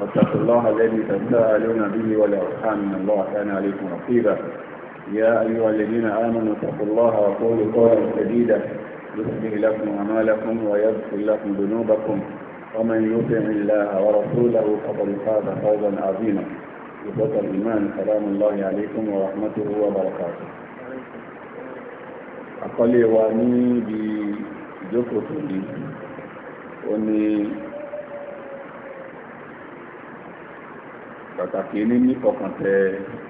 واتقوا الله الذي تساءلون به والارحام ان الله كان عليكم رقيبا يا ايها الذين امنوا اتقوا الله وقولوا قولا سديدا يصلح لكم اعمالكم ويغفر لكم ذنوبكم ومن يطع الله ورسوله فقد فاز فوزا عظيما بفضل الايمان سلام الله عليكم ورحمته وبركاته اقل واني ìjókòó tó ní ó ní pàtàkì ní nífọkàntẹ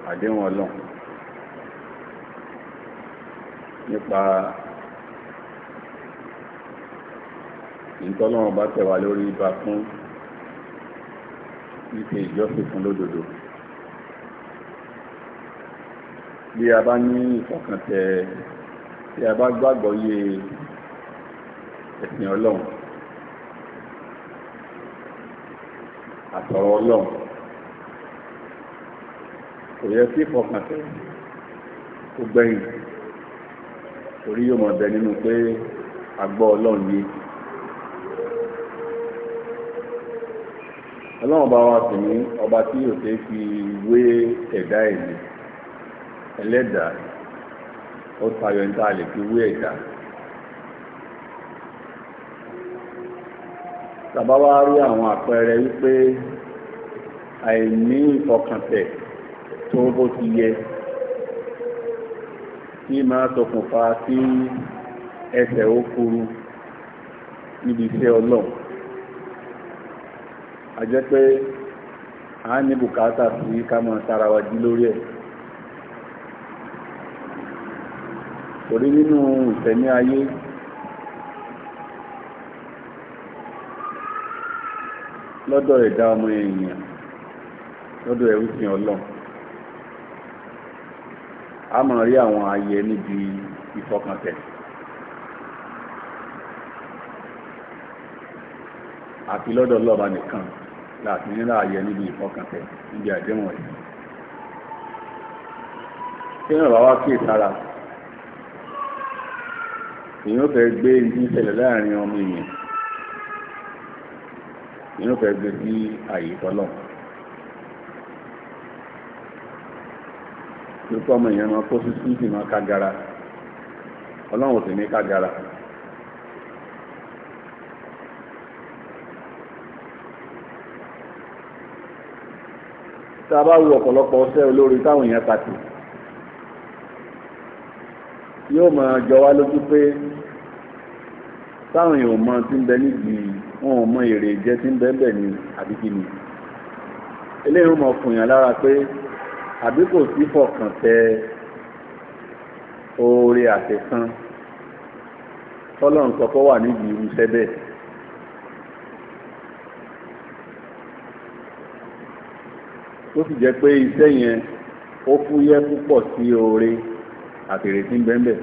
àdéhùn ọlọ́run nípa ìtọ́lọ́run bá tẹ̀wá lórí ibà fún wípé ìjọsìn fún lódodo bí a bá ní ìfọkàntẹ bí a bá gbàgbọ́ yé ẹ̀sìn ọlọ́run àtọ̀rọ̀ ọlọ́run kò yẹ kí ìfọkàntẹ̀ kó gbẹ̀yìn orí yóò mọ̀ bẹ nínú pé agbọ́ ọlọ́run yìí ọlọ́run bá wa sì ní ọba tí yóò ṣe fi wé ẹ̀dá ẹ̀mí ẹlẹ́dàá ó tayọ ní tá a lè fi wé ẹ̀dá. tàbá wá rí àwọn àpẹẹrẹ wípé àìní ìfọkàntẹ̀ tó bó ti yẹ tí máa ṣokùnfà sí ẹsẹ̀ ó kúrú níbi iṣẹ́ ọlọ́run a jẹ́ pé a ní bùkátà sí ká máa tara wa jí lórí ẹ̀ torí nínú ìfẹ̀mí ayé lọ́dọ̀ ẹ̀dá ọmọ èèyàn lọ́dọ̀ ẹ̀rúfin ọlọ́run a máa rí àwọn ayẹ níbi ìfọkàntẹ̀ àti lọ́dọ̀ ọlọ́ba nìkan láti nílá ayẹ níbi ìfọkàntẹ̀ níbi àdéhùn ẹ̀ wa kí ìtara èèyàn fẹ́ gbé láàrin ọmọ inú fẹ́ gbé sí àyè tọ́lọ̀ lókọ́ ọmọ èèyàn máa kó sísú sì máa kágara ọlọ́run sì ní kágara tá a bá wo ọ̀pọ̀lọpọ̀ ọṣẹ́ olórí táwọn èèyàn pàtì yóò máa jọ wá lójú pé táwọn èèyàn ò mọ ti ń bẹ nídìí wọn ò mọ èrè jẹ tí ń bẹ́ẹ̀ ní àbí kí ni eléyìí mọ̀ fún yàn lára pé àbí kò sí fọkàn tẹ oore àtẹ̀sán tọ́lọ́run kọ́kọ́ wà níbi irúṣẹ́ bẹ́ẹ̀ tó sì jẹ́ pé iṣẹ́ yẹn ó fúyẹ́ púpọ̀ sí oore àtẹ̀rẹ̀ tí ń bẹ́ẹ̀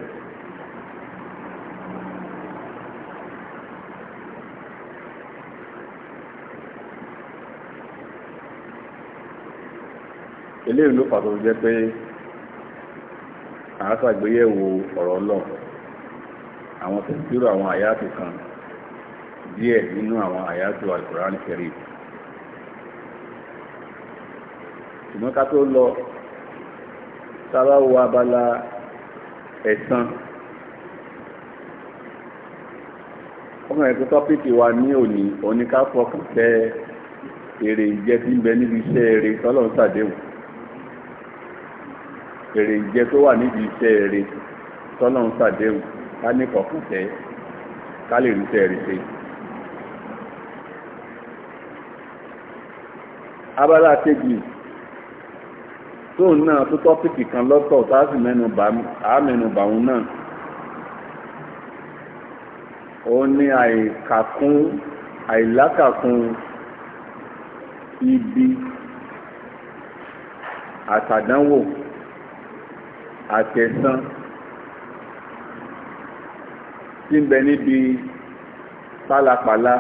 eléyìí ló pàtó jẹ́ pé àásàgbéyẹ̀wò ọ̀rọ̀ lọ àwọn tẹ̀síwò àwọn àyàtò kan díẹ̀ nínú àwọn àyàtò alukurani kẹrì ṣùgbọ́n ká tó lọ sábà wo abala ẹ̀sán ọmọ ẹ̀kọ́ tọ́pìkì wa ní òní oníkàfọ́kàn tẹ èrè ìjẹ́ tí ń bẹ níbi iṣẹ́ eré tọ́lọ́ ń ṣàdéhùn èrè ìjẹ tó wà níbi iṣẹ́ èrè tọ́nà ń sàdéhùn ká ní kọ̀ọ̀kan tẹ́ ká lè rí iṣẹ́ èrè ṣe. abala kejì tóun náà tó tọ́pìkì kan lọ́tọ̀ tá a sì mẹ́nu bà á mẹ́nu bà òun náà òun ni àìkàkún àìlákàkún ibi àtàdánwò àtẹ̀sán tí ń bẹ níbi pálapàla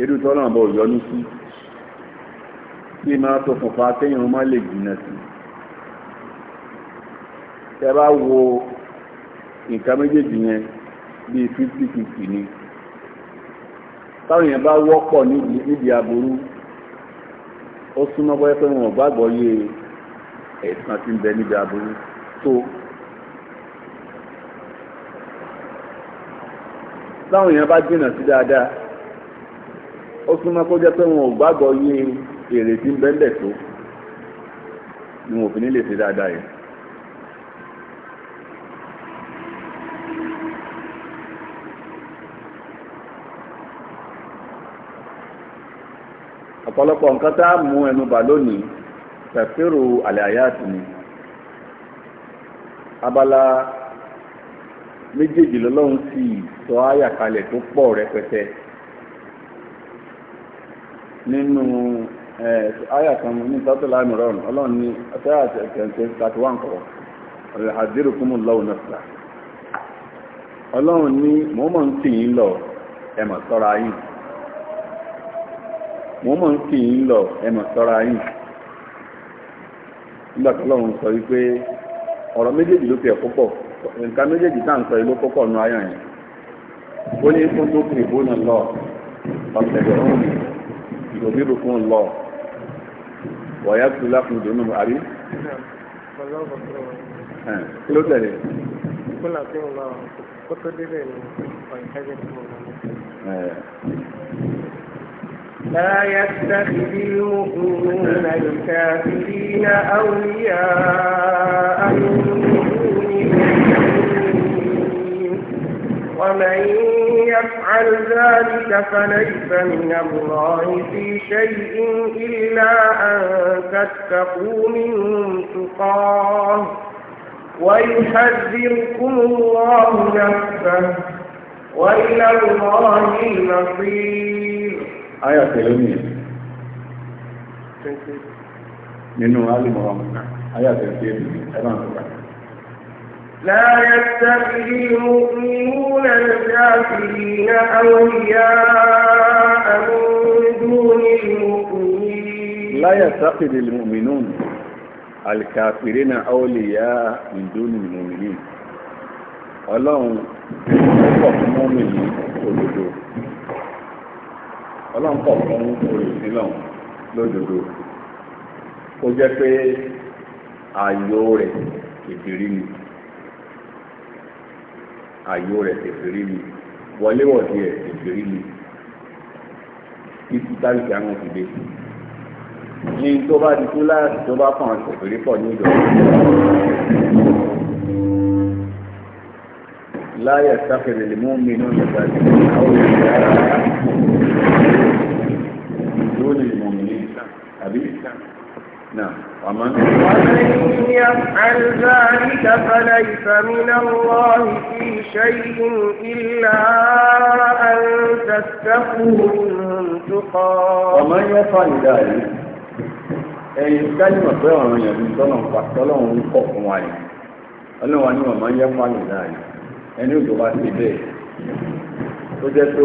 irú tọ́nà bọ̀ yọnú sí tí máa tọkùnfà téèyàn má lè jìnnà sí tẹ bá wo nǹkan méjèèjì yẹn bíi fifty fifty ni táwọn èèyàn bá wọ́pọ̀ nídìí aburú ó súnmọ́ bọ́yẹ́ wọn gbàgbọ́ yé e ẹ̀sán tí ń bẹ níbi aburú tó. láwọn èèyàn bá jìnnà sí dáadáa ó súnmọ́ kó jẹ́ pé wọn ò gbàgbọ́ yé èrè tí ń bẹ́ńbẹ̀ tó ni wọn ò fi ní lè ṣe dáadáa yẹn. ọ̀pọ̀lọpọ̀ nǹkan tá a mú ẹnu bà lónìí tẹ̀síru àlàyáàtì abala méjèèjì lọ́lọ́run sì sọ àyà tó pọ rẹpẹtẹ nínú àyà kan ní sọ́tọ̀lá mìíràn ọlọrun ní ọ̀sẹ̀ àti ẹ̀kẹ́ǹtẹ́ thirty one kọ̀ ọ̀rẹ́ àdérò kúmù lọ́wọ́ ọlọrun ní ń tì yín lọ nígbà tó lọ́run sọ wípé ọ̀rọ̀ méjèèjì ló fi ẹ̀kọ́ pọ̀ nǹkan méjèèjì tá à ń sọ yìí ló pọ̀ nù ayọ̀ yẹn ó ní fún tó kiri bó nà lọ ọ̀sẹ̀gbẹ̀rún ìdòbí ló fún lọ wọ̀yá tó lápò dùnú àrí. kí ló tẹ̀lé. kúlà tí mo máa kó tó débẹ̀ ni ọ̀yìn kájẹ́ tí mo máa ń لا يتخذ المؤمنون الكافرين أولياء من ومن يفعل ذلك فليس من الله في شيء إلا أن تتقوا منهم تقاه ويحذركم الله نفسه وإلى الله المصير ayà tẹ̀lé ní nínú alìmọ̀ràn ayà tẹ̀lé tí èdè ẹ̀bá àtọ́ka لا يتخذ المؤمنون الكافرين أولياء من دون المؤمنين لا يتخذ المؤمنون الكافرين أولياء من دون المؤمنين ọlọ́run ọkọ̀ fún mọ́mìnì òdodo ọlọ́nkọ̀ fún olùsílọ̀ lódodo kó jẹ́ pé ààyò rẹ̀ kẹfìrí ni ààyò rẹ̀ kẹfìrí ni wọléwọ̀dì ẹ̀ kẹfìrí ni títí táìsì àwọn òfìdé ní tó bá di tó láti tó bá kàn kẹfìrí pọ̀ ní ìjọba láyẹ̀ sáfẹ̀rẹ̀ lè mú mi náà lọ́gbàdì àwọn òṣèré دون المؤمنين أبي نعم ومن ومن يفعل ذلك فليس من الله في شيء إلا pé ọ̀rọ̀ yẹn ní tọ́nà ń pa ń kọ̀ fún wa yìí ọlọ́wọ́n ni wọ́n ń yẹ́ fún yìí ẹni òjò bá ti bẹ́ẹ̀ tó jẹ́ pé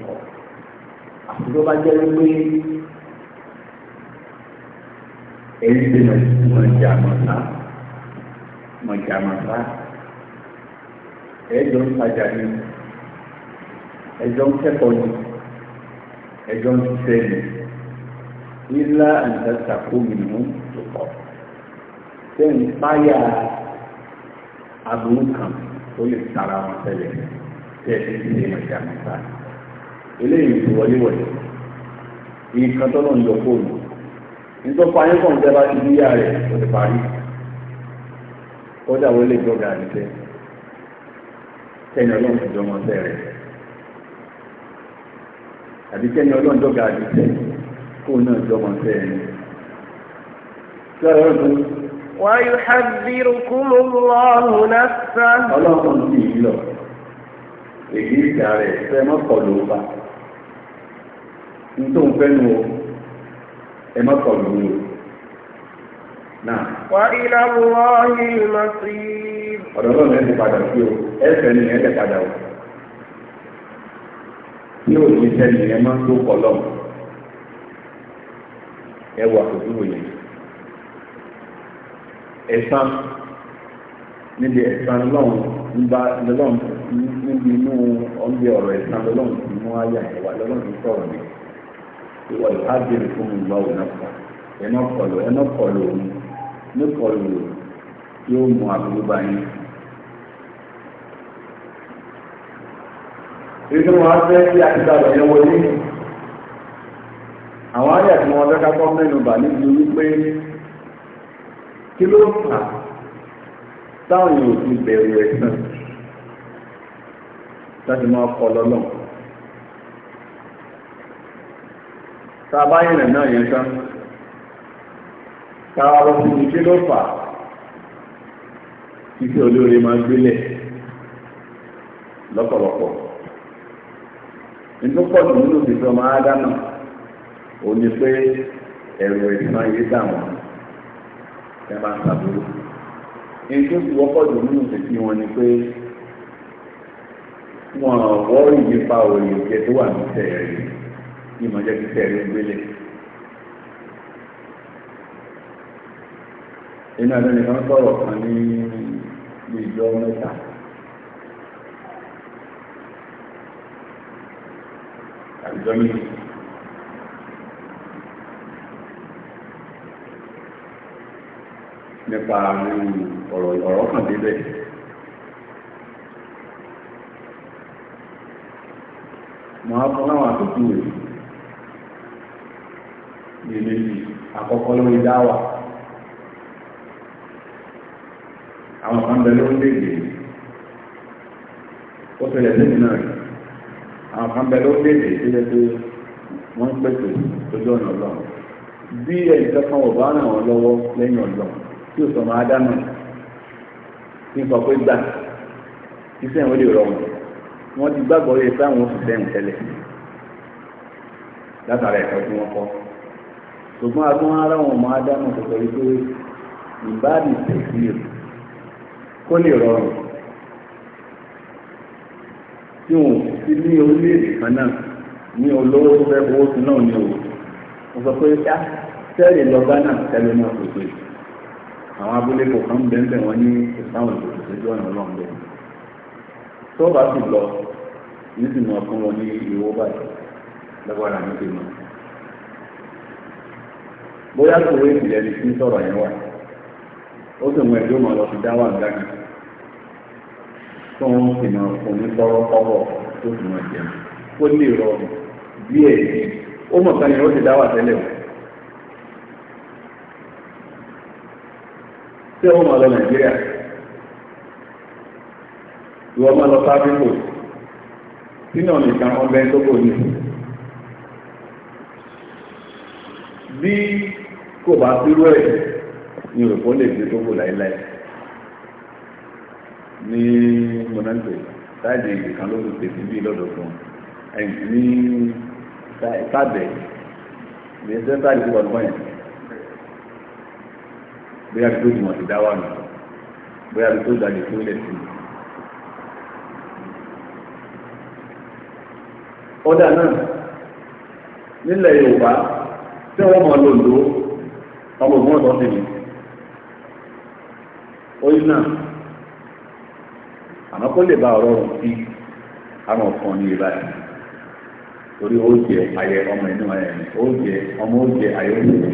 àtijọ́ bá jẹ́ wípé èyí ti lọ sí mọ̀jà mọ̀sá mọ̀jà mọ̀sá ẹ̀ẹ́dọ̀ ń tajà ní ẹ̀jọ̀ ń kẹ́kọ̀ọ́ ní ẹ̀jọ̀ ń ṣiṣẹ́ ní ilá àǹtàtà kó mìíràn tó pọ̀ sẹ́yìn fáyà aburú kan tó lè tara wọn tẹ́lẹ̀ tẹ́lẹ̀ ní ìdílé mọ̀jà mọ̀sá eléyìí ti wọlé wọlé nǹkan tó lọ fóònù nítorí ayé kan tẹ́ bá ti bí yá rẹ̀ kò ti parí kódà wọlé gbọ́dọ̀ àdìsẹ́ kẹ́ni ọlọ́run ìjọ ọmọ ọ̀sẹ̀ rẹ̀ àbí kẹ́ni ọlọ́run dọ́gà àdìsẹ́ kó náà jọ ọmọ ọ̀sẹ̀ rẹ̀ lọ́rọ̀ ọdún. wáyé hábírù kúlù lọ́rùn lásán. ọlọ́run ti yìí lọ èyí ìta rẹ̀ fẹ́ mọ́kànlélọ́gbà. nítorí òun fẹ́ nu ẹ má kọ̀ lóyún o. náà. wà á ní sí. ọ̀dọ̀ náà padà sí o ẹ fẹ́ ni padà o. ní òní sẹ́ni ẹ máa tó kọ̀ lọ́mù ẹ wà òdúró yẹn ẹ̀sán níbi ìwọ ìhájìrì fún ìgbà ònàkọ ẹnọkọlù ẹnọkọlù òun níkọlù yóò mú àbúrúbá yín. inú wa fẹ́ kí àtìgbàgbọ́ yẹn wọlé àwọn ayé àti wọn fẹ́ ká kọ́ mẹ́nu bà níbi wípé kí ló fà táwọn yóò fi bẹ̀rù ẹ̀sán láti máa kọ lọ́lọ́mù. tàbá yẹ̀nà náà yẹn tán tàbá lọ sí ní kí ló fà títí olóore máa gbélẹ̀ lọ́pọ̀lọpọ̀ nínú pọ̀jù nínú ìfẹ́ ọmọ ádámà ò ní pé ẹ̀rọ ìsan yìí dà wọ́n ẹ máa ṣàbúrò èyí tó ti wọ́pọ̀ jù nínú ìfẹ́ wọn ni pé wọn ò wọ́ọ̀rì òòyì jẹ tó wà ní sẹ́yìn rẹ̀ kí mọ̀ jẹ́ kí tẹ̀rí gbélé. inú ẹ̀rọ nìkan sọ̀rọ̀ kan ní ìjọ mẹ́ta àjọ mi nípa ọ̀rọ̀ ọ̀rọ̀ kan débẹ̀. Màá fún láwọn àtúntò rẹ̀. e méjì àkọ́kọ́ lórí dáwà àwọn kan bẹ lórí léde ó tẹ̀lẹ̀ sí náà rí àwọn kan bẹ lórí léde tó yẹ pé wọ́n ń pèsè lójú ọ̀nà ọlọ́run bí ẹ̀yìn ò bá ràn wọ́n lọ́wọ́ lẹ́yìn ọlọ́run tí ò sọ máa dáná pé gbà iṣẹ́ ìwé lè rọrùn wọ́n ti gbàgbọ́ yẹ tẹ́lẹ̀ látara ẹ̀kọ́ tí ṣùgbọ́n a tún ara wọn máa dáná pẹ̀lú wípé ìbáàdì tẹ̀sílẹ̀ kó lè rọrùn tí wọn ti ní orílẹ̀-èdè kan náà ní olówó tó fẹ́ owó tó náà ní òwò mo sọ pé ṣá tẹ́lẹ̀ lọ Ghana tẹ́lẹ̀ náà kò pé àwọn abúlé kò kàn bẹ́ẹ̀ bẹ́ẹ̀ wọ́n ní ìsáwọn ìdòdò tó jọ́ ọ̀nà ọlọ́run bẹ́ẹ̀ tó bá sì lọ nítorí wọn fún wọn ní ìwó báyìí lọ́gbàrà nítorí náà. bóyá sòwò ìpìlẹ̀ lè fi sọ̀rọ̀ yẹn wà ó sì mú ẹjọ́ máa lọ sí dáwà dáàbì tó ń sì máa fún ní sọ́rọ́ kọ́bọ̀ tó sì máa jẹun ó lè rọ bí èyí ó mọ̀ sani ó ti dáwà tẹ́lẹ̀ o. tí ó máa lọ Nàìjíríà ìwọ máa lọ sínú ọbẹ̀ tó kò ní. bí kó bá dúró ẹ̀ ní òròpó lè gbé tó wò láéláé ní mọ̀nàpẹ̀ táàdì ìkan ló ti pèsè bí lọ́dọ̀ fún ní tábẹ̀ ní sẹ́ńtàlì tó wà lọ́wọ́ yẹn bóyá tó ti mọ̀ sí dáwà nù bóyá tó dàgbé tó lẹ̀ sí ọ̀dà náà nílẹ̀ Yorùbá tí mọ̀ lòlò ọmọ ògbó ọ̀tọ̀ sí mi orí náà àmọ́ kó lè ba ọ̀rọ̀ rọ̀ sí àwọn ọ̀kan ní ìlà ẹ̀ torí ó jẹ ayẹ ọmọ inú ayẹ mi ó jẹ ọmọ ó jẹ ayẹ ó jẹ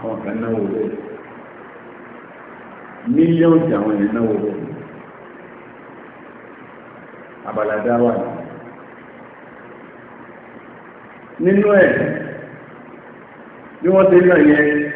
àwọn kan náà wò lẹ mílíọ̀nù tí àwọn èèyàn náà wò lẹ abala dá wà nínú ẹ̀ bí wọ́n ti rí ọ̀yẹ́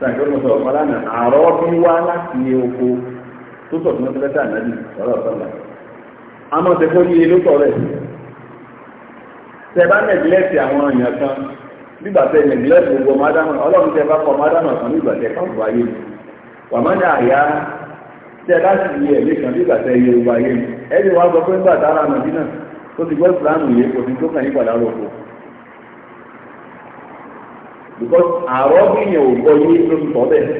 sàǹkì ọdún sọ̀rọ̀ kan àárọ̀ bí wá láti oko tó sọ̀ tó mọ́tẹ́lẹ́ tà nàbì sọ̀rọ̀ sọ̀lá àmọ́ tẹ kó yíye ló sọ̀rọ̀ ẹ̀ tẹ bá nẹ̀gílẹ́tì àwọn èèyàn kan nígbà tẹ nẹ̀gílẹ́tì gbogbo mádàmà ọlọ́run tẹ bá kan nígbà kọ́ gbogbo ayé wà má ní àyà bá sì ẹ̀mí kan nígbà yẹ gbogbo ayé ẹni pé nígbà tára tó ti gbọ́ because àárọ̀ bíyàn ò gbọ́ yé ló ń sọ bẹ́ẹ̀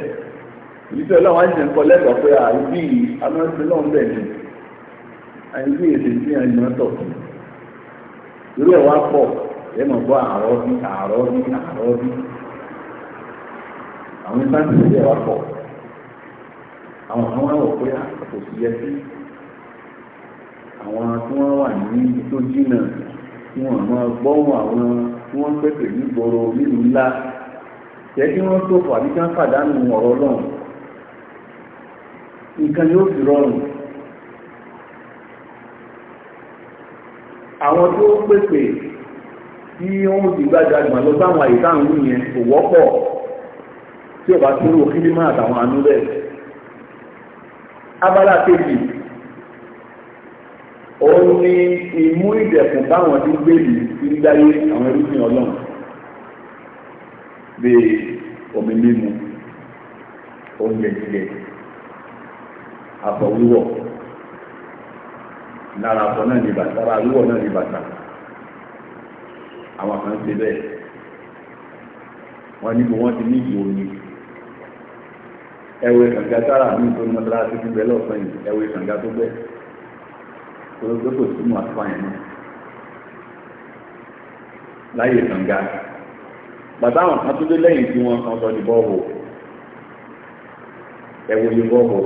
ìdíjọ́ ọlọ́run àti ìṣẹ̀ǹkọ lẹ́kọ̀ọ́ pé àìbí amẹ́sẹ̀ náà ń bẹ̀ ni àìbí èsì tí a yàn tọ̀ irú ẹ̀ wá pọ̀ ẹ mọ̀ gbọ́ àárọ̀ bí àárọ̀ bí àárọ̀ bí àwọn ìbáṣe ìṣẹ̀lẹ̀ wá pọ̀ àwọn kan wá wọ̀ pé àkókò sí yẹ sí àwọn tí wọ́n wà ní ibi tó jìnnà tí wọ́n máa gbọ́ àwọn tí wọ́n pẹ̀pẹ̀ nígboro nílùú ńlá jẹ́ kí wọ́n ṣòfò àbí kí wọ́n pàdánù ọ̀rọ̀ Ọlọ́run nǹkan yóò fi rọrùn àwọn tó pèpè tí wọ́n ti gbájú àgbà lọ sáwọn àyè táwọn wù yẹn kò wọ́pọ̀ tí ọba tó rò kílí máa àtàwọn àánú bẹ́ẹ̀ abala kejì òun ni ìmú ìdẹ̀kùn báwọn tí ń gbèlú ti ń gbáyé àwọn ẹrúfin Ọlọ́run bí omi mímu oúnjẹ jíjẹ àbọ̀ wíwọ̀ lára àbọ̀ náà ní bàtà lára wíwọ̀ náà ní bàtà àwọn kan ṣe bẹ́ẹ̀ wọ́n níbo wọ́n ti ní ìlú omi ẹwẹ́ kànga sára mi tó ní mọ́tàlá tó ti bẹ́ lọ́sàn yìí ẹwẹ́ kànga tó bẹ́ tó tó kò sí mọ́ náà láyé kànga. bàtà àwọn kan tó lẹ́yìn tí wọ́n sọ di bọ́ọ̀bù bọ́ọ̀bù.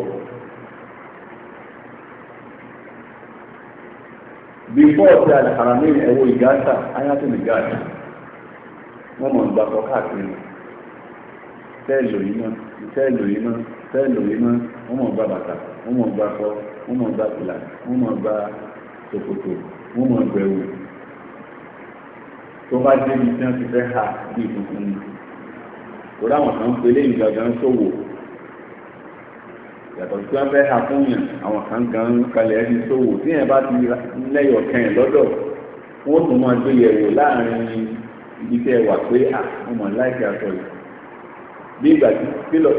bí bọ́ọ̀sì àlàkàràmì ẹ̀wò ìgáàsà ní nìgáàsà wọ́n mọ̀ nígbà káàkiri wọ́n mọ̀ gba bàtà wọ́n wọ́n mọ̀ gba wọ́n mọ̀ gba wọ́n mọ̀ tó bá dé ibi tí wọ́n ti fẹ́ hà bí ìbùkún ni kó dáwọn kan ń léyìn gangan ṣòwò yàtọ̀ tí wọ́n fẹ́ hà fún yàn àwọn kan gan kalẹ̀ ẹni ṣòwò tí yẹn bá ti lẹ́yọ̀ kẹyìn lọ́dọ̀ wọ́n tún máa gbé yẹ̀wò láàrin ibi tí ẹ wà pé à wọ́n mọ̀ láìsí aṣọ yìí bí ìgbà tí kílọ̀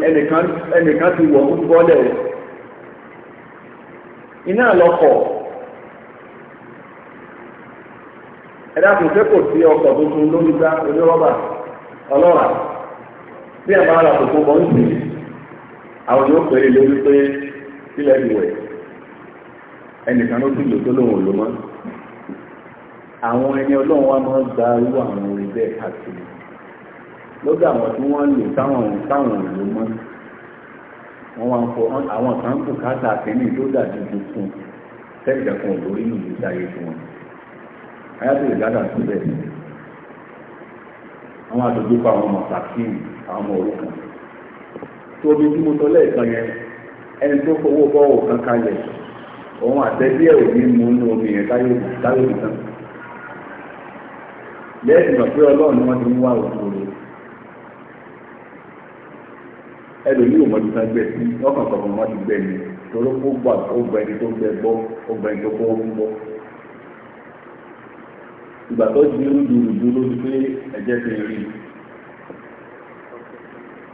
ẹnìkan ti wọ̀ ń bọ́lẹ̀ o iná lọ́kọ̀ọ́ ẹ̀dá kò fẹ́ kò sí ọkọ̀ tuntun lórí gbá onírọ́bà ọlọ́ra bí ẹ̀ máa ra tuntun kan sí àwọn yóò pèrè lórí pé sílẹ̀ ìwẹ̀ ẹnìkan ló tó ò lò mọ́ àwọn ẹni ọlọ́run wa gba irú àwọn orin bẹ́ẹ̀ lọ́dọ̀ àwọn tí wọ́n lò táwọn táwọn ò lò mọ́ wọ́n ń fọ àwọn kan tó dàbí tuntun ò lórí ayábẹ̀ ìgbádà síbẹ̀ àwọn àdójúkọ àwọn ọmọ pàkín àwọn ọmọ ka tó omi tí mo sọ lẹ́ẹ̀kan yẹn ẹni tó fowó bọ́ọ̀wù kan kalẹ̀ òun àtẹ́bí ẹ̀ ò ní mú inú omi yẹn táyé táyé nìkan lẹ́yìn mọ̀ pé ọlọ́run ni wọ́n ti ẹlòmíì ò sáré sí kọ̀ọ̀kan ti torí ó gbà ó ẹni ìgbà tó di rúdurùdu ló fi pé ẹ̀jẹ̀ ti rí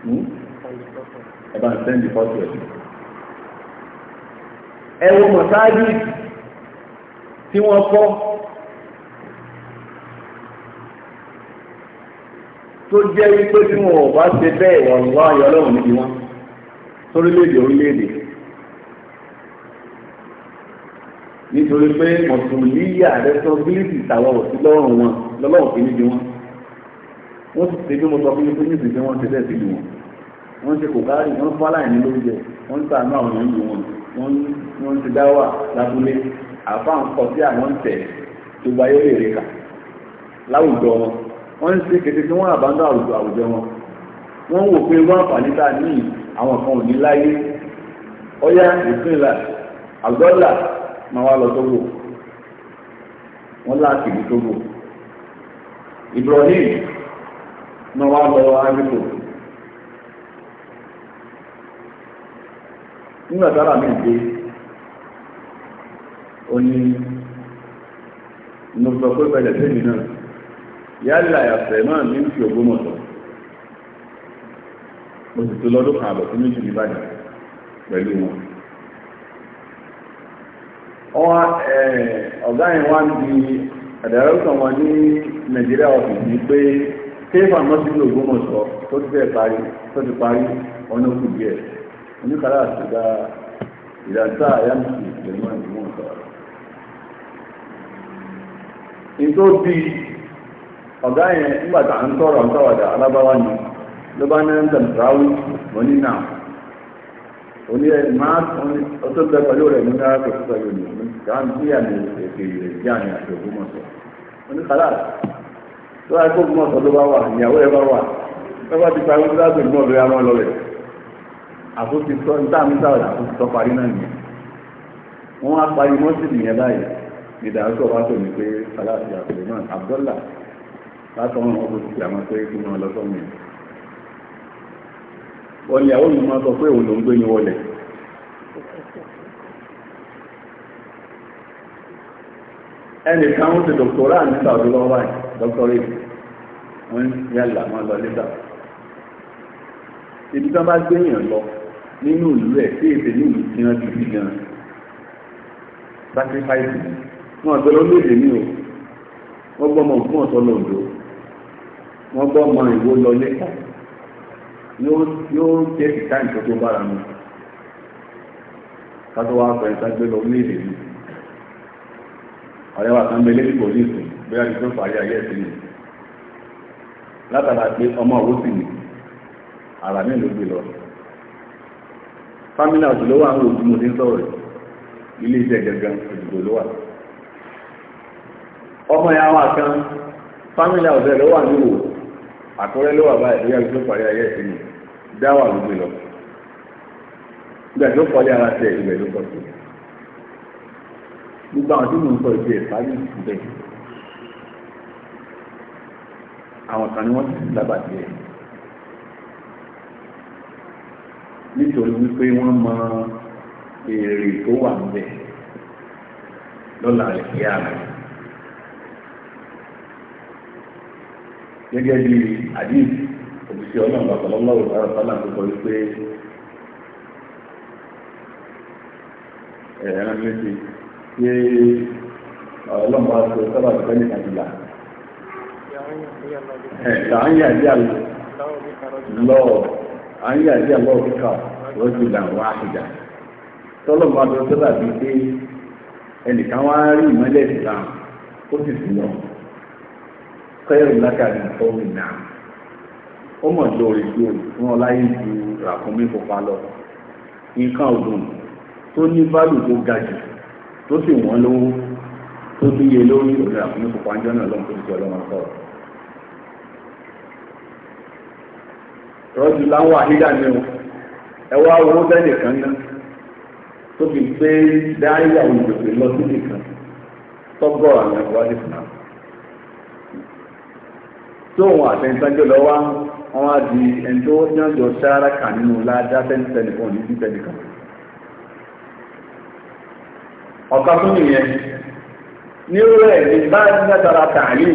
hmm? ẹ bá ń sẹ́ndì fọ́tò ẹ̀. ẹ wo mọ̀sáájú tí wọ́n kọ́ tó jẹ́ wípé tí wọn ò bá ṣe bẹ́ẹ̀ wọ̀n wá ayọ̀ ọlọ́run níbi wọn sórílẹ̀-èdè orílẹ̀-èdè. nítorí pé mọ̀tòlíyà rẹ́sọ́bílítì tàwọn òsì lọ́rùn wọn lọ́lọ́run fi níbi wọn wọ́n sì ṣe bí mo sọ fún yín pé ní ìsìnkú wọn ṣe bẹ́ẹ̀ sí wọn wọ́n ṣe kò káàrí wọ́n fọ́ aláìní lóúnjẹ wọ́n ń sàánú àwọn èèyàn yìí wọn wọ́n ti dá wà lábúlé àfa ń kọ sí àwọn ń tẹ̀ tó gba yẹ́rẹ́ rẹ̀ kà láwùjọ wọn wọ́n ń ṣe kété tí wọ́n àbádọ́ àwùjọ àwùjọ wọn wọ́n wò pé wọ́n àǹfààní tá a ní àwọn kan ò ní láyé ọ̀yá ìpínlẹ̀ àgọ́là máa wá lọ Tógò wọ́n láti ìlú Tógò Ibrahim máa wá lọ Áfíríkò nígbà tára mi dé ó ní mo sọ pé pẹ̀lẹ́ sí mi náà yálà àyàfẹ́ náà ní fi Ògbómọ̀ṣọ́ mo sì tó lọ́dún kan àbọ̀ sí méjì ní Ìbàdàn pẹ̀lú wọn. ọ̀gá yẹn wá di àdàrẹ́sọ̀ wọn ní pé kéfà mọ́sílò Ògbómọ̀ṣọ́ tó ti fẹ́ parí tó ti parí ọ̀nà òkú díẹ̀ oníkàrà àtìgbà ìdàtà àyàmùsì ìjọba Ògbómọ̀ṣọ́. ìtò bí ọ̀gá yẹn ń sọ̀rọ̀ ń sọ̀rọ̀ dà oní ẹ máa ọtọ́ gbẹ pẹ̀lú rẹ̀ ní ara tó sọ yóò nìyí káwọn tí àmì èké rẹ̀ jẹ́ àmì àti Ògbómọ̀ṣọ́ oní kàlá tó wáyé kó Ògbómọ̀ṣọ́ ló bá wà ìyàwó ẹ bá wà lọ́wọ́ ti parí ní láti mú ọ̀rẹ́ àwọn ọlọ́rẹ̀ àkóso sọ ní táàmì sáwọ̀dà àkóso sọ parí náà nìyẹn wọ́n á parí mọ́sílì yẹn báyìí ìdàrúkọ wa tó ní pé kàlá àti àbúrò náà wọ́n ìyàwó yìí máa sọ pé òun ló ń gbé ní wọlẹ̀ ẹnìkan ó ti dọ̀tọ̀rá ní sàdó lọ́wọ́ báyìí dọ́kítọ́rì wọ́n yàlà máa lọ lẹ́tà ibi tí wọ́n bá gbé èèyàn lọ nínú ìlú ẹ̀ tí èdè ní ìlú tí wọ́n ti fi gan sacrifice wọn àgbẹ̀ lọ́lọ́dẹ̀ mi o wọ́n gbọ́ ọmọ òkú ọ̀tọ́ lọ́dọ̀ wọ́n gbọ́ ọmọ ìwó lọ lẹ́kọ̀ọ́ yóò jẹ́ ìta ìṣọ́ tó bára mu kátó pẹ̀lú sáájú lọ orílẹ̀-èdè mi ọ̀rẹ́ wa kan bẹ́lẹ́ nípò ní ìsìn bóyá tó ọmọ òwú sì ní àrà mi ló gbé lọ fámílì àti ló wà ń wò tí mo ti ń sọ̀rọ̀ ilé iṣẹ́ gẹ̀gẹ̀ ló wà ọmọ ìyá wa kan ló wà àkúrẹ́ ló wà báyìí lórí àgbẹ̀ tó parí ayé ẹ̀sìn mi dáwà ló gbé lọ ìgbà tó kọ́lé ara tẹ̀ ìgbà tó kọ́ sí gbogbo àwọn tí mò ń sọ ìdí ẹ̀ parí ìbẹ̀ àwọn kan ni wọ́n ti dábàá díẹ̀ nítorí wípé wọ́n mọ èrè tó wà ń bẹ̀ lọ́la rẹ̀ kí á rẹ̀. gẹ́gẹ́ bí àdìs òṣìṣẹ́ ọlọ́run bàbá lọ́wọ́ ọ̀rọ̀ sálà tó sọ wípé ẹ̀rọ méjì pé ọlọ́run bá sọ sábà tó fẹ́ẹ́ nìkàjìlá. Ẹ̀ẹ́dàn yà dí àlọ́ lọ́ọ̀ àyè àdí àlọ́ kíkà lọ́jọ́ làwọn àṣìjà. Tọ́lọ́mù bá sọ sábà bíi pé ẹnìkan wá rí ìmọ́lẹ̀ ìsìlámù ó sì sì lọ́wọ́. fẹ́rù lákàrí ìfọ́wé náà mọ̀ lórí pé fún ọ ju ràkúnmí lọ nǹkan ọdún tó ní válù tó ga jù tó sì wọ́n lówó tó lórí ràkúnmí náà lọ́nà tó ti ọlọ́mọ sọ̀rọ̀. rọ́jù láwọn àhídà ni o ẹ wá owó bẹ́ẹ̀ kan ná tó fi òyìnbó lọ sí nìkan àwọn ẹ̀kọ́ tóun àtẹnitánjọ́ lọ wá wọn á di ẹni tó yànjọ sáárà kà nínú ládá tẹ́nitẹ́nì kan ní títẹ́nì kan. ọ̀kan fún nìyẹn ní rẹ̀ ní báyìí látara tààlì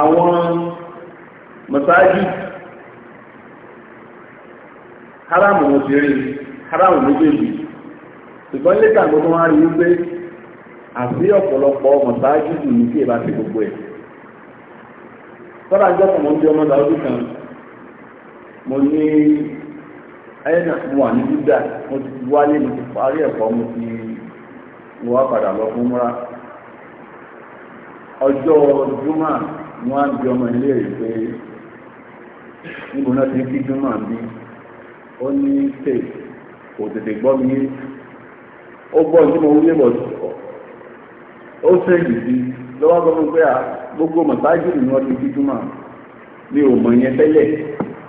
àwọn mọ̀sáájì haramu mo ti rí haramu méjèèjì ṣùgbọ́n lẹ́tà gbogbo wọn á rí wípé àbí ọ̀pọ̀lọpọ̀ mọ̀sáájì nìyí tí èèbá ti gbogbo ẹ̀. tọ́lá jẹ́ fún oúnjẹ ọmọ ọdún kan mo ní ẹ̀yìn wà ní dúdà mo ti wálé mo ti padà lọ fún múra ọjọ́ júmọ̀ wọn á bí ọmọ ilé rẹ̀ pé níbo náà ti ń kí bí ó ní tè kò tètè gbọ́ mi ó gbọ́ gbogbo mọ̀sáájì ni wọ́n ti fi túmọ̀ yẹn tẹ́lẹ̀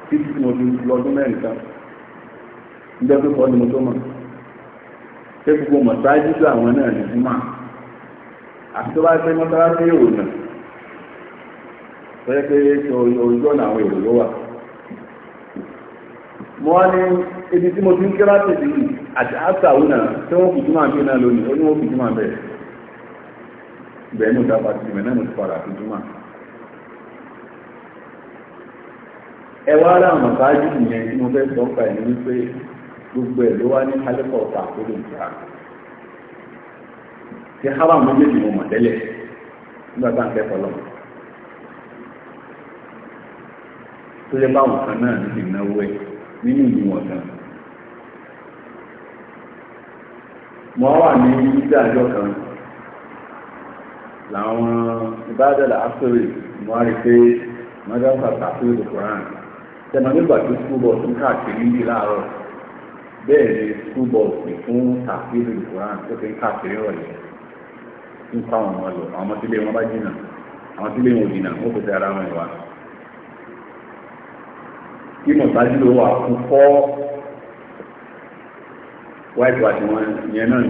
títí mo fi lọ́dún mẹ́rin kan tó kọ́ ni mo tó mọ̀ gbogbo àwọn náà ní àti tó bá pẹ́ mọ́sálásí èrò náà tọ́jọ́ pé ojú ọ̀nà àwọn èrò mo wá ní ibi tí mo ti ń kí láti àti náà tí wọ́n fi ìbẹ̀ inú ìdápa ti ìbẹ̀ náà mo ti padà sí júmọ̀ ẹ wá ara àwọn báyìí nìyẹn tí mo fẹ́ sọ ń pa ẹ̀ ní wípé gbogbo ẹ̀ ló wá ní kálífọ̀ ọ̀tà àkójọ ìjà ti hábà méjèèjì mo mọ̀ tẹ́lẹ̀ nígbà tá à ń kẹ́kọ̀ọ́ lọ tó yẹ báwọn kan náà ní ìnáwó ẹ nínú ìwọ̀n náà mo wà ní ìdájọ́ kan làwọn ìbádẹ́lẹ̀ àṣírí wọ́n rí pé mọ́dọ́sà tàbí koran nígbà tí school bus káàkiri yìí láàárọ̀ bẹ́ẹ̀ ni school bus fún tàbí koran tó fi ń káàkiri rọ̀lẹ́ ń kọ́ àwọn ọmọ lọ àwọn wọn bá jìnnà àwọn wọn wọn kò ara wọn ìwà kí mọ̀tájú ló wà fún fọ́ wáìpù àti wọn yẹn náà ni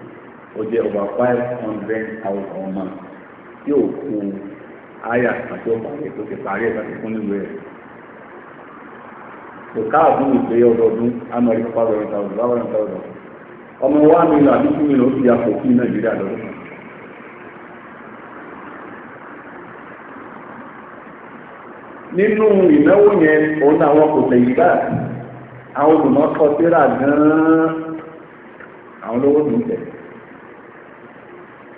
o jẹ́ over five hundred thousand ọmọ yóò kú àyà àti ọ̀pàdé tó ti parí ẹ̀ láti fún nílùú ẹ̀. kò káàbù ìgbé ọdọọdún amẹ́ríkà five hundred thousand five hundred thousand ọmọ wa mílíọ̀nù àti two mílíọ̀nù kò kí nàìjíríà lọ́dún. nínú ìnáwó yẹn òun náà wọn kò tẹ̀yìn àwọn gan-an àwọn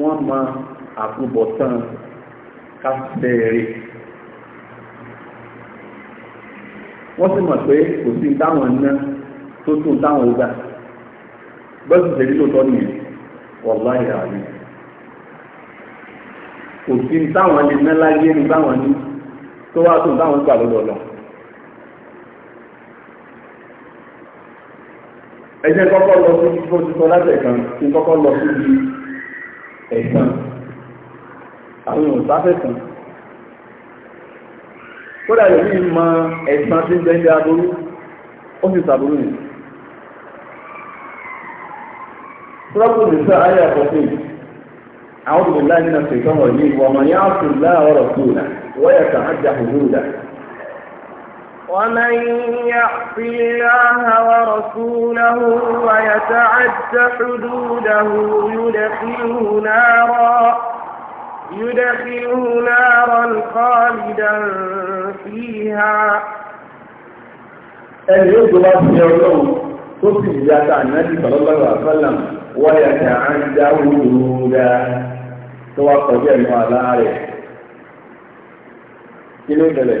wọ́n mọ àkúbọ̀tán kásẹ̀rẹ̀ wọ́n sì mọ̀ pé kò sí táwọn ná tó tún táwọn ó gbà bọ́sù tẹ̀lé lóòótọ́ nìyẹn wàláhì àlè kò sí táwọn lè ná láyé ní báwọn ní tó wá tún táwọn gbà lọ́dọ̀ lọ. ẹ jẹ́ kọ́kọ́ lọ sí fífọ́ títọ́ lábẹ́ kan kí kọ́kọ́ lọ sí ibi. ẹ̀sán àwọn èèyàn sáfẹ́sàn kódà yóò ní mọ ẹ̀sán tí ń bẹ́ńdẹ́ aburú ó sì sàbúrú yìí sọ́kùn ní sọ ayé àkọ́kọ́ àwọn òbí ní ومن يعص الله ورسوله ويتعد حدوده يدخله نارا يدخله نارا خالدا فيها أن يطلع في اليوم تصف ذات النبي صلى الله عليه وسلم ويتعدى حدوده توقف جمع الآية كيف يمكن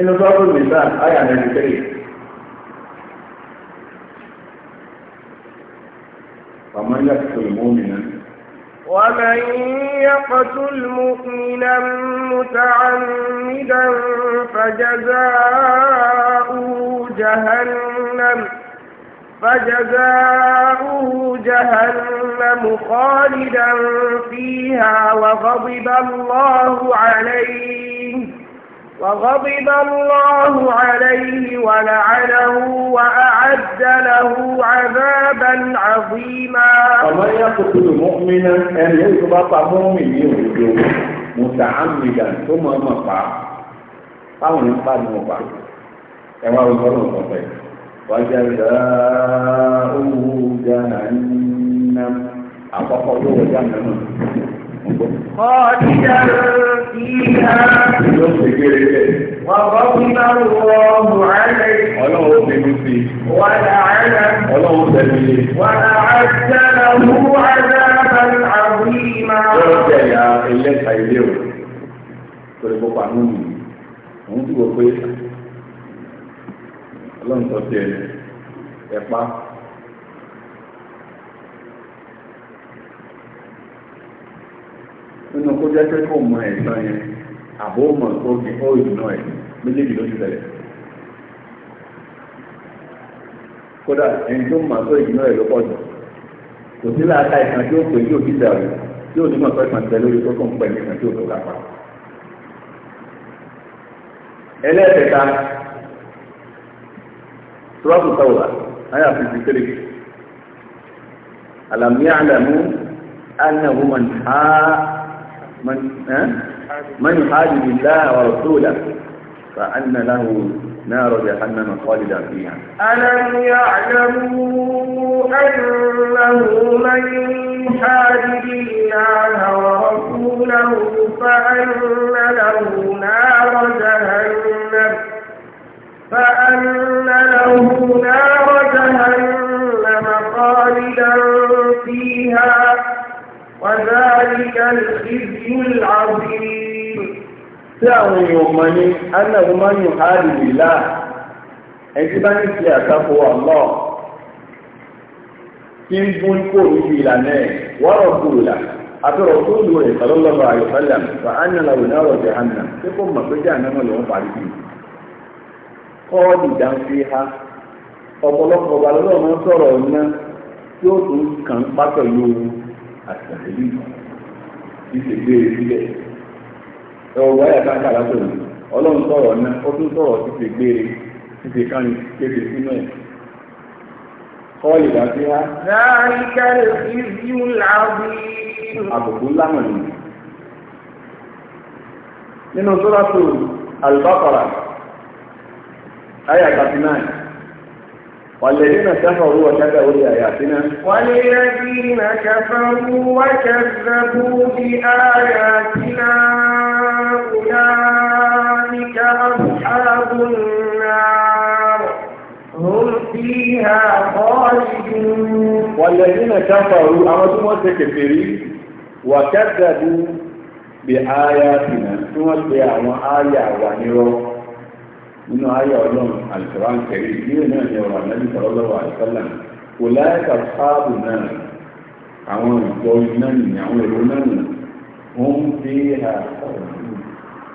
إنه ضرب nìsan آية عن tẹ́lẹ̀ ومن يقتل مؤمنا ومن يقتل مؤمنا متعمدا فجزاؤه جهنم فجزاؤه جهنم خالدا فيها وغضب الله عليه وغضب الله عليه ولعنه وأعد له عذابا عظيما ومن يقتل مؤمنا أن يضبط مؤمن يهده متعمدا ثم مقع قول قد مقع كما يقول الصحيح وجزاؤه جهنم أفقدوا جهنم Kọ́ọ̀dídà sí ìhà. Ìjọ ṣe kéré bẹ́ẹ̀. Wọ́n bọ́ fún báwo wọ Bùhálẹ̀. Ọlọ́run ó tẹ̀lé sí i. Wọ́n là á yà. Ọlọ́run ó tẹ̀lé sí i. Wọ́n là á dára ẹ̀pá. nínú kó jẹ́ pé kò mọ ẹ̀sán yẹn àbó mọ̀ tó fi ó ìdùnnà ẹ̀ méjèèjì ló ti bẹ̀rẹ̀. kódà ẹni tó mọ̀ tó ìdùnnà ẹ̀ ló pọ̀ jù kò sí láàká ìkan tí ó pè ní òbí dàrú tí ò ní mọ̀ pẹ́sàn tẹ lórí tó tó pẹ̀ ní ìkan tí ò tó lápá. ẹlẹ́ẹ̀kẹta turabu tawla aya fifty three alam ya'lamu annahu man ha من من يحارب الله ورسوله فأن له نار جهنم خالدا فيها ألم يعلموا أنه من يحارب الله ورسوله فأن له نار جهنم فأن له نار جهنم خالدا فيها وذلك a العظيم tí àwọn èèyàn mọ̀ ní anáwó máa ń yùn tí ń gún kò níbi ìlànà ẹ̀ wọ́rọ̀ gbòòlà àtọ̀rọ̀ tó lù rẹ̀ sọlọ́lọ́lọ́ àyọ̀sọ́lá wà á nà láwùn náà rọ̀jẹ̀ hànà tí kò mọ̀ pé jẹ́ àná lọ́wọ́ ha ọ̀pọ̀lọpọ̀ balọ̀ àtìgbàdébí ìṣe gbé e sílẹ̀ ẹ̀wọ̀ wáyà káàkà látòlù ọlọ́run sọ̀rọ̀ náà ó tún sọ̀rọ̀ ṣíṣe gbé e ṣíṣe kánú kéde sínú ẹ̀ kọ́ọ̀lì wá sí wá. ráríkà lè fi yú làbí. àbùkù ńlá mọ̀ nìyí. nínú sọ́dọ̀ tó Al-Baqarah ayé àtàtì náà. والذين كفروا وكذبوا بآياتنا والذين كفروا وكذبوا بآياتنا أولئك أصحاب النار هم فيها خالدون والذين كفروا أمرهم التكفيرين وكذبوا بآياتنا ثم بأعوان آية nínú ayé ọlọ́run àlùkòrán kẹrì ìdílé náà ní ọ̀rọ̀ ànábì sọ̀rọ̀lọ́wọ́ àlùkọ́là kò láyàtà fáàbù náà àwọn ìjọ iná nì àwọn èrò náà nì wọ́n ń dé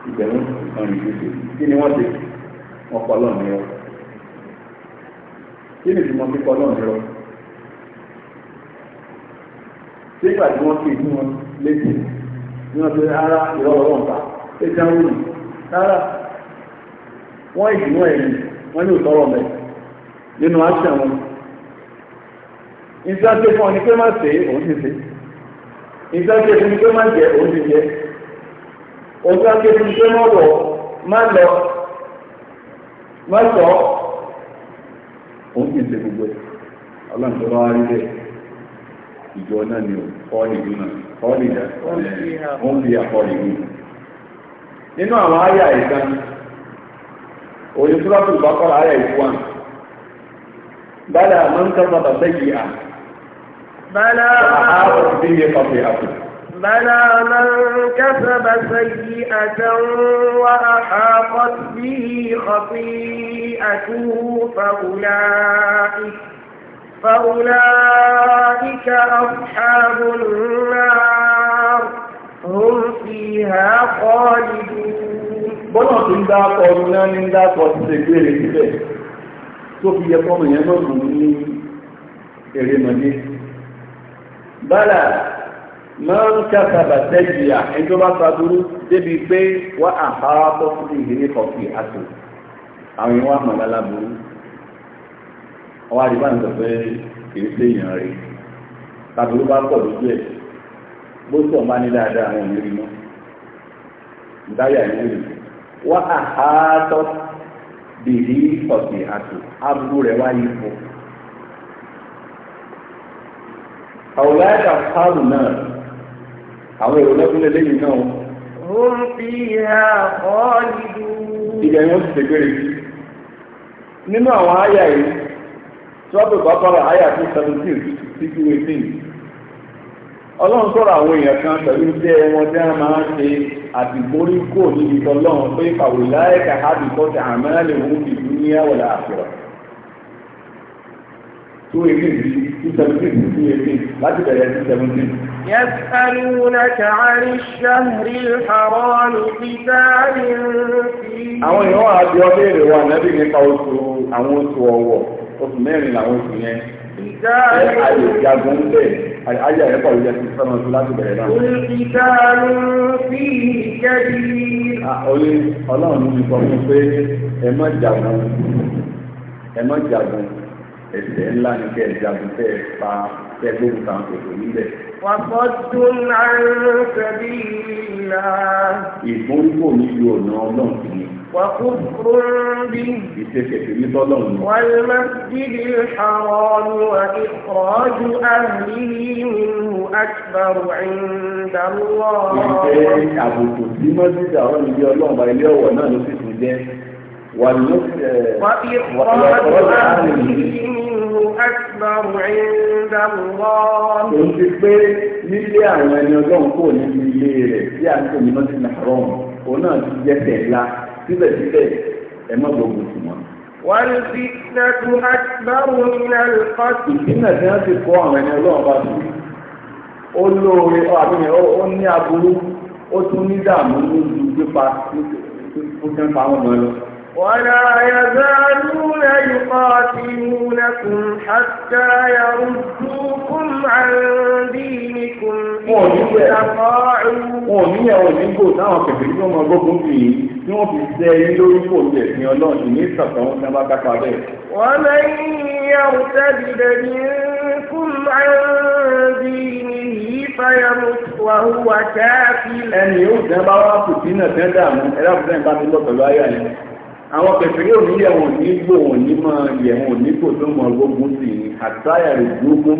ìbẹ̀rù kan ìgbésẹ̀ kí ni wọ́n ti wọ́n kọ́ lọ́ọ̀ nírọ́ kí ni ìtumọ̀ kíkọ́ lọ́ọ̀ nírọ́ sígbà tí wọ́n fi ìdí wọn létí ní wọ́n ti rárá ìrọ̀rọ̀ ọ̀pá ẹ̀jẹ̀ àwọn ènìyàn rárá. wọ́n ìdùnnú ẹ̀ wọ́n ní òtọ́rọ̀ mẹ́ nínú àṣẹ wọn ìṣẹ́ ṣe fún ọ ní pé má ṣe òun ti ṣe ìṣẹ́ ṣe fún ní pé má jẹ òun ti jẹ òun fún ní pé má má lọ má sọ òun ti gbogbo ọlọ́run tó bá rí bẹ́ẹ̀ ìjọ náà ni ò kọ́ọ̀lì dúnà kọ́ọ̀lì dà وفي سورة البقرة آية 1 بلى من كذب سيئا بلى فأحاطت به خطيئته بلى من كسب سيئة وأحاطت به خطيئته فأولئك فأولئك أصحاب النار هم فيها خالدون bọ́nà tí ń dákọ ọdún náà ní ń dákọ ti ṣe gbé èrè síbẹ̀ tó fi yẹ fọ́mù yẹn náà mú ní èrè mọ̀dé bálà máa ń kásàbà tẹ́jìyà ẹni tó bá fagurú débi pé wá àhárá bọ́ sí ìdílé kọfí àtò àwọn ìwọ̀n àmàlà láburú ọwọ́ àdìbá ń sọ pé kìí wá àhátọ́ bìrì ọ̀sìn àti aburú rẹ̀ wá yí fún. àwòrán ẹ̀ka fáàlù náà àwọn èrò lọ́dún lẹ́yìn náà. O ń fi ha ọ́ọ́lù. ìgbẹ̀yìn ó sì ṣègbèrè nínú àwọn àyà yìí tí wọ́n pè pápá àyà tó seventeen sí two eighteen ọlọ́run sọ̀rọ̀ àwọn èèyàn kan pẹ̀lú iṣẹ́ wọn tí wọ́n máa ń ṣe àtìmórí kò níbi tọ́lọ́run pé fàwùlá ẹ̀ka hábì kọ́tà àmàlẹ̀ òun fi dún ní àwọ̀lá àfẹ́rọ̀. tó èmi rí two seventeen sí eighteen láti bẹ̀rẹ̀ two seventeen. يسألونك عن الشهر الحرام قتال فيه. àwọn èèyàn àti ọbẹ̀ èrè wa nàbí nípa oṣù àwọn oṣù ọ̀wọ̀ oṣù mẹ́rin làwọn oṣù yẹn. Ayé ìjagun ń bẹ̀. Ayé àyẹ̀pọ̀ yẹ kí sọ́nà tó láti bẹ̀rẹ̀ náà. Olùkìtàlù fi ìkẹ́bí. Oye Ọlọ́run mi sọ fún pé ẹ má jagun ẹ má jagun ẹ̀ṣẹ̀ ńlá ni kẹ́ jagun tẹ́ pa kẹ́ ẹ gbógun níbẹ̀. وصد عن سبيل الله ìgbóríkò nílùú ọ̀nà ọlọ́run ti ní. وكفر به ìṣẹ̀ṣẹ̀ṣẹ̀ ní tọ́lọ́run. والمسجد الحرام وإخراج أهله منه أكبر عند الله. ìṣe àbùkù sí mọ́sídà ọ̀rọ̀ ìdí ọlọ́run bá ilé ọ̀wọ̀ náà ló sì tún jẹ́. وإخراج أهله منه أكبر عند الله. Òun ti pé nílé àwọn ẹni ọlọ́run kò ní ilé rẹ̀ tí a ń pè ní Mọ́tí Nàárọ̀m. Òun náà ti jẹ́ tẹ̀lá síbẹ̀síbẹ̀ ẹ má gbogbo sí wọn. Wàlùfíìsẹ́tù Akíbárù ní Alifásitì. Ìpínlẹ̀ tí wọ́n ti kọ́ àwọn ẹni ọlọ́run bá sí. Ó lóore àbíyẹn ó ní aburú ó tún ní dààmú ní ìlú pípa fún kẹ́ńpá àwọn ọmọ ẹlọ́run. ولا يزالون يقاتلونكم حتى يردوكم عن دينكم إن استطاعوا wọn ní àwọn òyìnbó táwọn kẹfìrí tó máa gbógun bì í tí wọn fi ṣe ẹyin lórí kò ní ẹsìn Ọlọ́run sì ní ìtàkùn àwọn sábà kápá bẹ́ẹ̀. wọn lẹ́yìn yàwùtá dìde ní kún àyọ̀dí nìyí fáyọmù wàhùwà káàkiri. ẹni yóò àwọn pẹ̀pẹ̀ yóò ní yẹ̀wọ̀n ní gbò wọ̀n ní máa yẹ̀wọ̀n ní kò tó mọ gbogbo sí i àtàyà ìgbógun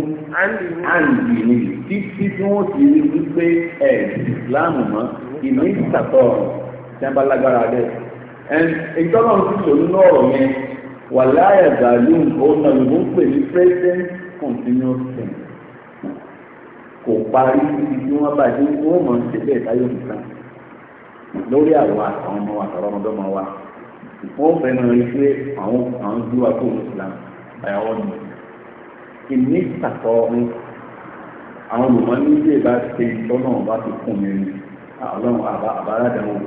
àǹdì ni títí tí wọ́n ti rí wípé ẹ̀ ìsìláàmù mọ́ ìní ìsàtọ̀ ṣẹ́ńbà lágbára rẹ̀ ìtọ́nà ti lò nínú ọ̀rọ̀ yẹn wà láyà gàlú ọ̀nà ìlú ń pè ní present continuous tense kò parí ibi tí wọ́n bá dé wọ́n mọ̀ ń táyọ̀ nìkan lórí àwọn àtàwọn ọmọ wa àtàwọn ọmọdé ọmọ wa wọ́n fẹ́ máa rí pé àwọn àwọn ju àtò islam by all means ìní sàtọ́ ọ̀hún àwọn olùmọ̀ ní ilé bá ṣe ìtọ́nà bá ti kùn mí ni àwọn àbáradàwọ̀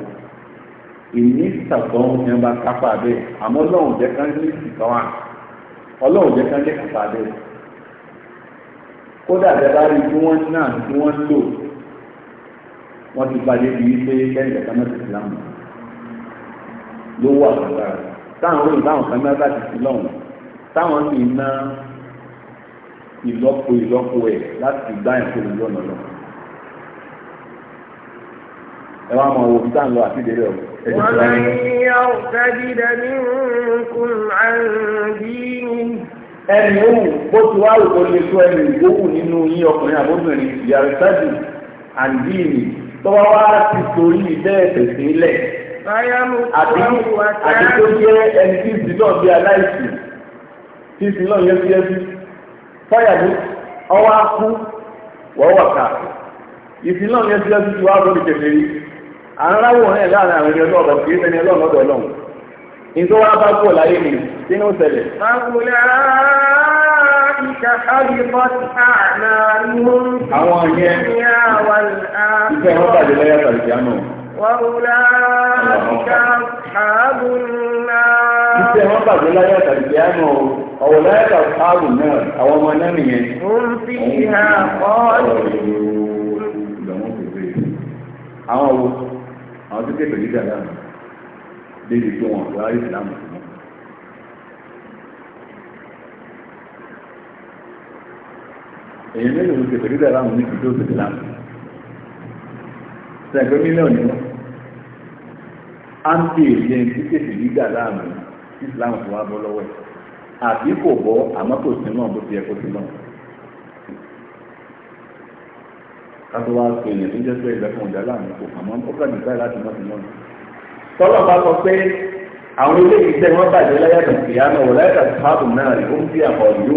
ìní sàtọ́ ọ̀hún yẹn bá kápá bẹ́ẹ̀ àmọ́ ọlọ́run jẹ́ ká ní ìtọ́ wa ọlọ́run jẹ́ ká ní kápá bẹ́ẹ̀ kódà bẹ́ẹ̀ bá rí tí wọ́n náà tí wọ́n lò wọ́n ti padà bí i pé kẹ́hìndé kan náà ti islam náà ló wà lára rẹ̀ táwọn orí ìbáwọn kan náà bá ti sí lọ́hùn táwọn sì ná ìlọ́po ìlọ́po ẹ̀ láti gbá ẹ̀kọ́ ìlú ọ̀nà lọ. ẹ wá mọ owó tá ń lọ àti ìdérè ọ̀hún. ومن òun bó ti wá rò lè tó ẹni ìgbóhù nínú yín ọkùnrin àbóbìnrin ìyàrá sáàdì àǹdíìnì tó wá ti torí bẹ́ẹ̀ tẹ̀sí àti àti tó jẹ́ ẹni tí ìsìn náà bí aláìsí tí ìsìn náà fi ẹbí fáyà ní ọwọ́ akú wọ́wọ́ ká ìsìn náà fi ẹbí tí wàá lórí kẹfẹ́ rí àráwọ̀ náà láàrin àwọn ènìyàn lọ́dọ̀ kì í sẹni ọlọ́run lọ́dọ̀ ọlọ́run nítorí wàá bá kúrò láyé mi àwọn yẹn ìfẹ́ wọn bàjẹ́ lẹ́yà tàbí kí á náà. وأولئك أصحاب النار Iṣẹ́ wọn bàjẹ́ láyé àtàlùkẹ́ àmọ́ ọ̀wọ̀ láyé àtàlùkẹ́ náà àwọn ọmọ náà nìyẹn. Ó ń fi ìhà kọ́ọ̀lù. Àwọn Àwọn tó kéde nígbà náà débi tó wọn lọ ayé ìlànà tó mọ́. Èyí mélòó ló kéde nígbà ní ìdí sẹ̀gbẹ́ mílíọ̀nù ni wọ́n á ń pè é ní títètè gbígbà láàmú islam tó wá bọ́ lọ́wọ́ ẹ̀ àbí kò bọ́ àmọ́ kò sí náà bó ti yẹ kó sí náà kátó wá sọ èèyàn tó jẹ́ pé ìlẹ́kùn ọ̀dà láàmú kò àmọ́ ó kàn nígbà láti mọ́ sí náà tọ́lọ̀ bá sọ pé àwọn ilé iṣẹ́ wọn bàjẹ́ láyàtọ̀ ìyáná wọ̀ láyàtọ̀ sáàbù náà rí ó ń fi àkọ́ ìlú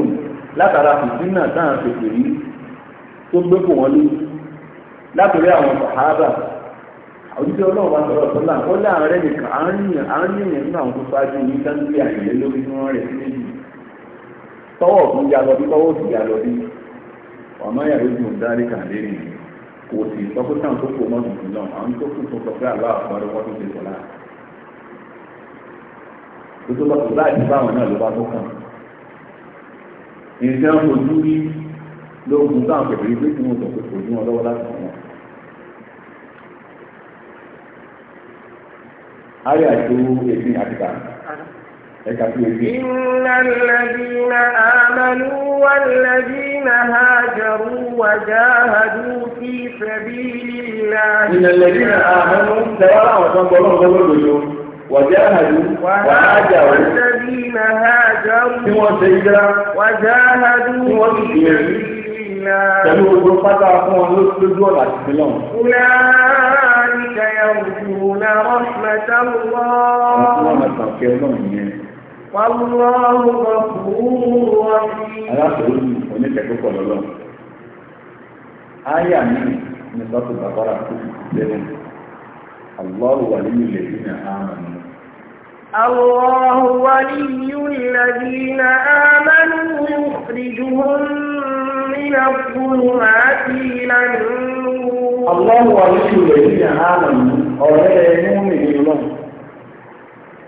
látara fìtínà náà tètè rí tó gbé kò látòrí àwọn sàhábà òjíṣẹ́ ọlọ́run bá sọ̀rọ̀ sọ́lá ó láàárẹ̀ nìkan àárín èèyàn nínú àwọn tó ṣáájú ní sáńgbé àyẹ̀lẹ́ lórí tí rẹ̀ sí méjì fún ya lọ bí sì ya lọ bí ọmọ yàrá ojú ò dárí kà kò sì sọ pé náà àwọn tó kù àlọ́ àfọwọ́ tó ṣe tó tó lóògùn táwọn pẹ̀lú ìgbé tí mo sọ pé kò ní wọn lọ́wọ́ láti wọn. ayé àti owó èmi àti bàbá. إن الذين آمنوا والذين هاجروا وجاهدوا في سبيل الله إن الذين آمنوا سواء وصنبلوا وجاهدوا وهاجروا والذين هاجروا وجاهدوا في سبيل الله pẹ̀lú gbogbo pátá fún wọn lójú ọ̀nà àti sílọ̀. أولئك يرجون رحمة الله والله غفور رحيم. aláṣẹ oníkẹ̀kọ́ lọ́lọ́ áyà mi ní الله ولي الذين آمنوا يخرجهم من الظلمات إلى النور الله ولي الذين آمنوا ọ̀rẹ́ múmi náà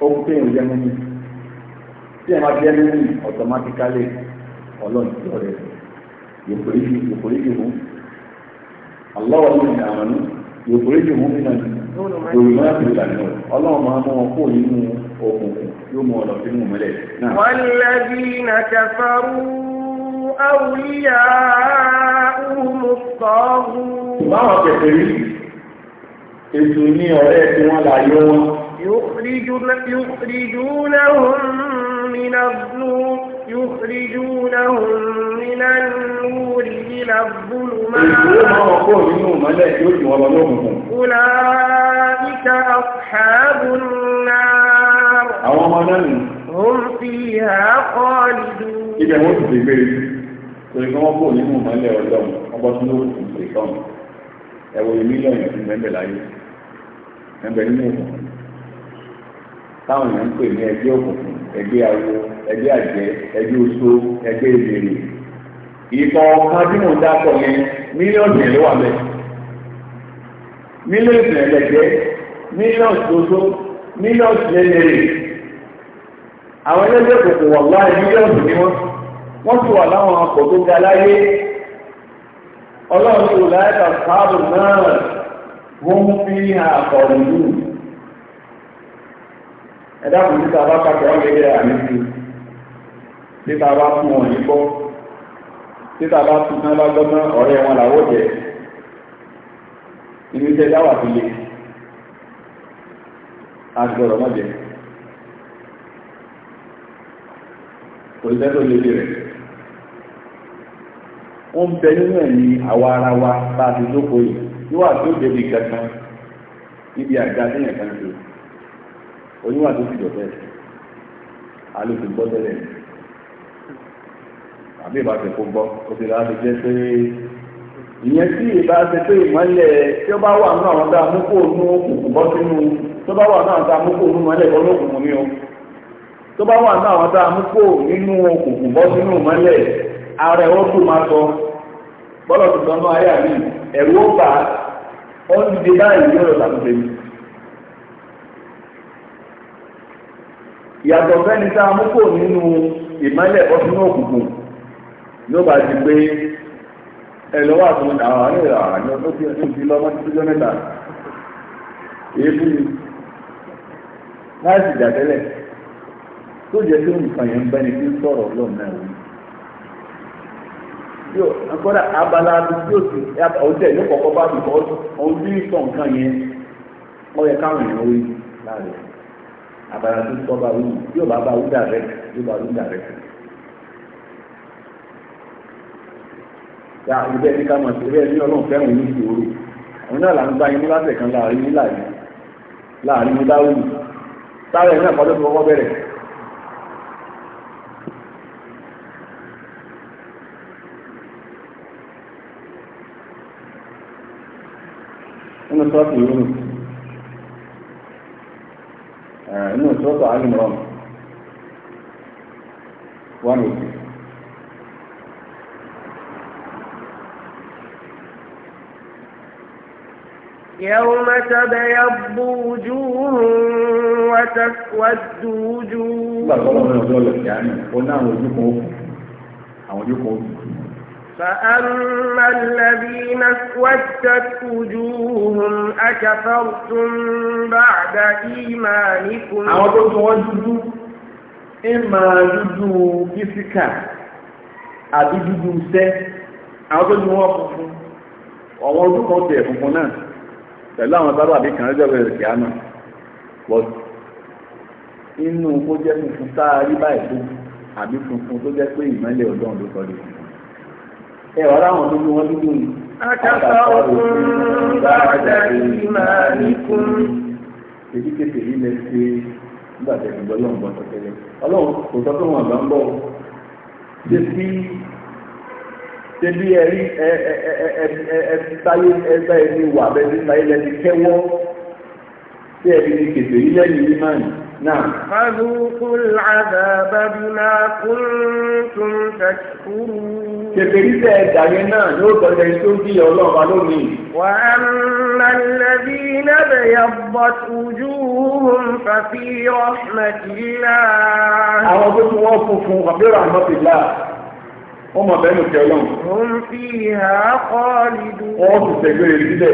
ó pè ń jẹ́ múmi tí ẹ máa jẹ́ múmi automatically ọlọ́run ti ọ̀rẹ́ yòkòríjì yòkòríjì mú aláwọ̀ ní ìrìn àmọ́ yòkòríjì mú mi náà yòrùmọ́ àti ìlànà ọlọ́run máa mọ́ wọn kó nínú نعم. والذين كفروا أولياؤهم الطاغوت يخرجونهم من الظلم يخرجونهم من النور إلى الظلمات أولئك أصحاب النار àwọn ọmọ náà nì. ó ń fi àkọ́ ìlú. ibẹ̀ wọ́n ti gbé e torí kí wọ́n kò nínú ìmọ̀lẹ̀ ọlọ́run wọ́n bọ́ sínú òkùnkùn pé tán ẹ̀wọ̀ yìí mílíọ̀nù ti mẹ́mbẹ̀ láyé mẹ́mbẹ̀ nínú òkùnkùn táwọn èèyàn ń pè ní ẹgbẹ́ òkùnkùn ẹgbẹ́ awo ẹgbẹ́ àjẹ́ ẹgbẹ́ oṣó ẹgbẹ́ ìbèrè ìkọ̀ ọ̀kan tí mò ń dákọ̀ yẹn mílíọ̀nù ẹ̀ ló wà bẹ́ẹ̀ mílíọ̀nù ẹ̀ lẹ́gbẹ́ mílíọ̀nù oṣó mílíọ̀nù ẹ̀ àwọn ẹlẹ́gbẹ́ kòkò wà láì mílíọ̀nù ni wọ́n wọ́n ti wà láwọn ọkọ̀ tó ga láyé ọlọ́run tó láìka sáàbù náà wọ́n fi hàn àkọ̀rọ̀ ìlú ẹ̀dá kò ní sábà pàtó ọ̀gá ẹgbẹ́ àmì sí títà bá fún wọn yìí bọ́ títà bá fún náà bá gbọ́ná ọ̀rẹ́ wọn làwọ̀ jẹ́ ìlú iṣẹ́ dáwà tó le àgbọ̀rọ̀ mọ́jẹ́. òṣìṣẹ́ lè bẹ̀rẹ̀ wọ́n bẹ nínú ẹ̀ àwa ara wa bá a ti jókòó yìí níwà tó débi kan oníwà tó ti dọ̀tẹ́ gbọ́ tẹ́lẹ̀ àbí ìbá kó gbọ́ o ti láti jẹ́ pé ìyẹn tí ìbá ti pé ìmọ̀lẹ̀ tí ó bá wà nínú àwọn tá a mú kó o nú òkùnkùn bọ́ sínú tó bá wà nínú o. tó bá wà náà nínú òkùnkùn bọ́ sínú mọ́lẹ̀ ara ẹ̀wọ́ tó máa sọ bọ́lọ̀ náà ayà ní ẹ̀rù ó bà ó ń dìde báyìí ní ọ̀rọ̀ ìyàtọ̀ fẹ́ni tá a mú kó nínú ìmọ́lẹ̀ bọ́ sínú òkùnkùn bá àwọn tó jẹ́ pé nǹkan yẹn ń bẹ́ni tí ń sọ̀rọ̀ ọlọ́run náà yóò abala tí yóò sì ọ̀dẹ̀ yóò bá mi kọ́ ọdún bí sọ nǹkan yẹn wọ́n yẹ káwọn èèyàn wí láàrẹ̀ abala tó sọ bá yóò bá bá yóò bá ibẹ̀ ní ká máa ọlọ́run fẹ́ràn ní ìṣòro àwọn náà là ń inú lásẹ̀ kan láàrin láàrin nínú sọ́ọ̀tù yónù nínú sọ́ọ̀tù alimọ̀rán one eighty. يوم تبيض وجوه وتسود وجوه. فأما الذين اسودت وجوههم أكفرتم بعد إيمانكم àwọn tó sọ wọ́n dúdú ìmọ̀ dúdú físíkà àbí dúdú sẹ́ àwọn tó sọ wọ́n funfun àwọn ọdún kan tẹ̀ funfun náà pẹ̀lú àwọn bábà bí kan lọ́jọ́ bẹ̀rẹ̀ kìá náà pọ̀ inú kó jẹ́ funfun tá a rí báyìí tó àbí funfun tó jẹ́ pé ìmọ̀lẹ̀ ọ̀dọ́ ọ̀dọ́ sọ́dọ̀ ẹ ọ̀rọ̀ àwọn wọn ẹgbẹ́ ẹni wà bẹ́ẹ̀ ní yìí lẹ́yìn ní نعم فذوقوا العذاب بما كنتم تكفرون كفريت دعينا نوتا دايسوكي الله علومي وأما الذين بيضت وجوههم ففي رحمة الله أعوذ وصفهم برحمة الله وما بينك يا يوم هم فيها خالدون وصف تقول الله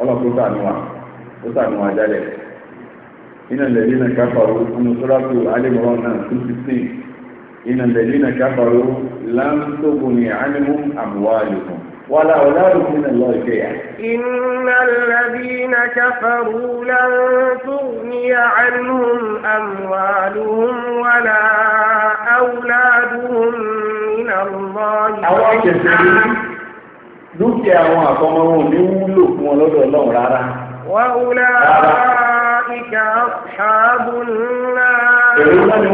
سبحانه وتعالى سبحانه وتعالى إن الذين كفروا من سورة آل عمران إن الذين كفروا لم تغني عنهم أموالهم ولا أولادهم من الله شيئا إن الذين كفروا لن تغني عنهم أموالهم ولا أولادهم من الله شيئا dúkìá àwọn àkọmọ wọn ò ní wúlò fún ọlọ́dọ̀ ọlọ́run أولئك أصحاب النار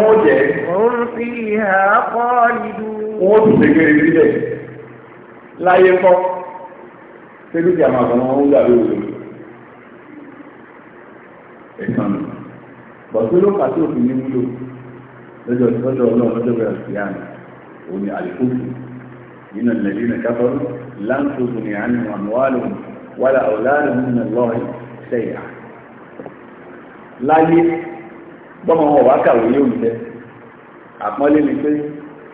هم فيها خالدون لا يفوق سيدي يا ماما ولا يقول إنسان بس لو كاتو في نيمو لو لو لو لو لو لو يعني وني على كل من الذين كفروا لن تغني عنهم أموالهم ولا أولادهم من الله شيئا láyé gbọ́mọ wọn wá kàwé yóò ń jẹ́ àpọ́nlé ni pé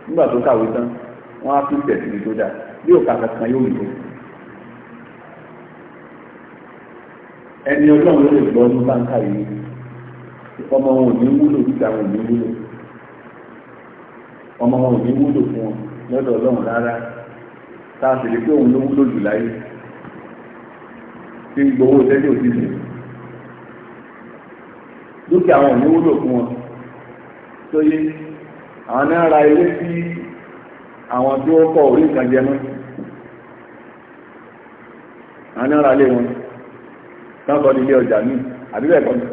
nígbà tó kàwé tán wọ́n á tún tẹ̀sí ní tó dáa bí òkà kankan yóò ń jẹ́ ẹni ọlọ́run ló lè gbọ́ ní báńkà yìí ọmọ wọn ò ní wúlò níta wọn ò ní wúlò ọmọ wọn ò ní wúlò fún wọn lọ́dọ̀ ọlọ́run rárá tá a sì rí pé òun ló wúlò jù láyé tí gbowó tẹ́lẹ̀ òdìsí dúkìá wọn ò ní wúlò fún wọn tó yé àwọn náà ra ilé sí àwọn tí ó kọ orí nǹkan jẹ mọ́ àwọn náà ra ilé wọn sáńkọ nílé ọjà míì àbí bẹ́ẹ̀ kọ́ ni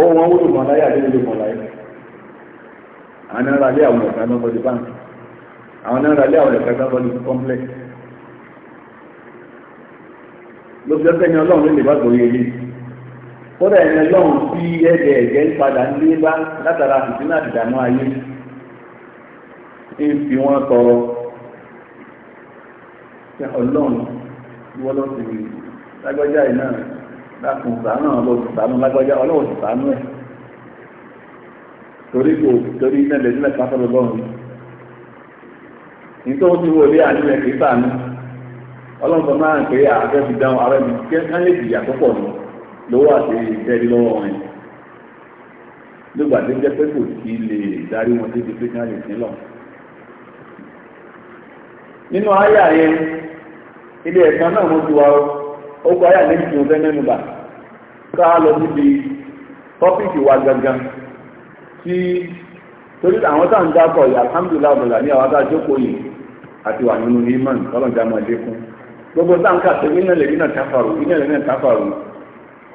owó wọn wúlò kan láyé àti wúlò kan láyé àwọn náà ra ilé àwọn ọ̀gá náà kọ́ di báńkì àwọn náà ilé àwọn ọ̀gá náà kọ́ di kọ́ńplẹ̀kì ló fi ọlọ́run lè bá gbòye yìí kódà ẹ̀yẹ lọ́hùn bí ẹ̀jẹ̀ ẹ̀jẹ̀ ń padà nílé bá látara ayé ń fi wọ́n tọrọ ṣe wọ́n lọ sí lágbájá yìí náà lákùn sàánù àwọn olóòtú sàánù lágbájá ọlọ́run sì sàánù ẹ̀ torí kò torí iná lè pátá lọ́rùn nítorí tí wọlé àníyàn kì í sàánù sọ máa ló wà jẹ́ pé kò sí lè darí wọn débi pé lè lọ. nínú àyà yẹn ilé náà ti wá àyà tí fẹ́ mẹ́nu bà ká lọ síbi tọ́pìkì wa gangan tí torí àwọn tá à ń dákọ̀ alhamdulilayi ọ̀bọ̀là ní àwọn yìí àti wà nínú imán máa gbogbo táǹkà tó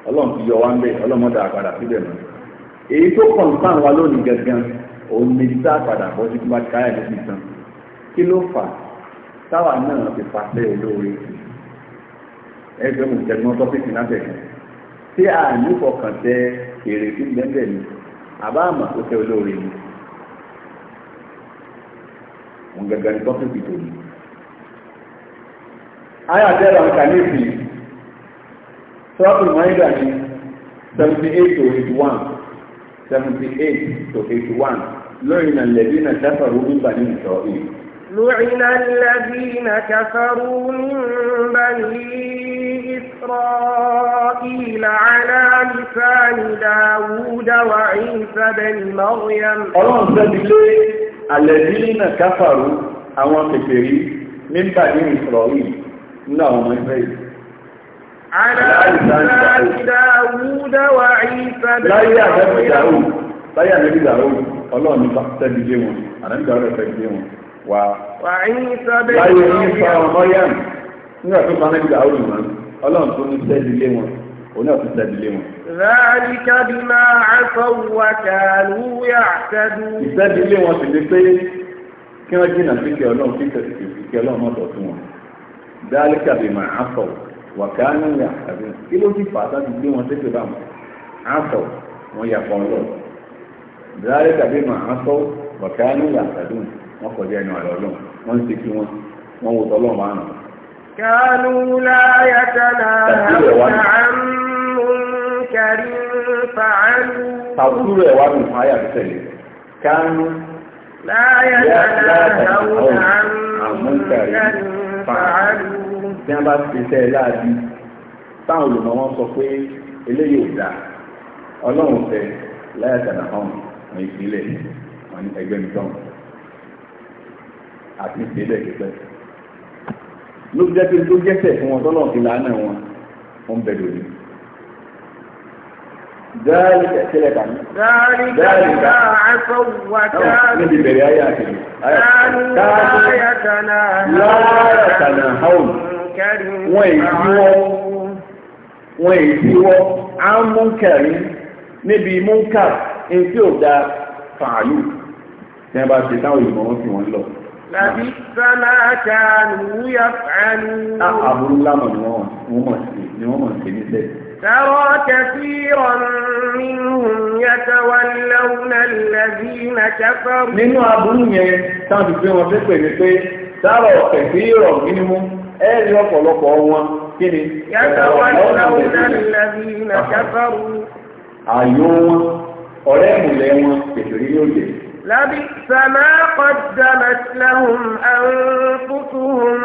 ọlọ́run ti yọ wá ń bẹ̀ ọlọ́mọdà àpàdà síbẹ̀ mọ́ èyí tó kọ̀ǹtàn wa lónìí gẹ́gẹ́ òun ni tá àpàdà bọ́ sí bá káyà ní ti tán kí ló fà táwa náà ti pàṣẹ olóore ẹgbẹ́ mi tẹ̀gbọ́n tọ́pìkì náà bẹ̀ tí a ní fọkàn tẹ èrè sí gbẹ́ngẹ́ ni àbá àmọ̀ tó tẹ olóore ni òun gẹ́gẹ́ ni tọ́pìkì tó ní. ayọ̀ àti ẹ̀rọ nǹkan ní ìsìn sọ́ọ̀tù mọ́ídà ní 78 to 81 78 to 81 lórí na lẹ́bí na sáfàrú nígbà ní ìṣọ́ yìí. لعن الذين كفروا من بني إسرائيل على لسان داود وعيسى بن مريم الله سبحانه الذين كفروا أوان كفري من بني إسرائيل لا هم إسرائيل láyé àdẹ́bí dàrú láyé àdẹ́bí dàrú ọlọ́run ní tẹ́bi dé wọn àdẹ́bí dàrú tẹ́bi dé wọn wà láyé nípa ọmọ yẹn nígbà tó bá nẹ́bí dàrú wọn ọlọ́run tó ní tẹ́bi dé wọn òun náà tó tẹ́bi dé wọn. Zalika bima asaw wa kanu ya'tadu. Ìtẹ́bi dé wọn sì ní pé kí wọ́n jìnnà sí kí ọlọ́run kí kẹ̀sìkì sí kí ọlọ́run mọ̀tọ̀ fún wọn. Zalika bima asaw wàkánà yà àbí kí ló ti fàtà ti gbé wọn tètè báwọn àtọ wọn yà pọn lọ dáre tàbí mà àtọ wàkánà yà àbí wọn kọjá ẹnu àlọ lọ wọn ti kí wọn wọn wò tọ lọrùn àná. كانوا لا يتناهون عن منكر فعلوا تفسير وابن حياة بسلي كانوا لا يتناهون عن منكر فعلوا tí wọ́n bá ti tẹ́ ẹ láàbí táwọn olùmọ̀ wọn sọ pé eléyìí ò dáa ọlọ́run fẹ́ láyà tàdà hàn wọn ìpínlẹ̀ wọn ní ẹgbẹ́ mi tán àti ìpínlẹ̀ pípẹ́ ló jẹ́ pé tó jẹ́sẹ̀ fún wọn tọ́lọ̀ fi lánà wọn wọn bẹ̀ lórí. Dáàlìkà kílẹ̀ kà ní. Dáàlìkà àṣọ wà dáàlì wọ́n èyíwọ́ wọ́n èyíwọ́ á mú kẹrí níbi múnkà ní tí ò dá fàálù tí wọ́n bá ṣe táwọn ìmọ̀ wọn fi wọ́n lọ. Làbí sọ́lá kàánù yà fàálù. Àbúrú lámọ̀ ni wọ́n mọ̀ sí níṣẹ́. ترى كثيرا منهم يتولون الذين كفروا nínú abúrú yẹn táwọn ti gbé wọn pé pé ní pé sáàrọ̀ kẹfì rọ̀ nínú ẹ̀rí ọ̀pọ̀lọpọ̀ wọn kí ni àyò wọn ọ̀rẹ́ ìmùlẹ̀ wọn kèfèrí ní òjè lábí sàmà kọjàmà lẹ́hùn àrùn tuntun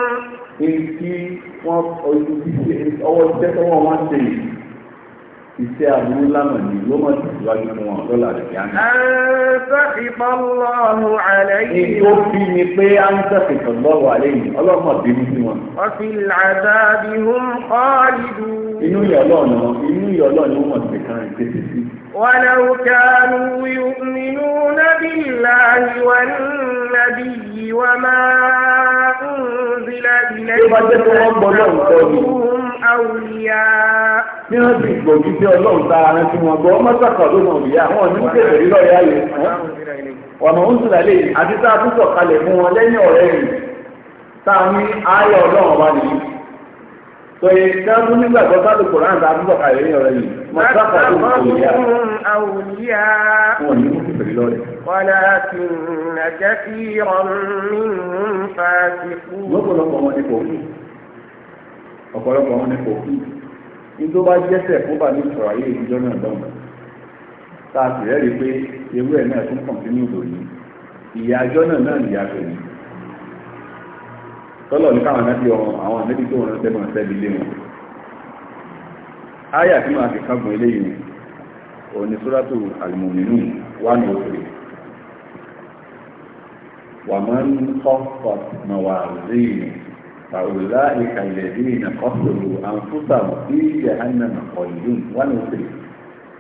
iṣẹ́ àbúrú lánà ní ló mọ̀ sí ìwájú fún wọn lọ́la rẹ̀ yánà. Ansẹ́fìfọ́lọ́hùn àlẹ́ yìí. Ní ó fi ni pé Ansẹ́fìfọ́lọ́hùn àlẹ́ yìí ọlọ́mọ bínú sí wọn. Ọ̀fi làdábì hùn kọ́ọ̀lì dùn. Inú ìyọ̀lọ́ ni wọ́n inú ìyọ̀lọ́ ni wọ́n mọ̀ sí kan ìpèsè sí. ولو كانوا يؤمنون بالله والنبي وما أنزل إليه فهم أولياء bí wọ́n sì gbòógì sí ọlọ́run tá ara tí wọ́n gbọ́ mọ́sàkà ló mọ̀ bíyà wọn ní kéde rí lọ́ọ̀yà yìí ọ̀nà ń sùn lálẹ́ àti tá tún sọ̀kalẹ̀ fún wọn lẹ́yìn ọ̀rẹ́ yìí tá ní ayọ̀ ọlọ́run wà nìyí tọ́yẹ káàbù nígbà tó bá lè kó ráńtà àbúbọ̀ kàlẹ́ ní ọ̀rẹ́ yìí mọ̀ sáfà ló ń kò yá. àwùyá wọn ni wọn fèrè lọ rẹ. wàlá kì í nàjẹ́ kí ọ̀rùn mi ń fa ti kú. lọ́pọ̀lọpọ̀ wọn ni kò kú ọ̀pọ̀lọpọ̀ wọn ni kò kú nítorí bá jẹ́sẹ̀ fún bàbá ìṣòro ayé ìjọ náà dọ̀nà tá a sì rẹ́rìí pé ewu náà tún kọ̀ǹtínú ìdòyìn ìyá tọ́lọ̀ ní káwọn náà yọ àwọn àmẹ́bí tó wọ́n tẹ́bọn tẹ́bí lé wọn áyà tí máa fi kágbọn ilé yìí o ní sóràtù alìmọ̀mìnú wà ní òkèrè wà máa ń kọ́kọ́ mà wà zíìnì fàwùlá ìkàlẹ̀ zíìnì kọ́kọ́rù àǹfúsà sí ìyà hánà mà kọ̀ọ̀lù wà ní òkèrè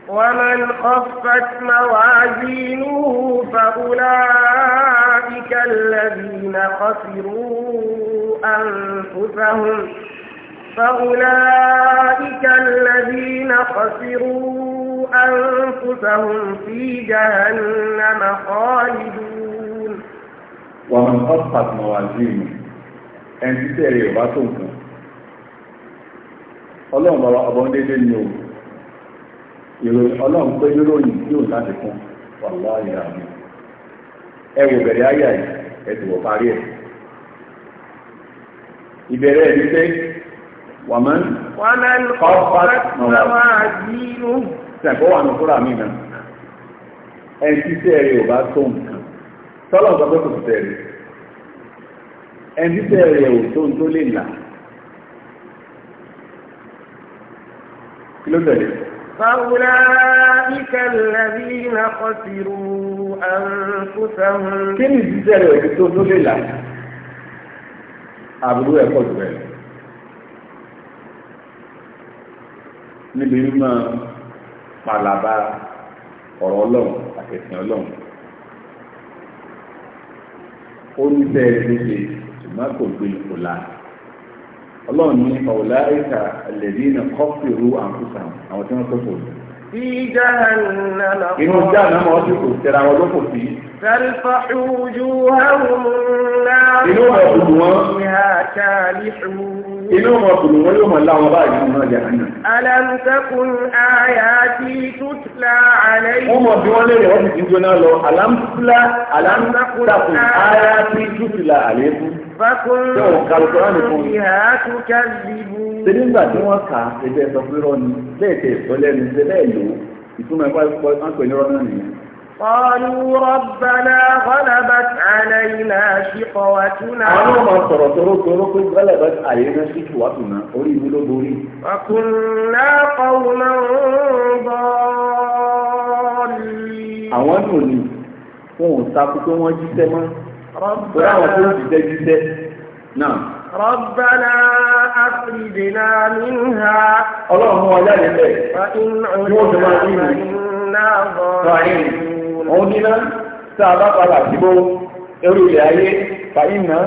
ومن خفت موازينه فأولئك الذين خسروا أنفسهم فأولئك الذين خسروا أنفسهم في جهنم خالدون ومن خفت موازينه أنت تريد وباتوكم ọlọ́run bàbá ọ̀bọ̀n déédéé ni o ìròyìn ọlọ́run pé níròyìn tí ò láti fún wàhálà ìyá mi ẹ wò bẹ̀rẹ̀ ayé àyè ẹ sì wò parí ẹ̀ ìbẹ̀rẹ̀ ẹ̀ ní pé wàmán kọ́pàt mọ̀wàdínú sẹ̀kọ́ wà ní fúra mi náà ẹ̀ tí sẹ́ẹ̀rẹ̀ ò bá tó nǹkan tọ́lọ̀ sọ pé kò sẹ́ẹ̀rẹ̀ ẹ̀ tí sẹ́ẹ̀rẹ̀ ò tó ń tó lè là kí ló tẹ̀lé فأولئك الذين خسروا أنفسهم كم يزيزر ويكتب نجلا àbúrú ẹ̀kọ́ jù rẹ̀ níbi mímọ́ pàlàbà ọ̀rọ̀ ọlọ́run àtẹ̀sìn ọlọ́run ó ní bẹ́ẹ̀ ló ṣe ṣùgbọ́n kò gbé ipò láàyè ọlọ́run ní ọ̀láìka ẹlẹ́dínà kọ́fìrú àǹkúsà àwọn tí wọ́n tó fò. Fi jahannama kọ́. Inú jahannama ọtí kò tẹ̀ra wọn lóko sí. Tẹ̀lifà ojú ẹ̀hún náà. Inú wọn kùdù wọn. Ìhà kàlífù. Inú wọn kùdù wọn yóò mọ̀ láwọn báyìí nínú ọjà náà. Alam takun ayati tutla alayhi. Wọ́n mọ̀ bí wọ́n lè rẹ̀ wọ́n ti ti jóná lọ. Alam takun ayati tutla alayhi fakolo ìhà tó kẹ́lìbù. ṣé nígbà tí wọ́n kà á ẹgbẹ́ sọ pé rọ́ ni bẹ́ẹ̀ tẹ̀ sọ lẹ́nu ṣe bẹ́ẹ̀ lò ó ìtumọ̀ ẹ̀kọ́ ẹ̀kọ́ ẹ̀kọ́ ìnira náà nìyẹn. قالوا ربنا غلبت علينا شقوتنا àwọn ọmọ sọ̀rọ̀ tóró tóró pé غلبت علينا شقوتنا orí ìwú ló borí. وكنا قوما ضالين. àwọn náà ni wọn ò takú pé wọ́n jíṣẹ́ mọ́. Rọ́bà àwọn tó ń jíṣẹ́ jíṣẹ́ náà. Rọ́bàná àfìdìnà minha. Ọlọ́run wọn jáde bẹ́ẹ̀. Ní oṣù máa ń rìn rìn. Òun níná tá a bá padà síbó lórí ilẹ̀ ayé fàyín náà.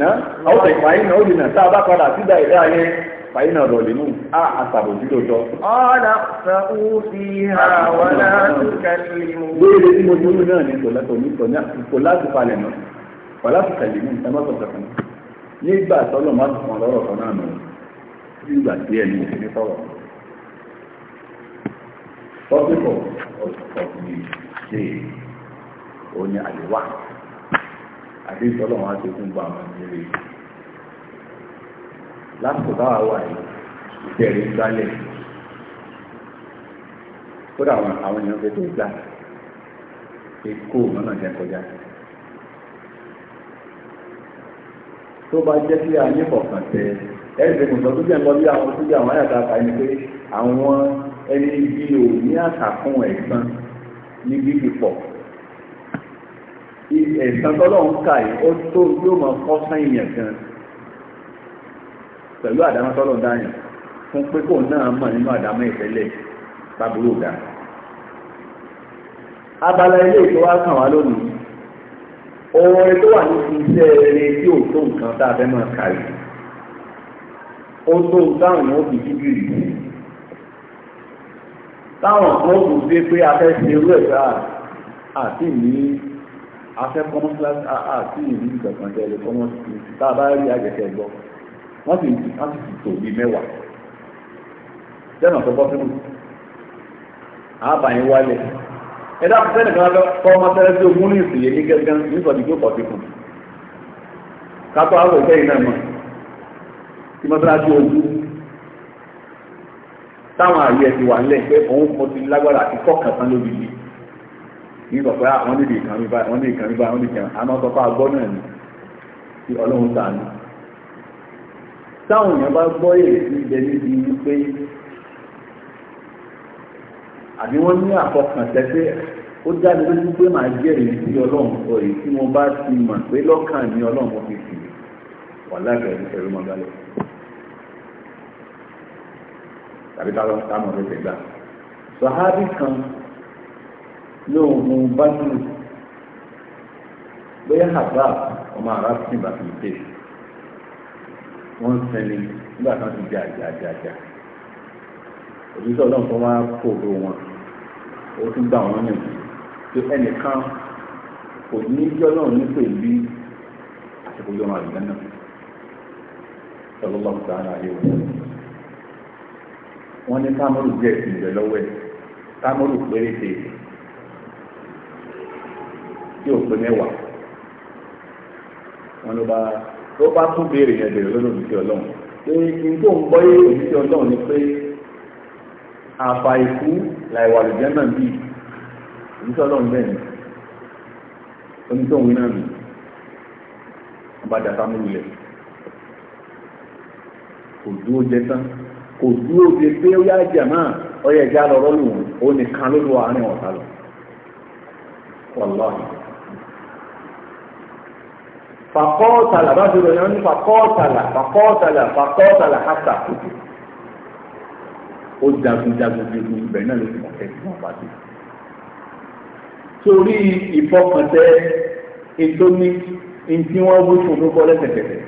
Náà, àwọn ìfàyín náà ó dìnà tá a bá padà sídà ìdá ayé fàyínà rọ̀lẹ̀ mú á àtàbòjú lóòtọ́. ọ́nà sàú fi ha wà látùkàlì mú. Béèrè tí mo ti mú náà ní kò láti palẹ̀ mọ́, ṣe òní àlèwà. Àdéhùn tọ́lọ̀ á ti fún gbọ́ àwọn ìbéèrè lásìkò báwa wà yìí ìbẹ̀rẹ̀ gbálẹ̀ kódà àwọn àwọn èèyàn fẹ́ tó gbà èkó mọ́nà jẹ́ kọjá tó bá jẹ́ sí ayé kọ̀ọ̀kan tẹ ẹ̀rẹ́ kò sọ tó jẹ́ lọ bí àwọn tó jẹ́ àwọn àyàtà àkà ni pé àwọn ẹni bí ò ní àkàkùn ẹ̀sán ní bíbí pọ̀ ẹ̀sán tọ́lọ́ ń kà yìí ó tó yóò máa kọ́ sáyìn yẹn gan-an pẹ̀lú àdámọ́ tọ́lọ̀ dáyàn fún pé kò náà mọ̀ nínú àdámọ́ ìtẹ́lẹ̀ pàbúrò ga abala ilé ètò wa kàn wá lónìí ohun ètò wà ní iṣẹ́ eré tí ò tó nǹkan tá a fẹ́ máa kà yìí ó tó táwọn ó fi jíjù yìí táwọn kan ó tún gbé pé a fẹ́ ṣe irú ẹ̀ sáà àti ní afẹ́ kọ́mọ́sílá àti ìlú ìgbàgbọ́n tẹ̀lé kọ́mọ́sílá tá a bá rí àjẹsẹ̀ gbọ́ wọ́n sì ti wọ́n sì ti tò bíi mẹ́wàá lẹ́nà tó bọ́ sínú àbàyìn wálẹ̀ ẹ dákun sẹ́ni kan lọ kọ́ mọ́sálásí ogún ní ìsìnyẹ ní gẹ́gẹ́ nítorí tó pọ̀ sí fún kátó àwọn òkèèyàn náà mọ̀ tí mọ́sálásí ogún táwọn àyè ẹ̀ ti wà nílẹ̀ pé òun mo ti lágbára àti kọ́kàn tán lóbi yìí ní sọ pé àwọn ah, níbi ìkànnì báyìí wọ́n ní ìkànnì báyìí wọ́n ní ìkànnì àmọ́ sọ pé agbọ́ náà ni tí ọlọ́run sáà ní táwọn èèyàn bá gbọ́ èrè sí ibẹ̀ níbi wípé àbí wọ́n ní àfọkànṣẹ́ pé ó jáde lójú pé màá jẹ́rìí sí ọlọ́run sọ èyí tí wọ́n bá ti mọ̀ pé lọ́kàn ní ọlọ́run wọn fi sì wà lágbẹ̀ẹ́ ní ẹ̀rọ mọ́gálẹ̀ tàbí táwọn táwọn ọ̀rẹ́ tẹ̀gbà sọ̀hábì kan lóun mú bá dùn bóyá àbá ọmọ àrà sí ìbàdàn tèèṣì wọ́n ń sinmi nígbà tí wọ́n ti jà jà jà jà òjijì ọlọ́run tó wá kóró wọn ó tún gbà wọ́n nìyí pé ẹnìkan kò ní náà ara yẹ wọ́n wọ́n ní díẹ̀ sí ìbẹ̀ lọ́wọ́ ẹ̀ péréte tí ò pé mẹ́wàá wọ́n ló bá. tó bá tún béèrè yẹn béèrè lọ́dọ̀ òṣìṣẹ́ ọlọ́run pé kí n tó ń gbọ́ yé òṣìṣẹ́ ọlọ́run ni pé àfà ìkú làìwà lùjẹ́ náà bíi òṣìṣẹ́ ọlọ́run bẹ́ẹ̀ ni onítọ̀hún náà nù ọba dàtà múlẹ̀ kò dúró jẹ tán kò dúró de pé ó yá jẹ náà ọyẹ ìjà lọ rọ́ọ̀lù òun nìkan ló lọ àárín ọ̀tá lọ. wàlláhi fàkọ́ọ̀tàlà bá ti ròyìn wọn ní fàkọ́ọ̀tàlà fàkọ́ọ̀tàlà fàkọ́ọ̀tàlà hàtà ó jagun jagun jagun ibẹ̀ náà ló ti mọ̀ fẹ́ fún àpàdé. torí ìfọkàntẹ́ ètò ní ntí wọ́n wú fún tó kọ́ lẹ́sẹ̀kẹsẹ̀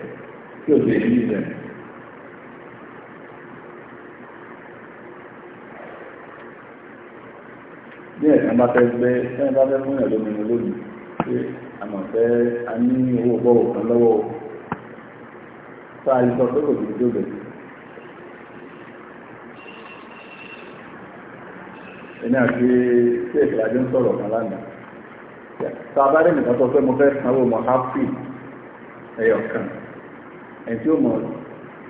tí ò sì ní ìbẹ̀. bí ẹ̀ka bá fẹ́ gbé ẹ̀ka bá fẹ́ fún ẹ̀ lómi lónìí àmọ̀fẹ́ a ní owó bọ́ọ̀ kan lọ́wọ́ fáà sọ pé kò sí tó bẹ̀rẹ̀. ẹni àti ṣé ìfìlàjọ ń sọ̀rọ̀ kan lánàá tá a bá rí nìkan tó fẹ́ mo fẹ́ sanwó mọ hafi ẹyọ kan ẹni tí ó mọ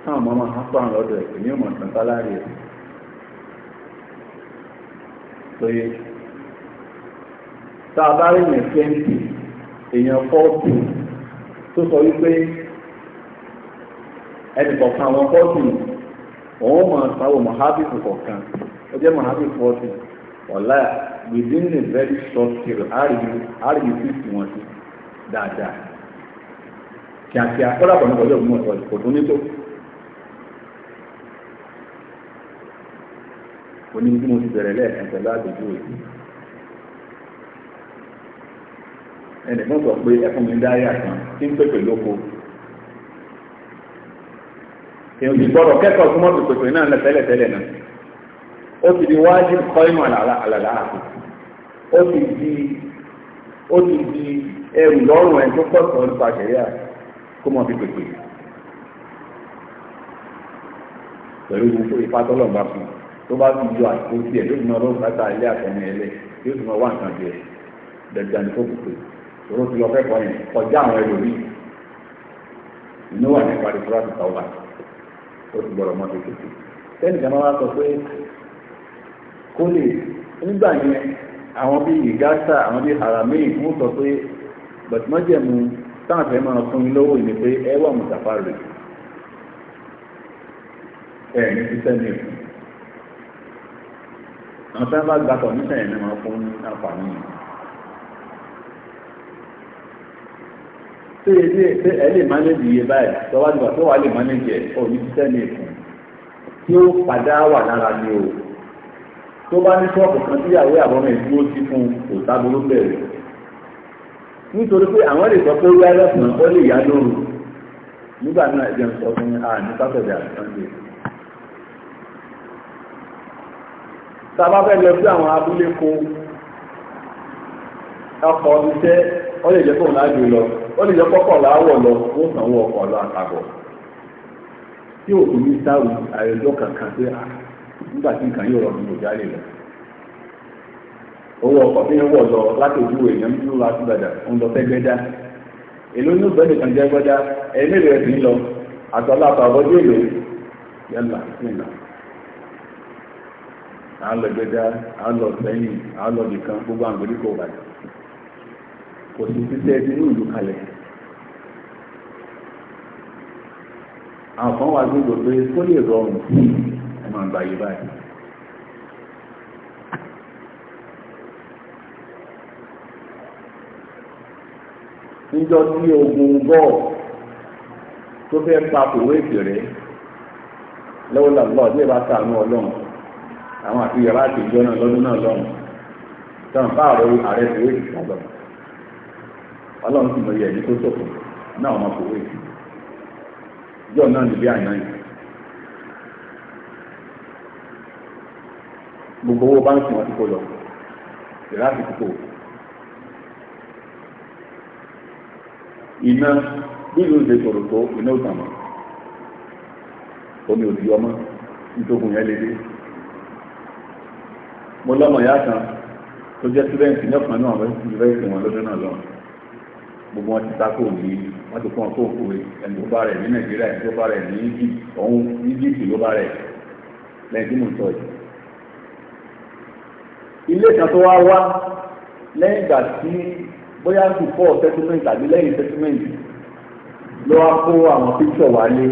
táwọn ọmọ máa hafi àwọn lọ́dọ̀ ẹ̀ ní ọmọ ìtàn sálárì ẹ̀ lóye tá a bá rí nìkan twenty èèyàn fọ́ọ̀tù tó sọ wípé ẹnì kọ̀ọ̀kan àwọn fọ́ọ̀tù òun mọ̀ sáwọ́ mọ̀hábìsì kọ̀ọ̀kan ó jẹ́ mọ̀hábìsì fọ́ọ̀tù ọ̀la within a very short period àríyí fífi wọn sí dáadáa kíákíá kọ́lá pọ̀ nípa ọjọ́ ìgbìmọ̀ kò tún ní tó. bí mo ti bẹ̀rẹ̀ lẹ́ẹ̀kan ẹnìkan sọ pé ẹfún mi dáyà kan tí ń pèpè lóko èèyàn ti gbọ́dọ̀ kẹ́kọ̀ọ́ fún mọ́tò pèpè náà lẹ tẹ́lẹ̀tẹ́lẹ̀ náà ó ti di wájú kọ́ ìmọ̀ àlàlà àti ó ti di ó ti di ẹrù lọ́rùn ẹ̀ tó pọ̀ sọ nípa àṣẹyà kó mọ̀ fi pèpè pẹ̀lú gbogbo ipá tọ́lọ̀ bá fún tó bá fi yọ àtúntì ẹ̀ yóò fi mọ ọlọ́run látà ilé àtọ̀mọ́ ẹlẹ́ yóò fi mọ wá nǹkan jẹ dandan ní fòkùnkùn ìró ti lọ fẹ́kọ̀ọ́ yẹn kọjá àwọn ẹlòmíì inú wà nípa ìfúra ti tàwọn bàtà ó ti gbọ́dọ̀ mọ́ kékeré tẹ́nìkan máa sọ pé kó lè nígbà yẹn àwọn bíi ìgáṣà àwọn bíi haramí ń sọ pé bàtìmọ́jẹ̀mú táwọn fẹ́ máa fún mi lọ́wọ́ ìní pé ẹ wà mùsàfà rẹ̀ ẹ ní sísẹ́ ní àwọn tí wọ́n bá gbàtọ̀ ni wọ́n fún àǹfààní yìí. ṣé ilé lè mánéjì iye báyìí lọ́wọ́ lè mánéjì ẹ̀ ò ṣiṣẹ́ ní ìfún tí ó padà wà lára ni o tó bá ní ṣọ́ọ̀bù kan ìdúró sí fún kò sábúrú bẹ̀rẹ̀ nítorí pé àwọn lè sọ pé ó lọ́sàn-án ó lè yá lóru nígbà náà ń fún a ní sátọ̀dẹ̀ àti lọ sí àwọn abúlé kó ọkọ̀ iṣẹ́ ó lè jẹ́ ó lè yọ kọ́kànlá wọ lọ ó sanwó ọkọ̀ lọ àtàbọ̀ tí òkú ní sáwù kankan pé ah, nígbà tí nǹkan yóò rọrùn òjá lè lọ owó ọkọ tí ń wọ̀ lọ láti ojú èèyàn ń lọ àti gbàdà ń lọ èló ní sì ń lọ èlò sí ìlà à ń lọ gbogbo kò sì títẹ́ inú ìlú kalẹ̀. àwọn kan wà gbogbo pé kó lè rọrùn ẹ máa gbà yí báyìí. níjọ́ tí ogun bọ́ọ̀ tó fẹ́ pa kòwé ìpèrè lọ́wọ́ làbọ̀ tí ẹ bá sàánú ọlọ́run àwọn àti yàrá àti ìjọ náà lọ́dún náà lọ́run tán bá ààrẹ ààrẹ kòwé ọlọ́run sì lọ́yẹ̀ ẹni tó sọ̀kọ̀ náà ọmọ kò wéyìí ìjọ náà níbi àná yìí gbogbo owó báńkì wọn ti kó lọ ìrá ti iná bí ìdè sọ̀rọ̀ tó iná òtàn mọ́ omi òdì ọmọ ìtòkùn yẹn lè mo lọ́mọ ìyá kan tó jẹ́ sílẹ̀ǹtì náà gbogbo wọn ti sáko ní wọn ti kàn tó òkúwe ẹni tó bá rẹ̀ ní nàìjíríà ẹni tó bá rẹ̀ ní egypt ọ̀hún egypt ló bá rẹ̀ lẹ́yìn tí mo sọ yìí. ilé kan tó wá wá lẹ́yìn ìgbà tí bóyá before settlement tàbí lẹ́yìn settlement ló wá kó àwọn picture wálé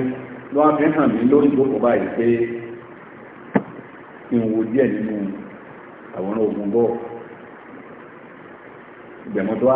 ló wá fi hàn mí lórí ìjókòó báyìí pé kí n wo díẹ̀ nínú àwòrán ogun bọ́ọ̀ ìgbẹ̀mọ́ tó wá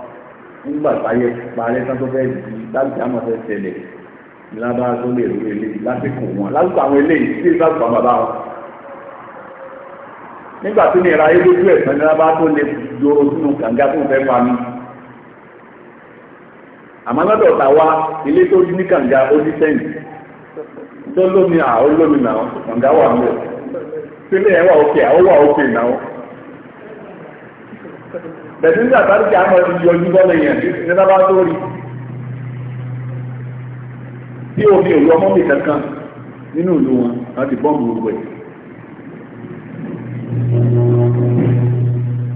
nígbà táyé parẹ́ tán tó fẹ́ di láti àmọ́ fẹ́ ṣẹlẹ̀ lábá tó lè rú eléyìí lásìkò wọn lásìkò àwọn eléyìí sí lásìkò àwọn bàbá wọn. nígbà tí nira ayé lójú ẹ̀sán ní lábá tó lè dòrò sínú kànga tó fẹ́ pa mí. àmọ́ lọ́dọ̀ ta wá ilé tó ní kànga ó ní sẹ́yìn tó lómi àwọn olómi náà kànga wà mọ́ sílé ẹ̀ wà òkè àwọn wà òkè náà bẹ̀tí nígbà tàbí kí a mọ̀ yọjú bọ́ọ̀lù yẹn ní bá bá tó rí tí omi òru ọmọ mi kankan nínú ìlú wọn láti bọ́ọ̀mù gbogbo ẹ̀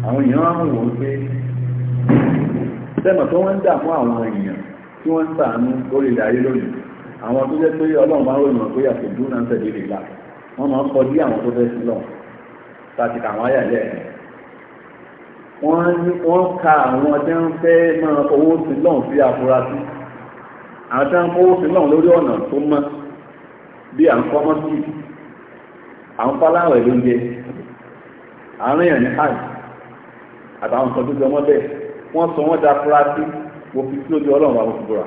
àwọn èèyàn á mú wọn pé sẹ́mọ̀ tó wọ́n ń dà fún àwọn èèyàn tí wọ́n ń sàánú lórílẹ̀ ayé lónìí àwọn tó jẹ́ pé ọlọ́run máa ń ròyìn pé àtẹ̀dúró náà ń tẹ̀lé ìlà wọ́n máa ń kọjú àwọn tó fẹ́ sílọ̀ láti kà wọ́n ayà lẹ́ẹ̀kan wọ́n ka àwọn ọjọ́ ń fẹ́ máa owó sí sí afurasí àwọn owó sí lórí ọ̀nà tó mọ́ bí à ń kọ́ mọ́sí à ń fáláwẹ̀ lóúnjẹ àárín ẹ̀ ní hajj àtàwọn nǹkan tó jọ mọ́ bẹ́ẹ̀ wọ́n sọ wọ́n da afurasí fi sí ojú ọlọ́run àwọn òṣùbọ̀rà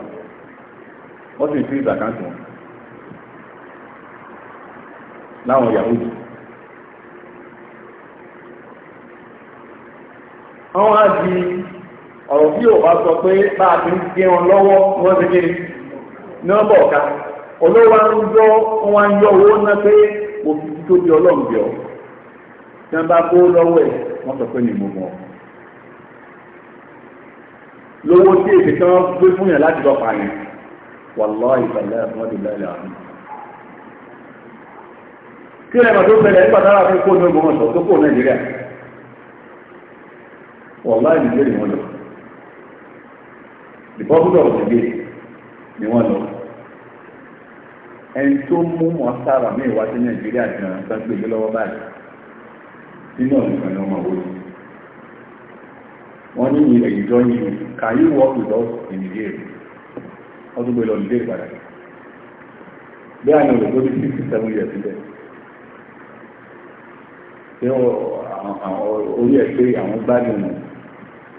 wọ́n sì wọ́n á di ọ̀rọ̀ bí òbá sọ pé bá a ti ń gé wọn lọ́wọ́ wọ́n ti gé nọ́mbà ọ̀ka olówó ń yọ wọn ń yọ pé òfin tó di ọ tí wọ́n bá kó lọ́wọ́ ẹ̀ wọ́n sọ pé ní lówó tí èdè tí wọ́n gbé fún yàn láti yẹn wàlọ́ ìfẹ̀lẹ́ wọn kí tó fẹlẹ̀ nígbà ọ̀la ìdílé ni wọ́n lọ The òdìdé ni wọ́n lọ ẹni tó mú wọn sára mí ìwá sí nàìjíríà gan tó ń gbèlé lọ́wọ́ báyìí nínú ọ̀dùn kan ní ọmọ òwúrọ̀ wọ́n ní ìjọ yìí can you work with us in the day wọ́n tún gbé lọ nílé ìpadà bí àná òdò tó bí sixty seven years síbẹ̀ ṣé àwọn orí ẹ̀ pé àwọn gbádùn náà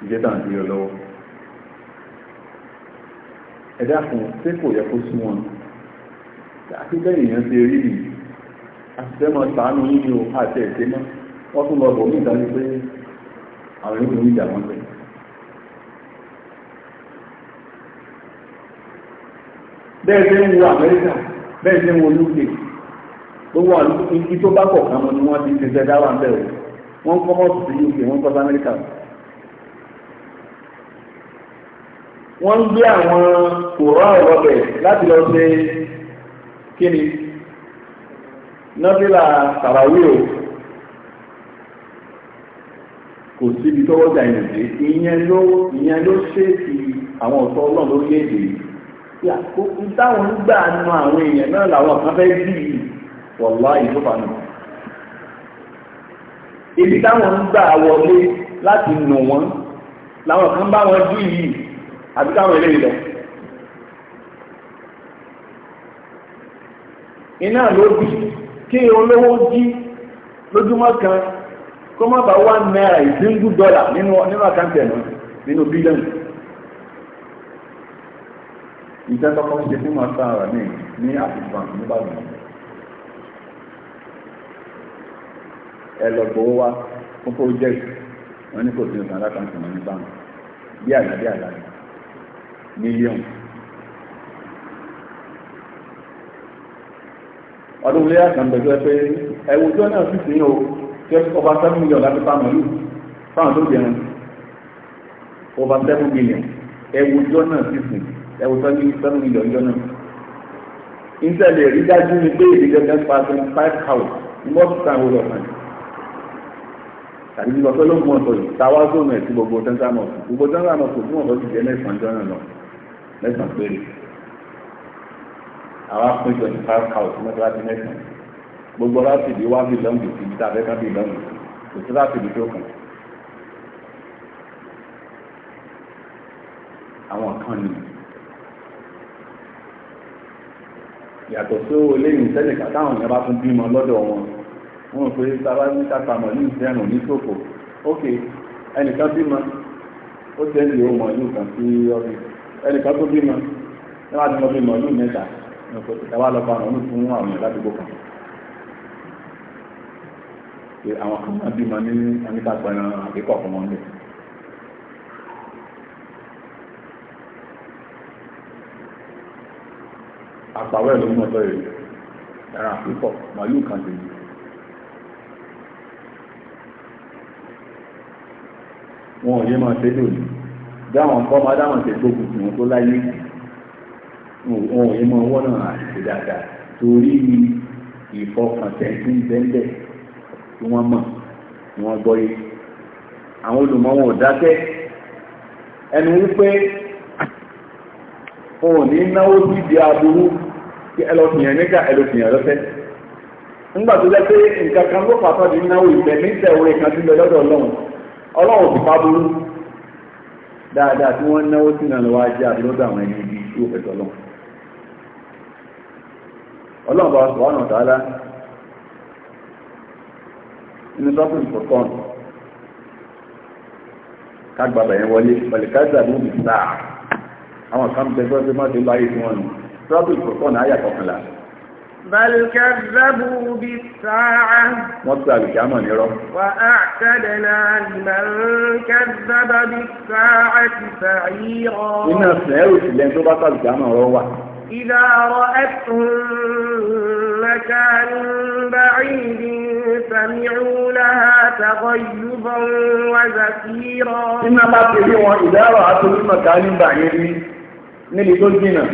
ìjẹta àti ìrọ̀ lọ́wọ́ ẹ̀dá kan tí kò yẹ kó sún wọn àti bẹ́ẹ̀ èèyàn ti rí nìyí àti bẹ́ẹ̀ mọ sàánú nínú àti ẹ̀sẹ̀ mọ́ wọ́n tún lọ bọ̀ ní ìdájú pé àwọn yóò ní ìjà wọn pẹ̀lú. bẹ́ẹ̀ ṣe ń wo Amẹ́ríkà bẹ́ẹ̀ ṣe ń wo lókè gbogbo àwọn ibi tó bá kọ̀ọ̀kan wọn ni wọ́n ti ṣe jẹ́ dáwà bẹ́ẹ̀ wọ́n kọ́ mọ́ọ̀sì sí UK wọ́n kọ́ sí Amẹ́ríkà wọ́n ń gbé àwọn kòrán ọ̀rọ̀bẹ̀ láti lọ ṣe kíni nọ́fílà tàràwí o kò síbi tọ́wọ́ jà ìrìn dé ìyẹn ló ìyẹn ló ṣèèkì àwọn ọ̀tọ́ ọlọ́run lórílẹ̀-èdè yìí táwọn ń gbà nu àwọn èèyàn náà làwọn kan fẹ́ bí yìí wọ̀lá ìjọba nù ibi táwọn ń gbà wọlé láti nù wọ́n làwọn kan bá wọn bí yìí àbí káwọn eléyìí lọ. iná ló bí kí olówó jí lójúmọ́ kan kó má bá wá náírà ìdíngú dọ́là nínú àkáǹtì ẹ̀nà nínú bílíọ̀nù ìjẹ́ tọ́kọ́ ṣe fún màtá rà ní ní àfihàn nígbàgbọ́n ẹ lọ gbowó wá fún project wọn ní kò sí nǹkan alákàntì wọn ní báńkì bí àlá bí àlá mílíọ̀nù ọdún ilé àkàndẹ̀gbẹ́ pé ẹ̀wù tó náà sì sí o tí ó ọba 7 million láti fa màlúù fáwọn tó jẹun ọba 7 million ẹ̀wù tó náà sì sí ẹ̀wù tó ní 7 million jọ náà ìṣẹ̀lẹ̀ rí dájú ní pé èdè gẹ́gẹ́ pa 25 house ní wọ́n tún táwọn olùkọ́ yìí tàbí nígbà tó ló mú ọ̀tọ̀ yìí táwa zone ẹ̀ sí gbogbo central mosque gbogbo central mosque fún ọ̀tọ̀ ti jẹ́ mẹ́sàn-án jọ náà lọ mẹ́sàn-án péré àwọn apin twenty five thousand mẹ́tàlá ti mẹ́sàn-án gbogbo láti di wá bílọ́ǹgì sí ibi tá a fẹ́ ká bílọ́ǹgì kò sí láti di tó kàn. àwọn kan ni yàtọ̀ sí owó eléyìí sẹ́lẹ̀ kátáwọn èèyàn bá tún bímọ lọ́dọ̀ wọn wọn ò pé sábà ní kápá mọ̀lú ìfẹ́ràn ní ṣòfò ókè ẹnìkan bímọ ó tẹ́lẹ̀ ó mọ̀lú kan sí ọ́fíìsì ẹnìkan tó bímọ náà ti lọ bímọ ọdún mẹ́ta ẹwà lọ bá wọn fún àwọn ìlàdúgbò kan pé àwọn kan máa ní fún wọn lè. àpàwẹ́ ló mú ọtọ́ yìí dáwọn kọ́ máa dáwọn ṣe wọ́n tó láyé wọn ò yẹ torí tí ń tí wọ́n mọ̀ tí wọ́n gbọ́ yé wọn ò dákẹ́ ẹnu wípé wọn ò ní náwó síbi aburú kí níkà lọ́fẹ́ nígbà tó pé nǹkan kan ló fà sọ́ọ́ di náwó ìfẹ́ ní ìtẹ̀wé kan ò dáadáa tí wọ́n náwó sínú àlọ́wọ́ ajé àbílọ́dọ̀ àwọn ẹni tí ó fẹ́ tọ́lọ́ ọlọ́run bá ọ̀nà tààlà inú sọ́kùn kọ̀ọ̀kan kágbàbà yẹn wọlé pẹ̀lẹ́kájà ló bì sáà àwọn kan bẹ gbọ́dọ̀ má ti láyé tí wọ́n nù sọ́kùn na kọkànlá بل كذبوا بالساعة وقال يا رب وأعتدنا لمن كذب بالساعة سعيرا إن أسنعوا سلين تو بطل كما روح إذا رأتهم مكان بعيد سمعوا لها تغيظا وزفيرا إن ما إذا رأتهم مكان بعيد نلي الجنة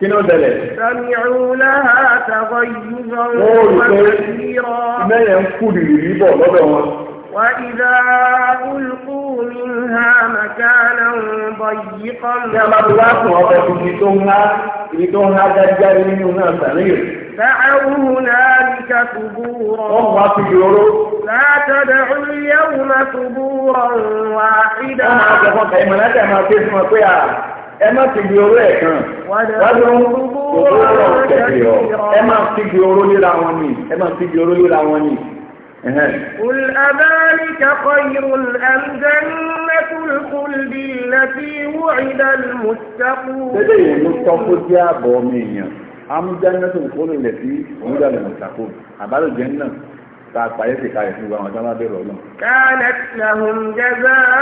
kí ló bẹ̀rẹ̀. sami'u laha taghayyuzan wa zafira. mẹ́yẹ̀ ń kú rìrì níbọ̀ lọ́dọ̀ wọn. wa idha ulqu minha makanan dayyiqan. ní a máa fi wá sùn ọkọ̀ ibi tó ń há ibi tó ń há jájáde nínú náà sàlẹ̀. Fẹ́ẹ̀wù náà ní ká Wọ́n wá fi Látọ̀dọ̀ ìyẹ́wù máa tubúrọ̀ ìdá. máa jẹ́ fún ọkọ̀ ìmọ̀lẹ́tẹ̀ máa fi fún ọ pé à ẹ má ti di oró ẹ̀ kan wájú òkú ọ̀rọ̀ kẹ̀kẹ́ ọ̀ ẹ má ti di oró líra wọn ni ẹ má ti di oró líra wọn ni. قل أذلك خير أم جنة الخلد التي وعد المتقون. تدري المتقون يا بومينيا أم جنة الخلد التي وعد المتقون. أبالو جنة ta àpàyé ti kalẹ̀ fún àwọn ọjọ́ lábẹ́rẹ̀ ọlọ́run. كانت لهم جزاء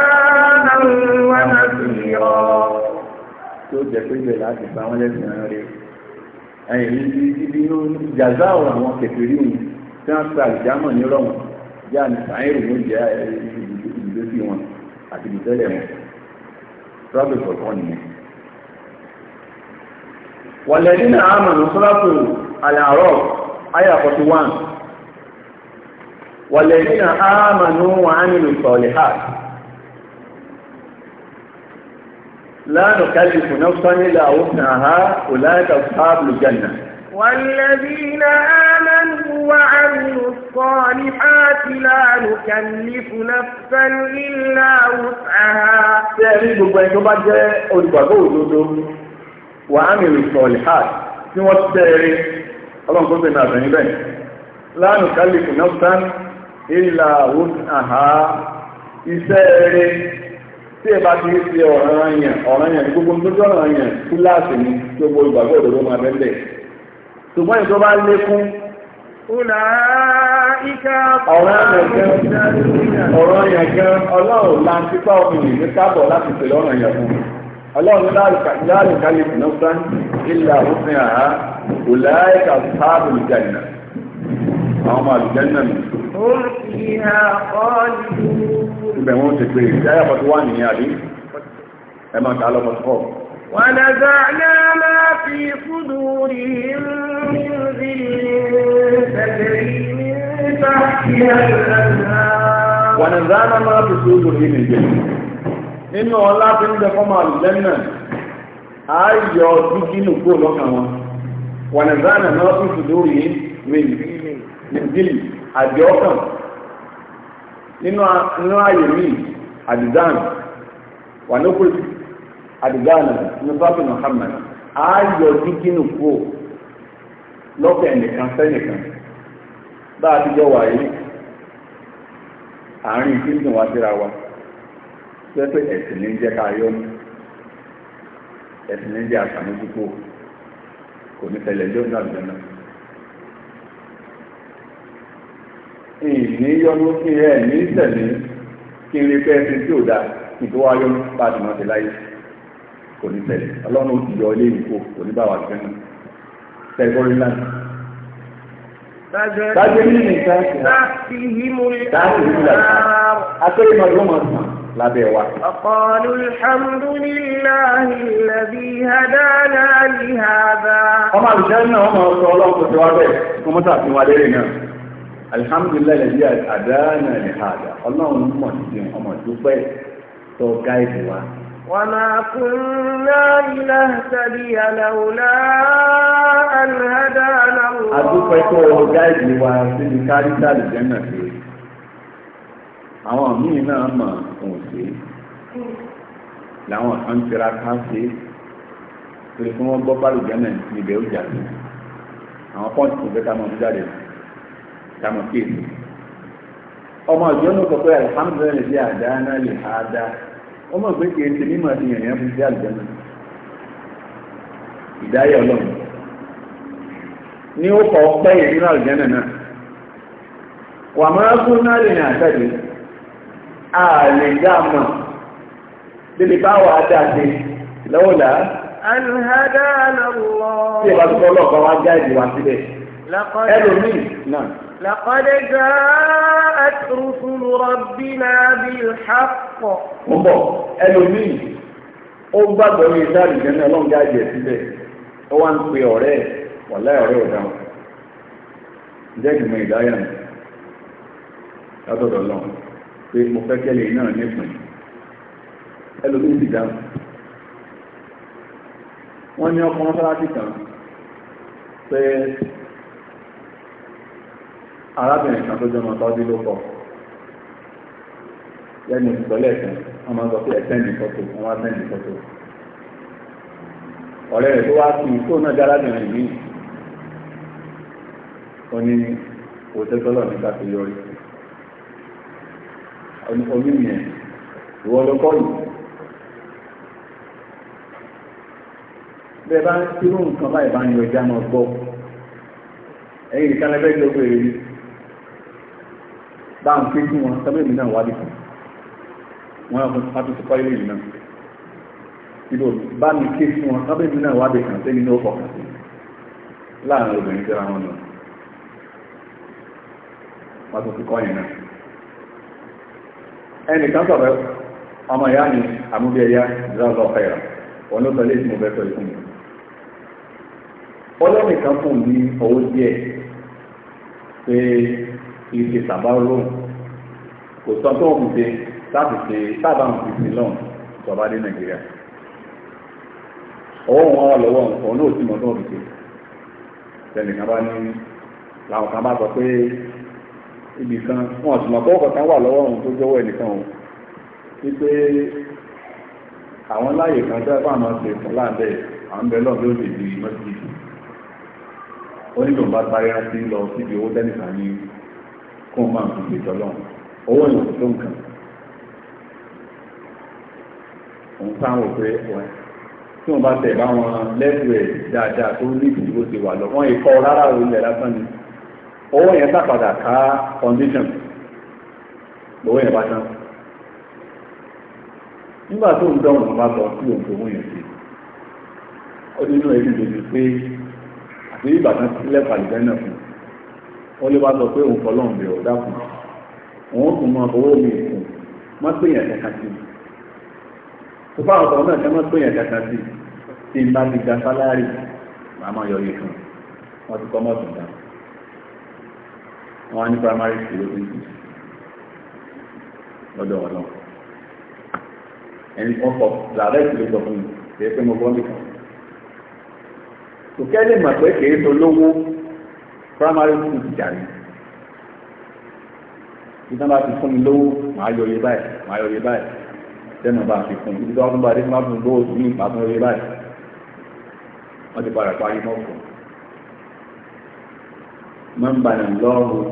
ومصيرا tí ó jẹ́ pé bẹ́ẹ̀ láti pa wọ́n lẹ́sìn ara rẹ̀ ẹ̀yìn ibi inú jàzá ọ̀rọ̀ àwọn kẹfìrí òun tí wọ́n pa àlìjámọ̀ ní rọ̀wọ̀n yá ní sáyẹ̀rù ló jẹ́ ìdílé sí wọn àti ìtẹ́lẹ̀ wọn travel for fun nìyẹn. wàlẹ́dí náà àmọ̀ ní sọ́lápù àlàárọ̀ àyà forty one wàlẹ́dí náà àmọ̀ ní wàhánìlú sọ̀lẹ̀ hàt لا نكلف نفسا إلا وسعها أولئك أصحاب الجنة والذين آمنوا وعملوا الصالحات لا نكلف نفسا إلا وسعها سيري بقى يوم بجاء أولئك وعملوا الصالحات tí wọ́n ti tẹ́ẹ̀rẹ́ ọlọ́nkó tẹ́ ní àtẹ̀yìn bẹ́ẹ̀ láàrín kálífù náà tán ìlà òun àhá iṣẹ́ rẹ̀ tí ẹ bá ti ń ṣe ọ̀ràn yẹn ọ̀ràn yẹn gbogbo ń tójú ọ̀ràn yẹn kíláàsì ni tí ó gbogbo ìgbàgbọ́ òdòdó máa bẹ́ẹ̀ bẹ́ẹ̀. ṣùgbọ́n ìjọ bá lékún. ọ̀ràn yẹn gan ọlọ́run la ń tipa ọkùnrin ní sábọ̀ láti pè lọ́ràn yẹn fún un. ọlọ́run láàrùn kálí ìfúnná sáà ilà òfin àhá òláìkà sáàbù ìjànà. ونزعنا ما في صدورهم من ذل تجري من تحتها الانهار ونزعنا ما في صدورهم من ذل إن والله في عندك هم أي يوم يجي نقول لك ونزعنا ما في صدورهم من ذل nìbílì àdìọ́kàn nínú ààyè míì àdìdán wà lókùn àdìdán ní sábà Muhammad ààyò dídínù kúrò lọ́kẹ̀ nìkan sẹ́nìkan bá a ti jọ wà yìí àárín tí ń dùn wá síra wa pẹ́pẹ́ ẹ̀sìn ní jẹ́ ká yọ mú ẹ̀sìn ní jẹ́ àṣàmójúkú kò ní tẹ̀lé jọ́gbà jọ́nà. ìní yọnu kí ẹ ní tẹ̀lé kí n rí pé ẹsẹ̀ tí ò dáa kí n tó wá yọnu bá a ti máa ṣe láyé kò ní tẹ̀lé ọlọ́run ó ti yọ ilé ìkó kò ní bá wà fẹ́ mi tẹ̀gbọ́n ńlá. Tájé ní nìkan ṣe hàn. Táàkì ìmúlẹ̀ ààrùn. Akérèmọ̀ sàn lábẹ́ wa. Ọ̀pọ̀lù alhamdulillahi alladhi hadana li Ọmọ àlùjẹ́ náà wọ́n máa sọ ọlọ́run tó ti wá bẹ́ẹ̀ kó mọ́tà fún wa lérè náà alihamudulilayi lẹbi àdáná ní àdá ọlọ́run mọ̀ sí ọmọ dúpẹ́ tó gáìdì wa. وما كنا لنهتدي لولا أن هدانا الله adúpẹ́ tó o gáìdì wa síbi kárí sáàlì jẹ́nà pé àwọn míì náà mọ̀ òun sí làwọn kan tira ká sí pé kí wọ́n gbọ́ pálí jẹ́nà níbẹ̀ ó jà sí àwọn pọ́ǹtì tó fẹ́ ká mọ̀ ní jáde kama kéèsì ọmọ ìjọ náà kọ̀kọ́ alhamdulilayi bí àdáná lè ha dá ọmọ ìgbé kéèsì mímọ̀ ní ẹ̀yàn fún sí àlùjọ́nà ìdáyà ọlọ́run ní ó kọ̀ yẹn nínú náà wà máa náà lè ní a lè dá mọ̀ dá dé alhada tó wá síbẹ̀ لقد جاءت رسل ربنا بالحق nbọ ẹlòmíì ó gbàgbọ́ ní ìdáàrí ìjẹ́ni ọlọ́run já jẹ síbẹ̀ ó wá ń pe ọ̀rẹ́ ẹ̀ wọ̀lá ọ̀rẹ́ ọ̀daràn jẹ́ ìgbìmọ̀ ìdáyà mi látọ̀dọ̀ lọ pé mo fẹ́ kẹ́lẹ̀ náà nípìn ẹlòmíì sì dáhùn wọ́n ní ọkọ̀ mọ́sálásí kan pé arábìnrin kan tó jẹ́ ọmọ tọ́jú ló pọ̀ lẹ́nu ìgbọ́lẹ̀ kan wọ́n máa ń sọ pé ẹ̀sẹ̀ǹdì fọ́tò wọ́n wá sẹ́ǹdì fọ́tò ọ̀rẹ́ rẹ̀ tó wá sí tó náà jẹ́ arábìnrin mi ó ní òtẹ́tọ́lọ̀ ní ká fi yọrí omi yẹn ìwọ ló kọ́ yìí bẹ́ẹ̀ bá ń tírú nǹkan báyìí bá ń yọ ìjà náà gbọ́ ẹ̀yìn ìkànnì bẹ́ẹ̀ ló pè é bá ń pé fún wọn sábẹ́ mi náà wádìí fún wọn àwọn pàtó ti parí lẹ́yìn náà ìbò bá mi ké fún wọn sábẹ́ mi náà wádìí kan sẹ́ni ní ó fọkàn sí láàrin obìnrin síra wọn lọ wọn tó ti kọ́ yẹn náà ẹnìkan sọ̀rọ̀ ọmọ ìyá ni àmúbi ẹ̀yà ìdáwọ̀ ọ̀fẹ́ wọn ló sọ ilé ìtumọ̀ bẹ́ẹ̀ sọ ìtumọ̀ ọlọ́nìkan fún mi owó díẹ̀ pé ìṣe tàbá kò sọ tó ń ṣe láti ṣe sábà ń fi sí lọ́n ìjọba ní nàìjíríà ọwọ́ wọn wà lọ́wọ́ nǹkan náà sì mọ̀ tó ń ṣe tẹ̀lé kan bá ní làwọn kan bá sọ pé ibì kan wọn sì mọ̀ tọ́wọ́ kankan wà lọ́wọ́ òun tó jọ̀wọ́ ẹnìkan o wípé àwọn láàyè kan tẹ́ fún àwọn ṣe fún láàbẹ̀ àwọn bẹ lọ́ọ̀ ló lè di mọ́sídìí ó nílò bá sáré rántí lọ síbi owó tẹ́nìkan ní kó máa fi gbèjọ́ lọ́hùn owó ìwọ̀n tó nǹkan òun táwọn òpè wọn tí wọn bá tẹ̀ bá wọn dáadáa tó ní ìdí bó ti wà lọ wọn ikọ́ rárá o ilẹ̀ lásán ni owó yẹn bá padà ká condition lówó yẹn bá tán nígbà tó ń dánwò bá sọ sí òun tó wọ́n yẹn sí ó ní inú ẹbí lòdì pé àti ìbàdàn sílẹ̀ pàdé náà fún wọn ló bá sọ pé òun fọlọ́ọ̀bẹ̀ ọ̀dà fún un wọn kò mọ owó mi fún má pè yàn kankan sí tó bá ọ̀dọ̀ náà kẹ́ má pè yàn kankan sí tí n bá ti gba sálárì màá má yọrí fún wọn ti kọ́ mọ́tò dá wọn á ní primary school ló ti sùn lọ́dọ̀ ọ̀nà ẹni kan kọ làárẹ̀ ìlú sọ fún mi kì í pé mo bọ́ nìkan kò kẹ́ lè pé kì í so lówó primary school ti jàre ìtàn bá ti fún mi lówó màá yọ iye báyìí màá yọ iye báyìí tẹ́nu bá fi fún mi ibi tó wá fún bá dé fún bá fún lówó sí ní ìpàtún iye báyìí wọ́n ti padà parí mọ́ fún un. mọ̀nbánà lọ́rùn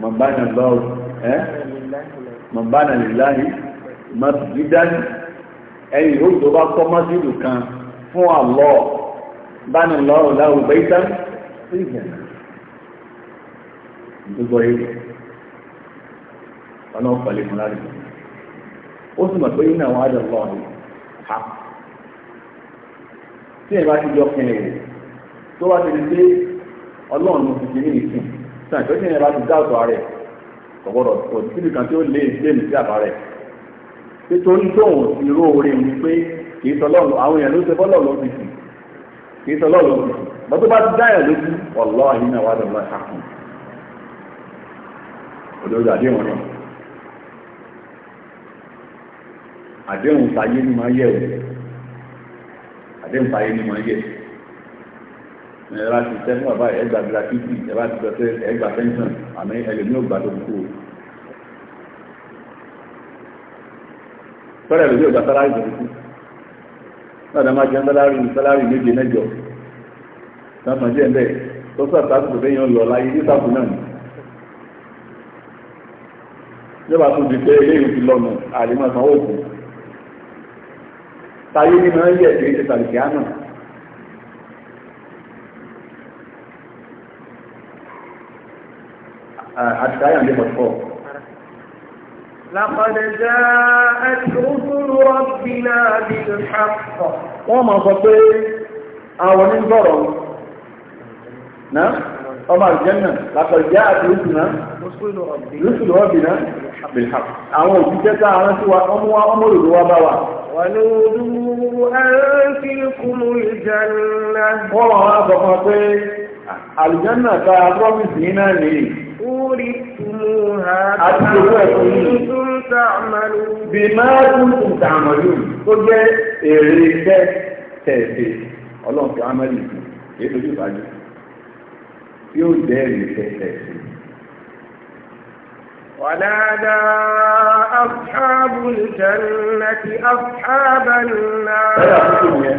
mọ̀nbánà lọ́rùn ẹ́ mọ̀nbánà lìláyìí mọ̀sídánì ẹ̀yìn ó tó bá kọ́ mọ́sídù kan fún àlọ́ bánà lọ́rùn láwùjọ ìtàn sí ìjẹ̀nà. ọlọ́run pẹ̀lú ó sì mọ̀ pé iná àwọn àjọ ha tí ẹ bá ti jọ kẹrin tó bá ti di pé ọlọ́run ti ti ní ìsìn sàn ìpè tí ẹ bá ti dá ọ̀tọ̀ rẹ̀ kò kò sí tí ó lé sí àbá nítorí ró orí mi pé kì í àwọn èèyàn ló àdéhùn sáyé ni máa yẹ̀ wò àdéhùn sáyé ni máa yẹ̀ ẹ bá ti tẹ́ fún bàbá ẹ gba gratuity ẹ bá ti sọ pé ẹ gba pension àmì ẹlòmíì ò gbà tó kú o tọ́lá ẹlòmíì ò gbà sálárì tó kú náà dáná máa jẹ sálárì sálárì méje mẹ́jọ náà máa jẹ ẹ bẹ́ẹ̀ tó sọ àtàkùn tó fẹ́yàn lọ láyé ní sàkùn náà ni yọba tó di pé eléyìí ti lọ́nu àdìmọ̀ sanwó-òkú tayé ní máa ń yẹ̀ kìí àtìkáyà ní ọ̀pọ̀ لقد جاءت رسل ربنا بالحق wọ́n máa sọ pé àwọn onígbọ̀rọ̀ náà ọmọ àjẹ́ náà لقد جاءت رسلنا lùsùlù ọ̀bìnà bilhaq àwọn òṣìṣẹ́ tá a rántí wa ọmọ wa ọmọ òdòdó wa bá wa. wàlúùdù ẹ̀ẹ́dínkùnmù ìjànà. wọ́n wọ́n á sọ fún wa pé àlùjánà tá a promise yín náà nìyí. Orí tumuha kuntum ta'malun. Bima kuntum ta'malun tó jẹ́ èrè iṣẹ́ tẹ̀sí ọlọ́run amẹ́lì kì í lójú ìbàjẹ́ yóò jẹ́ èrè iṣẹ́ tẹ̀sí. ونادى أصحاب الجنة أصحاب النار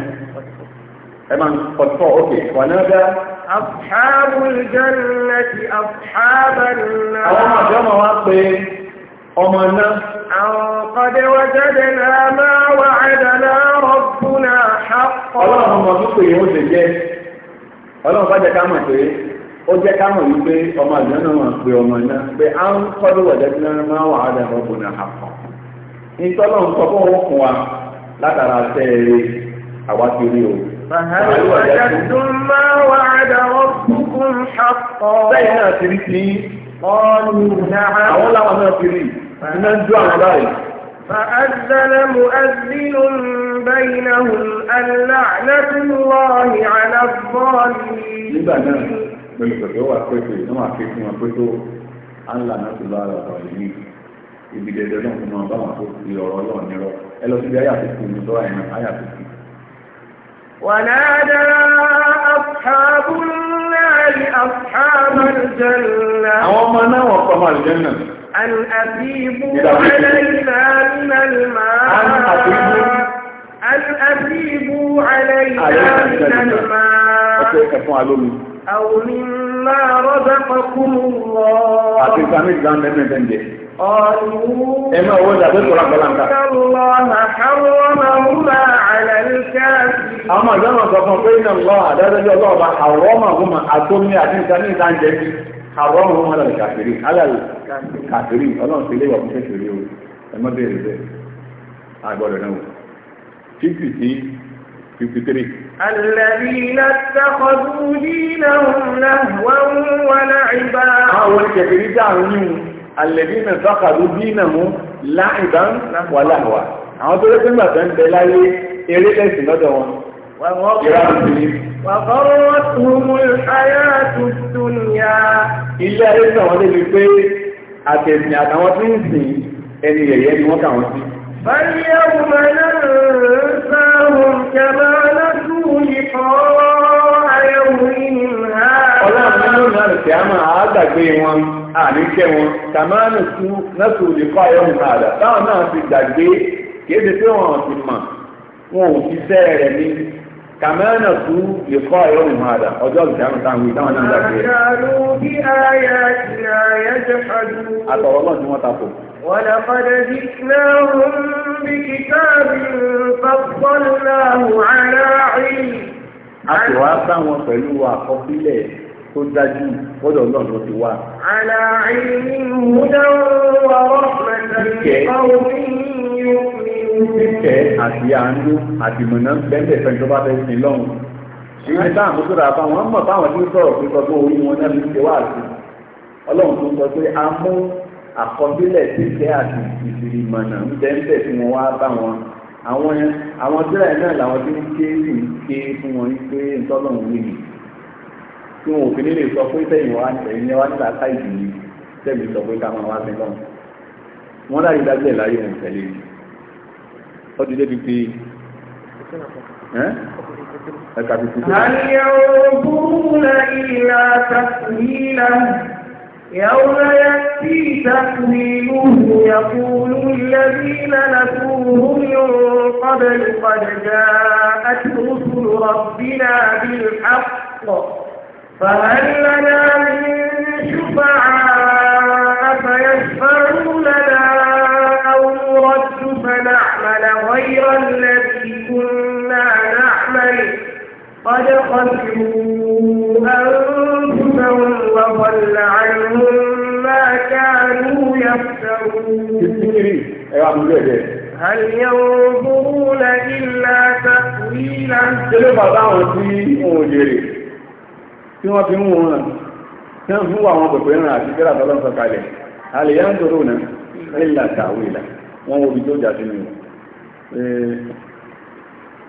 ونادى أصحاب الجنة أصحاب النار أمنا أن قد وجدنا ما وعدنا ربنا حقا اللهم صل وسلم اللهم صل وسلم ó jẹ́ káwọn yìí pé ọmọ àjọ náà máa pe ọmọ náà pé à ń kọ́dọ̀ wọ̀dẹ́ tí wọ́n máa wà á dà ọ̀bù náà àpọ̀ ìtọ́nà ń sọ fún òun fún wa látara sẹ́ẹ̀rẹ́ àwa ti rí o. bẹ́ẹ̀ náà ti rí sí àwọn làwọn náà ti rí iná ń jó àwọn báyìí. فأذن مؤذن بينهم اللعنة الله على الظالمين pẹ̀lú pẹ̀lú wà pẹ̀lú náà wà wọn pẹ̀lú ànlá náà ti lọ ara ọ̀rọ̀ yìí ibi dẹdẹ náà fún wọn bá wọn tó fi ọ̀rọ̀ lọ nírọ̀ ẹ lọ síbi ayàtò kù ní sọ́wọ́ ẹ̀yìn ayàtò kù. ونادى أصحاب النار أصحاب الجنة أوما وقف الجنة أن أفيضوا علينا من الماء أن أفيضوا أن أفيضوا علينا من الماء أو مما رزقكم الله أعطيك أمير جان بمن بنجي قالوا إن الله حرمهما على الكافرين أما زمان صفان بين الله لا رجل الله حرمهما أتوني أتوني أتوني أتوني حرمهما على الكافرين على الكافرين الله سيدي وقفت اليوم ẹmọ bẹ̀rẹ̀ bẹ́ẹ̀ agbọ́dọ̀ náà fífi sí 53 الذين اتخذوا دينهم لهوا ولعبا àwọn kèfèrí dáhùn الذين اتخذوا دينهم لعبا ولهوا àwọn tó lẹ́gbẹ̀ẹ́ gbàtẹ́ ń bẹ láyé eré lẹ́sìn lọ́dọ̀ wọn وغرتهم الحياة الدنيا ilé ayé náà wọ́n lè rí pé àtẹ̀sìn àtàwọn tí ń sìn wọ́n kà فاليوم ننساهم كما نسوا لقاء يومهم هذا ọlọ́run nínú náà lè àmà àágbàgbé wọn àníkẹ́ wọn tàmánù tún nẹ́sù olùkọ́ ayọ́hùn náà táwọn náà ti gbàgbé kìí ṣe pé wọn ti mọ̀ wọn ò fi sẹ́ rẹ̀ ní kàmẹ́rẹ́nà tún lè kọ́ ẹ̀rọ ọjọ́ ìdáhùn ولقد جئناهم بكتاب فصلناه على علم a ti wá bá wọn pẹ̀lú àkọsílẹ̀ tó dájú gbọ́dọ̀ lọ́dọ̀ ti wá. àlà ìmúdá ọ̀rọ̀ pẹ̀lú ọ̀hún Kíkẹ́ àti àánú àti mọ̀nà bẹ́ẹ̀ fẹ́ tó bá fẹ́ sin lọ́hùn. Ìwé táà mú sọ́dọ̀ àbá wọn mọ̀ báwọn tí ó sọ̀rọ̀ pé sọ orí wọn náà fi ṣe wá sí. Ọlọ́run tó sọ pé a mú àkọsílẹ̀ títẹ́ àti ìfìrí mọ̀nà ń bẹ́ńbẹ́ fún wọn wá bá wọn àwọn àwọn tíra náà làwọn tí ń ké sì ń ké fún wọn pé ntọ́nà ń wí ni tí wọn ò fi nílé sọ pé sẹ́yìn wá ẹ̀yìn wá nílà ká ìdìlì sẹ́yìn sọ pé ká máa wá sẹ́yìn wọn láyé dájú ẹ̀ láyé wọn tẹ̀lé ọ ti débi pé ẹ̀ka tuntun. àyẹ̀wò búrúkú náà ìlà tàbí ìlànà. يوم يأتي تأويله يقول الذين نسوه من قبل قد جاءت رسل ربنا بالحق فهل لنا من شفعاء فيشفعوا لنا أو نرد فنعمل غير الذي كنا قد خسروا أنفسهم وضل عنهم ما كانوا يفترون هل ينظرون إلا تأويلا كلمة دعوة في مجري كما في مونا كان هو عمد بقينا عشان كده طلعنا فقالي هل ينظرون إلا تأويلا وهو بجوجة منه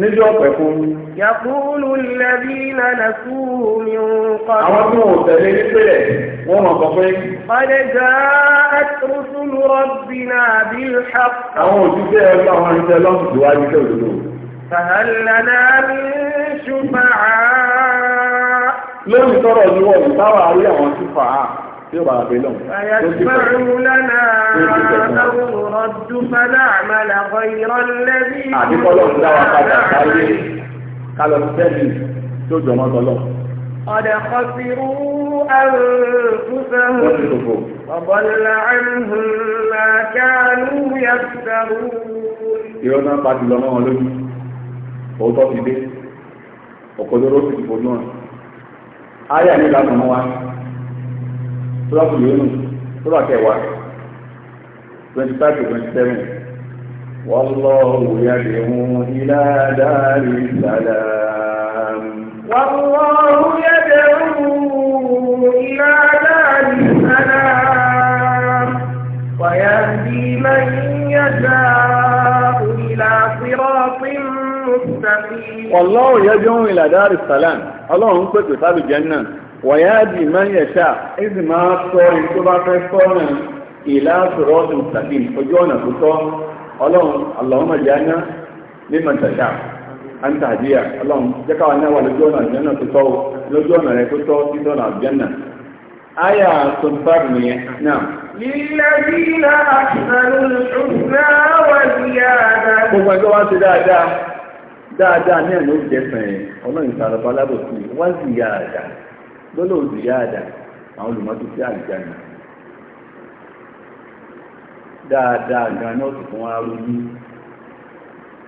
níbi ọ̀pẹ̀ fún mi. Yàkúlù lẹ́bí lẹ́nà súhù mi ń kọ́. Àwọn tí wọn ò tẹ̀lé nípìnlẹ̀ wọ́n mọ̀ sọ pé. Ọ̀dẹ̀ já ẹ̀tùrúsùlù rọ́bì náà bí ṣá. Àwọn òṣìṣẹ́ ẹgbẹ́ àwọn iṣẹ́ lọ́sùn tó wáyé iṣẹ́ òdodo. Fàhálànà mi ṣùgbọ́n Lórí sọ̀rọ̀ ni wọ́n ìbáwá rí àwọn tí fà á tí ó bá wà pé lọ́wọ́. àyàtúbẹ̀rù lánà àwòrán dúpẹ́lá àmàlà ọ̀ ìrọ̀lẹ́bí. àbíkọ́ lọ́wọ́ dá wa padà sáyé kálọ̀ sẹ́yìn tó jọmọ́ tọ́lọ̀. قد خسروا náà bá ti ti dé ọ̀pọ̀lọ́rọ́ sì ti fojú hàn áyà nígbà búlọ́ọ̀kù yónú búlọ́ọ̀kù wá twenty five to twenty seven wọ́n lọ òwúyà lè mú ilá dárí sàlá. wọ́n lọ òwúyà lè mú ilá dárí sàlá. ويهدي من يشاء إلى صراط مستقيم ìlà dárí إلى Ọlọ́run ń pèsè sábì jẹ́ الجنة wọ̀yáàdì máa ń yẹ̀ṣà ẹ̀sì máa sọ ẹni tó bá fẹ́ sọ́nà ìlà sọ̀rọ̀dùn tàbí ojú ọ̀nà tó tọ́ ọlọ́run àlọ́mọ̀ ìyáná ní mọ̀tàṣà àǹtà àdíyà ọlọ́run jẹ́káwà náà wà lójú ọ̀nà ìyáná tó tọ́ lójú ọ̀nà rẹ̀ tó tọ́ sí sọ́nà àbíyánà áyà tó ń bá mi náà. lílẹ́bílà àṣàlù ṣùgbọ́n wà wá ti lọ́lọ́ òdù yá àdá àwọn olùmọ́tò sí àlùjáde dáadáa gan náà sì fún wa ronú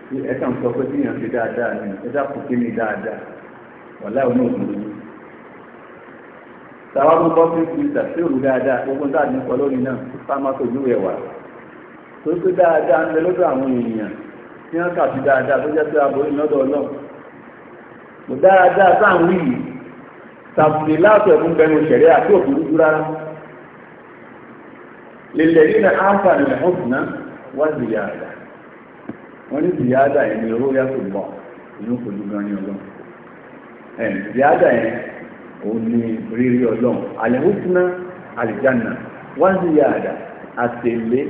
tí ẹ kàn sọ pé tí èèyàn ṣe dáadáa ni ẹ dákun kí ni dáadáa wà láì ní òun ronú tàwa mú bọ́fíìsì ìtàsíòrù dáadáa gbogbo dáa nípa lórí náà fámátò ìlú ẹ̀wà tó pé dáadáa ń bẹ lọ́dọ̀ àwọn èèyàn tí wọ́n kà sí dáadáa tó jẹ́ pé aborí lọ́dọ̀ ọlọ́run dáadáa sáà ń wí yìí tàbí láti ẹ̀kún bẹnu ṣẹ̀rẹ́ àti òkúrú dúrà lílẹ̀ nínú àǹfààní ọ̀fùnà wá ziyada wọ́n ní ziyada yẹn ní owó yàtọ̀ bọ̀ inú kò dúgan ní ọlọ́run ẹ̀ ziyada yẹn òun ní rírí ọlọ́run àlẹ́hùsùnà àlìjánà wá ziyada àtẹ̀lé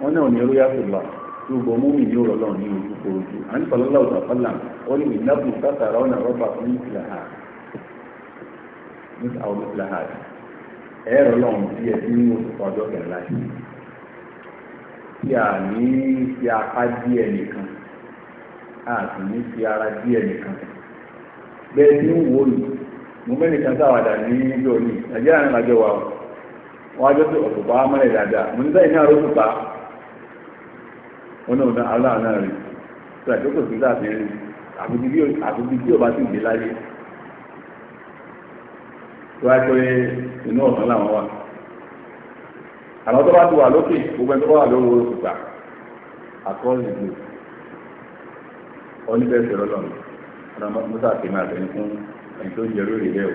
wọn náà ní owó yàtọ̀ bọ̀ gbogbo múmi ní ọlọ́run ní ojú korojú àǹfààní ọlọ́run tàbí ọlọ́run ó ní ìnáwó sátàrà ọ̀nà rọ́bà fún ìlà ààrẹ ní àwọn olùkọ́ ààrẹ ẹ̀rọ lọ́hùn tí ẹ ti ń mú oṣù ọjọ́ kẹrìnlá sí tí a ní fi apá díẹ̀ nìkan a sì ní fi ara díẹ̀ nìkan bẹ́ẹ̀ ni ń wò ní mo mẹ́rin kan sáwàdà ní ìjọ ní nàìjíríà ní àjọ wa wọ́n á jọ sí ọ̀tọ̀pá mọ́lẹ̀ dáadáa mo ní sẹ́yìn náà rọ́tùpá wọn náà aláàánú rẹ̀ tí àjọkọ̀ sí tó wáyé pé inú ọ̀sán làwọn wà àwọn tó bá ti wà lókè gbogbo ẹni tó wà lóru oṣù gbà àkọọ́lù ìlú oníbẹ̀ẹ́sẹ̀ lọ́lọ́run ọ̀nà mọ́tà kì máa fún ẹni tó ń jẹ lórí ilé o.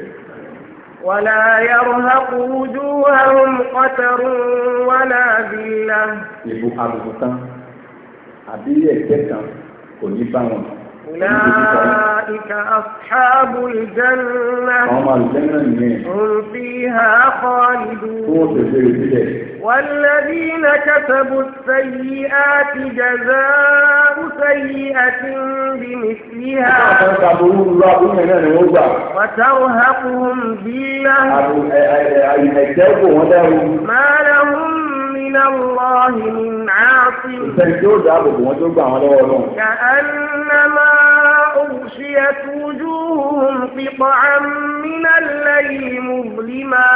ولا يرهق وجوههم قتر ولا ذلة. Ìlú àbùkù kan àbí ẹ̀jẹ̀ kan kò ní bá wọn. أولئك أصحاب الجنة هم فيها خالدون والذين كسبوا السيئات جزاء سيئة بمثلها وترهقهم ذلة ما لهم من الله من عاصم كأنما أغشيت وجوههم قطعا من الليل مظلما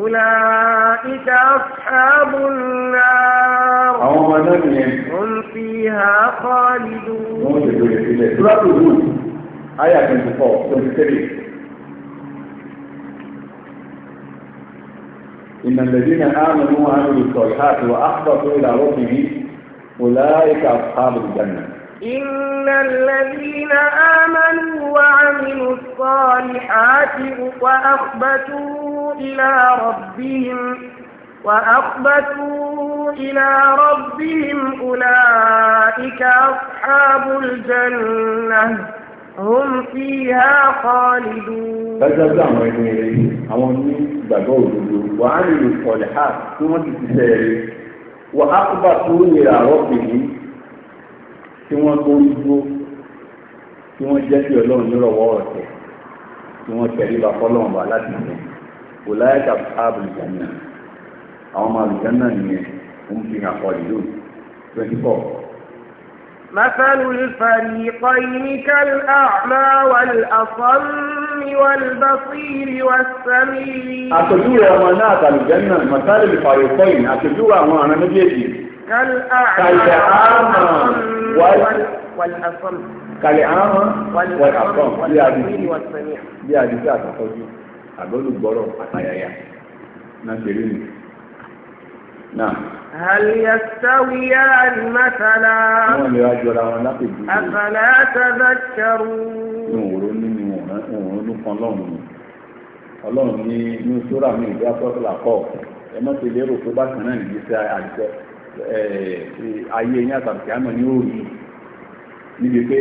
أولئك أصحاب النار هم فيها خالدون إن الذين آمنوا وعملوا الصالحات وأخبطوا إلى ربهم أولئك أصحاب الجنة إن الذين آمنوا وعملوا الصالحات وأخبتوا إلى ربهم وأخبتوا إلى ربهم أولئك أصحاب الجنة هم فيها خالدون فجزا من يري àwọn ni gbàgbọ́ òdodo wa ani saliha tí wọ́n ti ṣe rere wa aqba tuni rabbihi tí wọ́n tó dúró tí wọ́n jẹ́ kí Ọlọ́run ní rọ̀wọ́ ọ̀tẹ̀ tí wọ́n tẹ̀lé ba fọ́lọ́run ba láti ṣe ulaika ashabul janna àwọn ma janna ni en um fi ha khalidun 24 مثل الفريقين كالأعمى والأصم والبصير والسميع أتجوه أمانا على الجنة مثل الفريقين أتجوه أمانا نجيتي كالأعمى والأصم كالأعمى والأصم والبصير والسميع bí àdìsí àtàkọ́jú àgọ́lùgbọ́rọ̀ àtàyàyà náà ṣe rí nìyí náà. àlìyàsáwìyàn mẹ́tàlá. wọ́n lè rájọ ra wọn láti dúró. àfàlà àtàlà kẹrù. ní òwúrọ̀ nínú òwúrọ̀ ló kan lọ́rùn ni ọlọ́run ní inú sóra mi ìgbé àtọ́kùlà kọ́ ẹ mọ́ ti lérò tó bá kan náà nìyí sí àjẹ ayé yín àtàkùn kí á mọ̀ ní òòyì níbi pé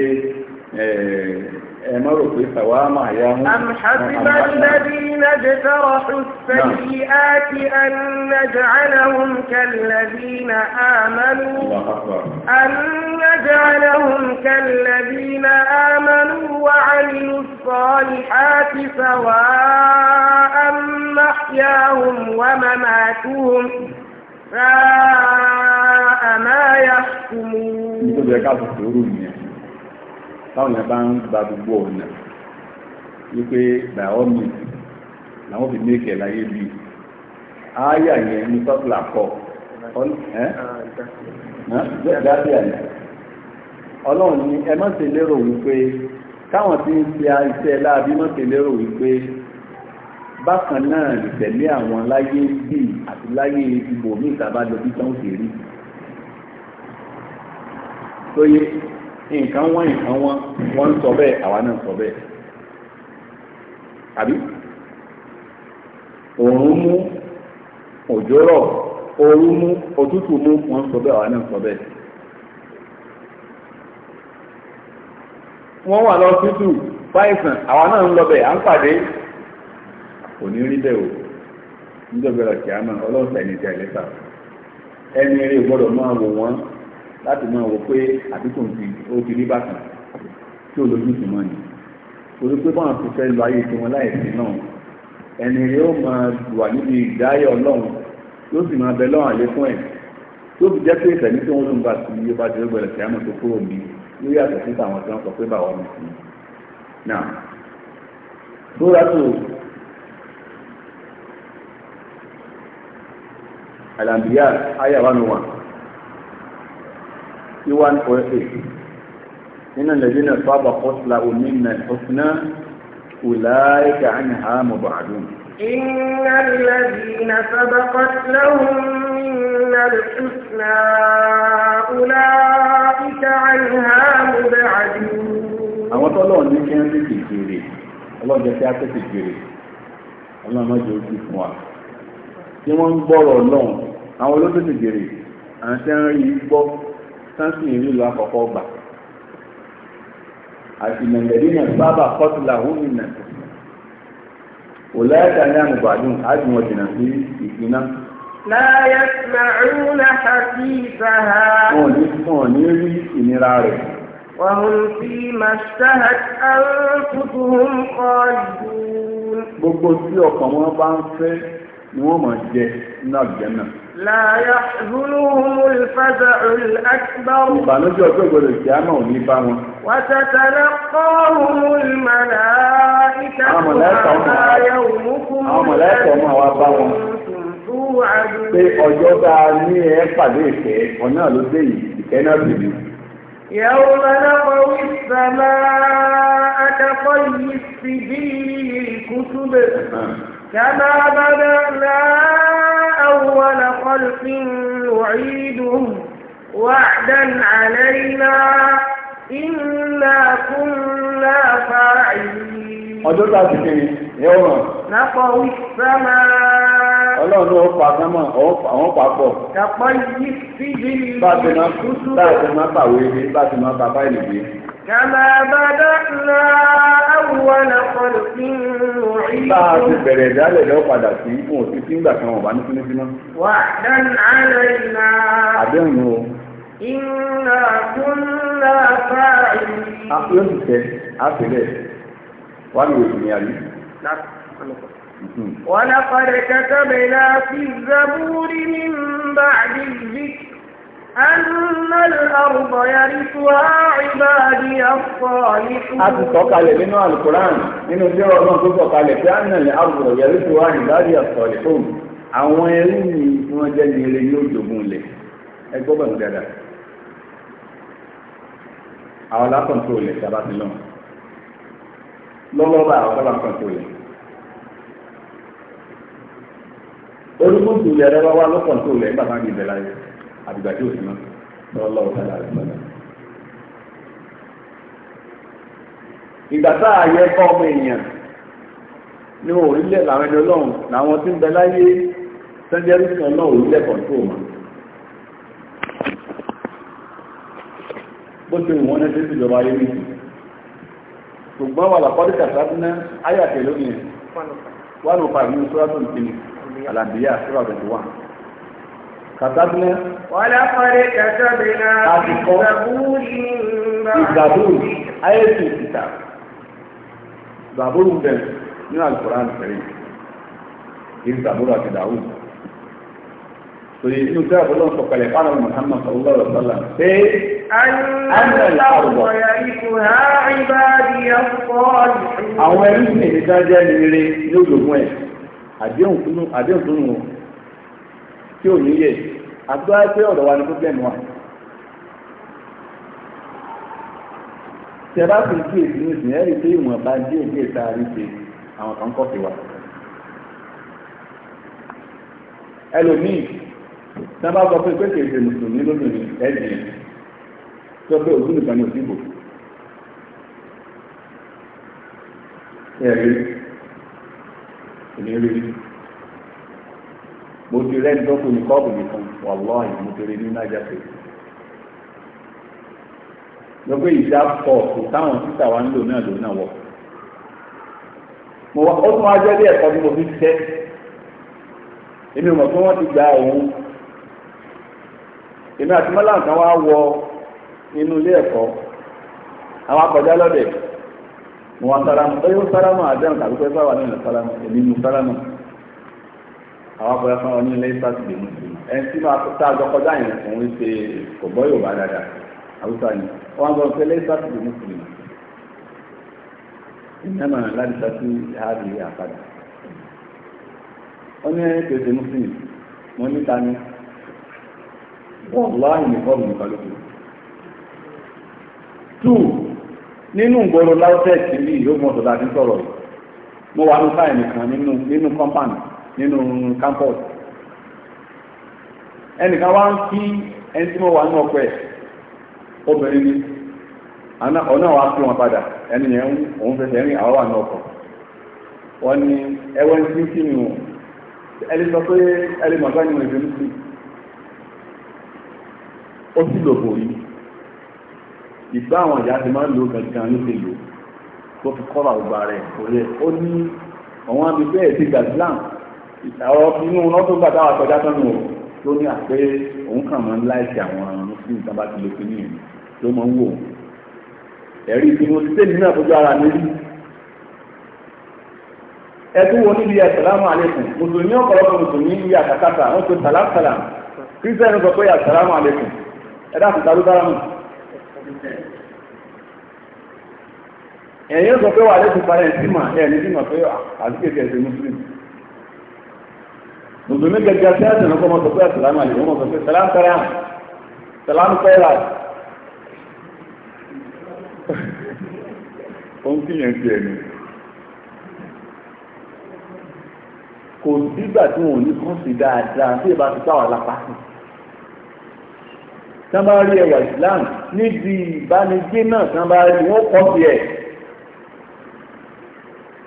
أم حسب الذين اجترحوا السيئات أن نجعلهم كالذين آمنوا أن نجعلهم كالذين آمنوا وعملوا الصالحات سواء محياهم ومماتهم ساء ما يحكمون táwọn yẹn bá ń gba gbogbo ọ̀nà wípé dàọ́mì làwọn fi mékè láyé bí ááyà yẹn ní sọ́tìlà kọ́ ọlọ́run ni ẹ má ṣe lérò wípé káwọn tí ń ṣe iṣẹ́ láàbí má ṣe lérò wípé bákan náà ìtẹ̀lé àwọn láyé bí àti láyé ibòmí ìtàbájọ bí tán ó ṣe rí tóyé nǹkan wọ́n nǹkan wọ́n wọ́n ń sọ bẹ́ẹ̀ àwa náà sọ bẹ́ẹ̀ àbí òòrùn mú òjò rọ̀ ooru mú òtútù mú wọ́n ń sọ bẹ́ẹ̀ àwa náà sọ bẹ́ẹ̀. wọ́n wà lọ tútù fáìsàn àwa náà ń lọ à ń pàdé kò ní o ọlọ́sẹ̀ ní ti ẹni eré gbọ́dọ̀ máa láti mọ wò pé àdúgbò ti ó ti rí bàtàn tí ó lójú sí mọ́ ni torí pé báwọn ti fẹ́ lọ ayé tiwọn láì sí náà ẹni yóò máa wà níbi ìdáyọ̀ ọlọ́run yóò sì máa bẹ lọ́rùn àlékún ẹ̀ tó fi jẹ́ pé ìfẹ̀mí tí wọ́n ló ń bá sí iye bá ti rí gbẹ̀rẹ̀ sí àmọ́ tó kúrò ní ló yàtọ̀ sí àwọn tí wọ́n sọ pé bàwọ́ mi sí náà tó rátò àlàmbíyà ayà wà nù sí one four eight nínú lẹ́yìn náà sábà kọ́sílà omi mẹ́tọ́sínà أولئك عنها مبعدون إن الذين سبقت لهم منا الحسنى أولئك عنها مبعدون àwọn tọ́lọ́ọ̀ ní kí wọ́n tètè jèrè ọlọ́jọ́ kí á tètè jèrè ọlọ́mọdé ojú fún wa tí wọ́n ń gbọ́rọ̀ náà sáńsì ìrìlù àkọ́kọ́ gbà àti mẹ̀lẹ́dí náà sábà kọ́tùlà húnmi nà òláyàtà ní àmùbàdùn àjùmọ̀ jìnnà sí ìpínná. láyé màrún láhà ìfàhà. wọn ò ní rí ìnira rẹ̀. wàhùn sí màṣáhà àrùn tuntun kọ́ ìdùn. gbogbo tí ọkàn wọn bá ń fẹ́ ni wọ́n máa jẹ nínú àgbẹ̀ náà. láyà zuluhum olùfẹ́sẹ̀ olùkàgbà. ìbànújẹ́ ọjọ́ ìgbọ́dọ̀ ìjà náà ò ní pé ọjọ́ bá ní ẹ pàdé ìfẹ́ ọ̀nà ló dé yìí ìfẹ́ náà sì ni. يوم نطوي السماء كطي السجيل للكتب كما بدأنا أول خلق نعيده وعدا علينا إنا كنا فاعلين ọjọ́ tá a ti kiri yẹ wọ́n. Nàpọ̀ ìsámà. Ọlọ́run ó pa sámà àwọn papọ̀. Kàpọ̀ yìí Bá a ti máa bàwé ní bá a ti máa bàbá ìlú yìí. كما بدأنا أول خلق نعيده láti bẹ̀rẹ̀ ìdálẹ̀ lọ́wọ́ padà sí fún òsì tí ń gbà وعدا علينا àdéhùn o. إنا كنا فاعلين. a yóò sì tẹ a sì lẹ ولقد كتبنا في الزبور من بعد الذكر. أن الأرض يرثها عبادي الصالحون a ti sọ̀kalẹ̀ nínú alukuran nínú tí ọlọ́run tó sọ̀kalẹ̀ pé أن الأرض يرثها عبادي الصالحون àwọn ẹrú mi tí wọ́n jẹ́ ní eré yóò jogún lẹ̀ ẹ gbọ́ bẹ̀rù dáadáa àwọn lákọ̀ntó lẹ̀ sábàtì náà lọ́lọ́ba àwọn sábà kọ̀ntó lẹ̀ orúkú tù lẹ̀ wá wá lọ́kọ̀ntó lẹ̀ bàbá mi bẹ̀ láyé àdìgbà tí ò sí mọ́ sọ́lọ́ ọ̀tàlá àdìgbàlá. ìgbà tá a yẹ kọ́ ọmọ èèyàn ní orílẹ̀ làwọn ẹni ọlọ́run làwọn tí ń bẹ láyé sẹ́ńdẹ́rì sí ọlọ́run orílẹ̀ kọ̀ǹtò mọ́. bó ti wù wọ́n ní títí ìjọba ayé nìyí ṣùgbọ́n wà lápọ́dé kàtàkùnà ayé àtẹ̀lómi 105 ní sọ́ràtún ìpínlẹ̀ àlàbíyà sọ́ràtún kàtàbínà. wàlá parí kàtàbínà ìgbàbúrì ìgbàbúrì ayétu ìta ìgbàbúrì bẹ̀rẹ̀ nínú Al-Qur'an Karim ìgbàbúrì àti dàwùd torí inú tí a bọ́ lọ́n sọ̀kalẹ̀ fáwọn Muhammad sallallahu alaihi wa sallam pé àwọn ẹni tí èdè dájẹ́ ní ní olùgbọ́n ẹ̀ àdéhùn tó nù tí ò ní yẹ àdúrà pé ọ̀dọ̀ wa ni problem wà. tẹ bá fi kí èsì ní ìsìn ẹ́rì pé ìwọ̀nba díẹ̀ díẹ̀ tá a rí ṣe àwọn kan kọ̀ sí wa. ẹlòmíì tá a bá sọ pé pé kì í ṣe mùsùlùmí lóbìnrin ẹ̀jẹ̀ sọ pé òbí nìkan ni òsì ẹ̀rí ìlérí. mo ti rẹ́ dọ́kùn ní kọ́ọ̀bù nìkan mo ti rí ní ìjà pọ̀ kò táwọn títà wa ń lò náà lò náà wọ̀ mo wá ó tún wá jẹ́ bí ẹ̀kọ́ bí mo fi tẹ́ wọ inú ilé ẹ̀kọ́ àwọn akọjá lọ́dẹ̀ mo wá ó yóò àdéhùn tàbí pé èmi àwọn abọ́lá fún ọ ní ilé sátidé mùsùlùmí ẹni tí máa tá a jọ kọjá yẹn òun ń ṣe kò gbọ́ Yorùbá dáadáa àwùjọ ni wọ́n gbọ́ pé ilé sátidé mùsùlùmí ìnáma láti sátí àárí àpadà ó ní ẹni pèsè mùsùlùmí mo ní ta ni wọ́n lọ́ àyìnbó bọ́ọ̀lù nìkan lóko two nínú ìgboro láwùjọ ìtìlí yóò mọ̀ tó dáa ní sọ̀rọ̀ yìí mo wà ní fáìlì kan nínú nínú kọ́mpánì nínú campus ẹnìkan wá ń kí ẹni tí mo wà ní ọkọ̀ ni ọ̀nà wa kí wọn padà ẹni yẹn òun fẹsẹ̀ rìn àwọn wà ní ọkọ̀ wọn ni ẹwẹ́ ń kí kí ni ẹni sọ pé ẹni màgbá ni mo sí ó sì lòbò yìí ìgbà àwọn ìyá ti máa ń lo tó fi kọ́ra àwọn inú wọn tó gbà táwọn àtọ́já tán nù ó ní àpé òun kàn máa ń láìsí àwọn mùsùlùmí tán bá ti lè fi ní ìlú tó máa ń wò ẹ̀rí tèmi náà ara mi rí wo níbi ya àlékún mùsùlùmí ọ̀pọ̀lọpọ̀ mùsùlùmí kírísítẹ́nì sọ pé ẹ̀dá ló dára mù ẹ̀yìn sọ pé wà lẹ́kùn parẹ́ ẹ̀ sí mà ẹ̀ ní sí mà mùsùlùmí gẹ́gẹ́ tí ẹ̀sìn náà kọ́ mọ́ sọ pé ẹ̀sìlámù àlè wọ́n mọ̀ sọ pé sàlámù kẹrẹ́ àmì sàlámù kẹrẹ́ àmì. ó ń kíyàn sí ẹni. kò sígbà tí wọn ò ní kàn sí dáadáa tí ìbá ti sáwà lápá sí. tán bá rí ẹwà ìsìlámù níbi ìbánigé náà tán bá rí wọn kọ́ sí ẹ̀.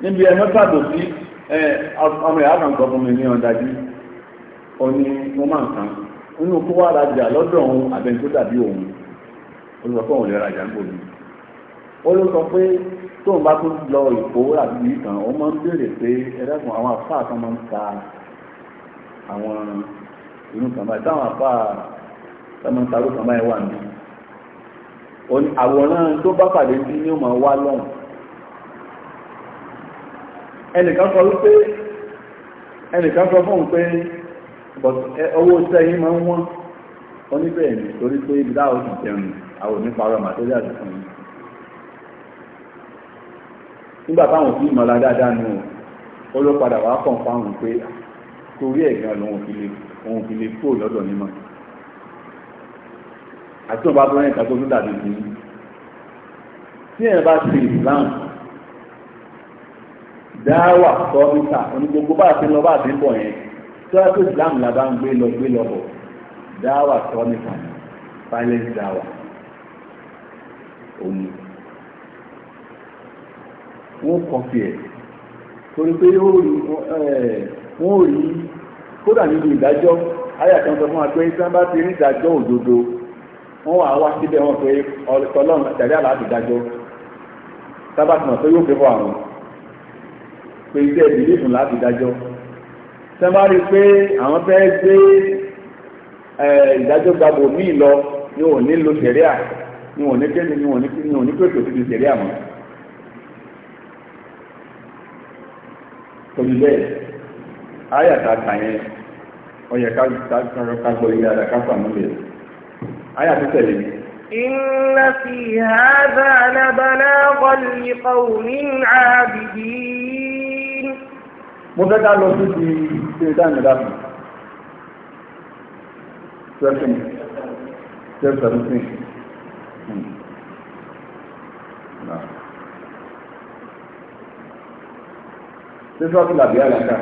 níbi ẹ̀ mọ́tàdọ̀ sí ọmọ ìyá kan sọ fún mi ní ọ̀dájú ọ̀ni wọ́n máa ń kan nínú kó wá rajà lọ́dọ̀ òun àbẹ̀ tó dàbí òun ó sọ pé òun lè rajà ń bò ní. ó ló sọ pé tóun bá tún lọ ìpò àbí ìtàn òun máa ń béèrè pé ẹlẹ́kùn àwọn àfáà kan máa ń ta àwọn inú kan báyìí táwọn àfáà kan máa ń taró kan báyìí wà ní. àwòrán tó bá pàdé sí ni ó máa wá lọ́hùn. ẹnìkan sọ wípé ẹnìkan sọ fóun pé Eh, owó sẹ́yìn máa ń wọ́n oníbẹ̀rẹ̀ ní torí pé ibi láwọn ti jẹun àwọn oníparọ́ màtẹ́lẹ̀ àti fún yín nígbà táwọn òfin ìmọ̀lá dáadáa nù ó ló padà wá kàn fáwọn pé torí ẹ̀gbọ́n lòun fi lè kúrò lọ́dọ̀ nímọ̀ àti wọn bá tó rẹ̀ kàtó tó dàbí sí tí ẹ̀ bá ti Islam dáwà sọ́ọ́bítà onígbogbo bá ti lọ bá ti ń bọ̀ yẹn tọ́wọ́ tó islam la bá ń gbé lọ gbé lọ bọ̀ dáwà tọ́ nìkan silence dáwà òní wọ́n kọfí ẹ̀ torí pé wọ́n ò rí kódà nínú ìdájọ́ ayàtọ̀ sọ fún wa pé sábà ti rí ìdájọ́ òdodo wọ́n wà wá síbẹ̀ wọn pé ọlọ́run tẹ̀lé àlàáfíà ìdájọ́ sábà tí wọ́n pé yóò fẹ́ fọ́ àwọn pé iṣẹ́ ìdílé ìfún láti dájọ́ tẹ́ bá rí i pé àwọn fẹ́ gbé ìdájọ́ gbàgbọ́ míì lọ ni wọn ò ní lo sẹ̀ríà ni wọn ò ní kéde ni wọn ò ní pèsè òfin sẹ̀ríà mọ́. torí bẹ́ẹ̀ ayàtà kàyẹn ọyẹ kágbọ́ ilé ara káfà múlẹ̀ ayàtà tẹ̀lé. إن في هذا لبلاغا لقوم عابدين mo fẹ́ ká lọ sí ti ṣe dáìmì dáàbò twelve twelve seventeen sísọ́ọ̀tì hmm. làbí àlàkà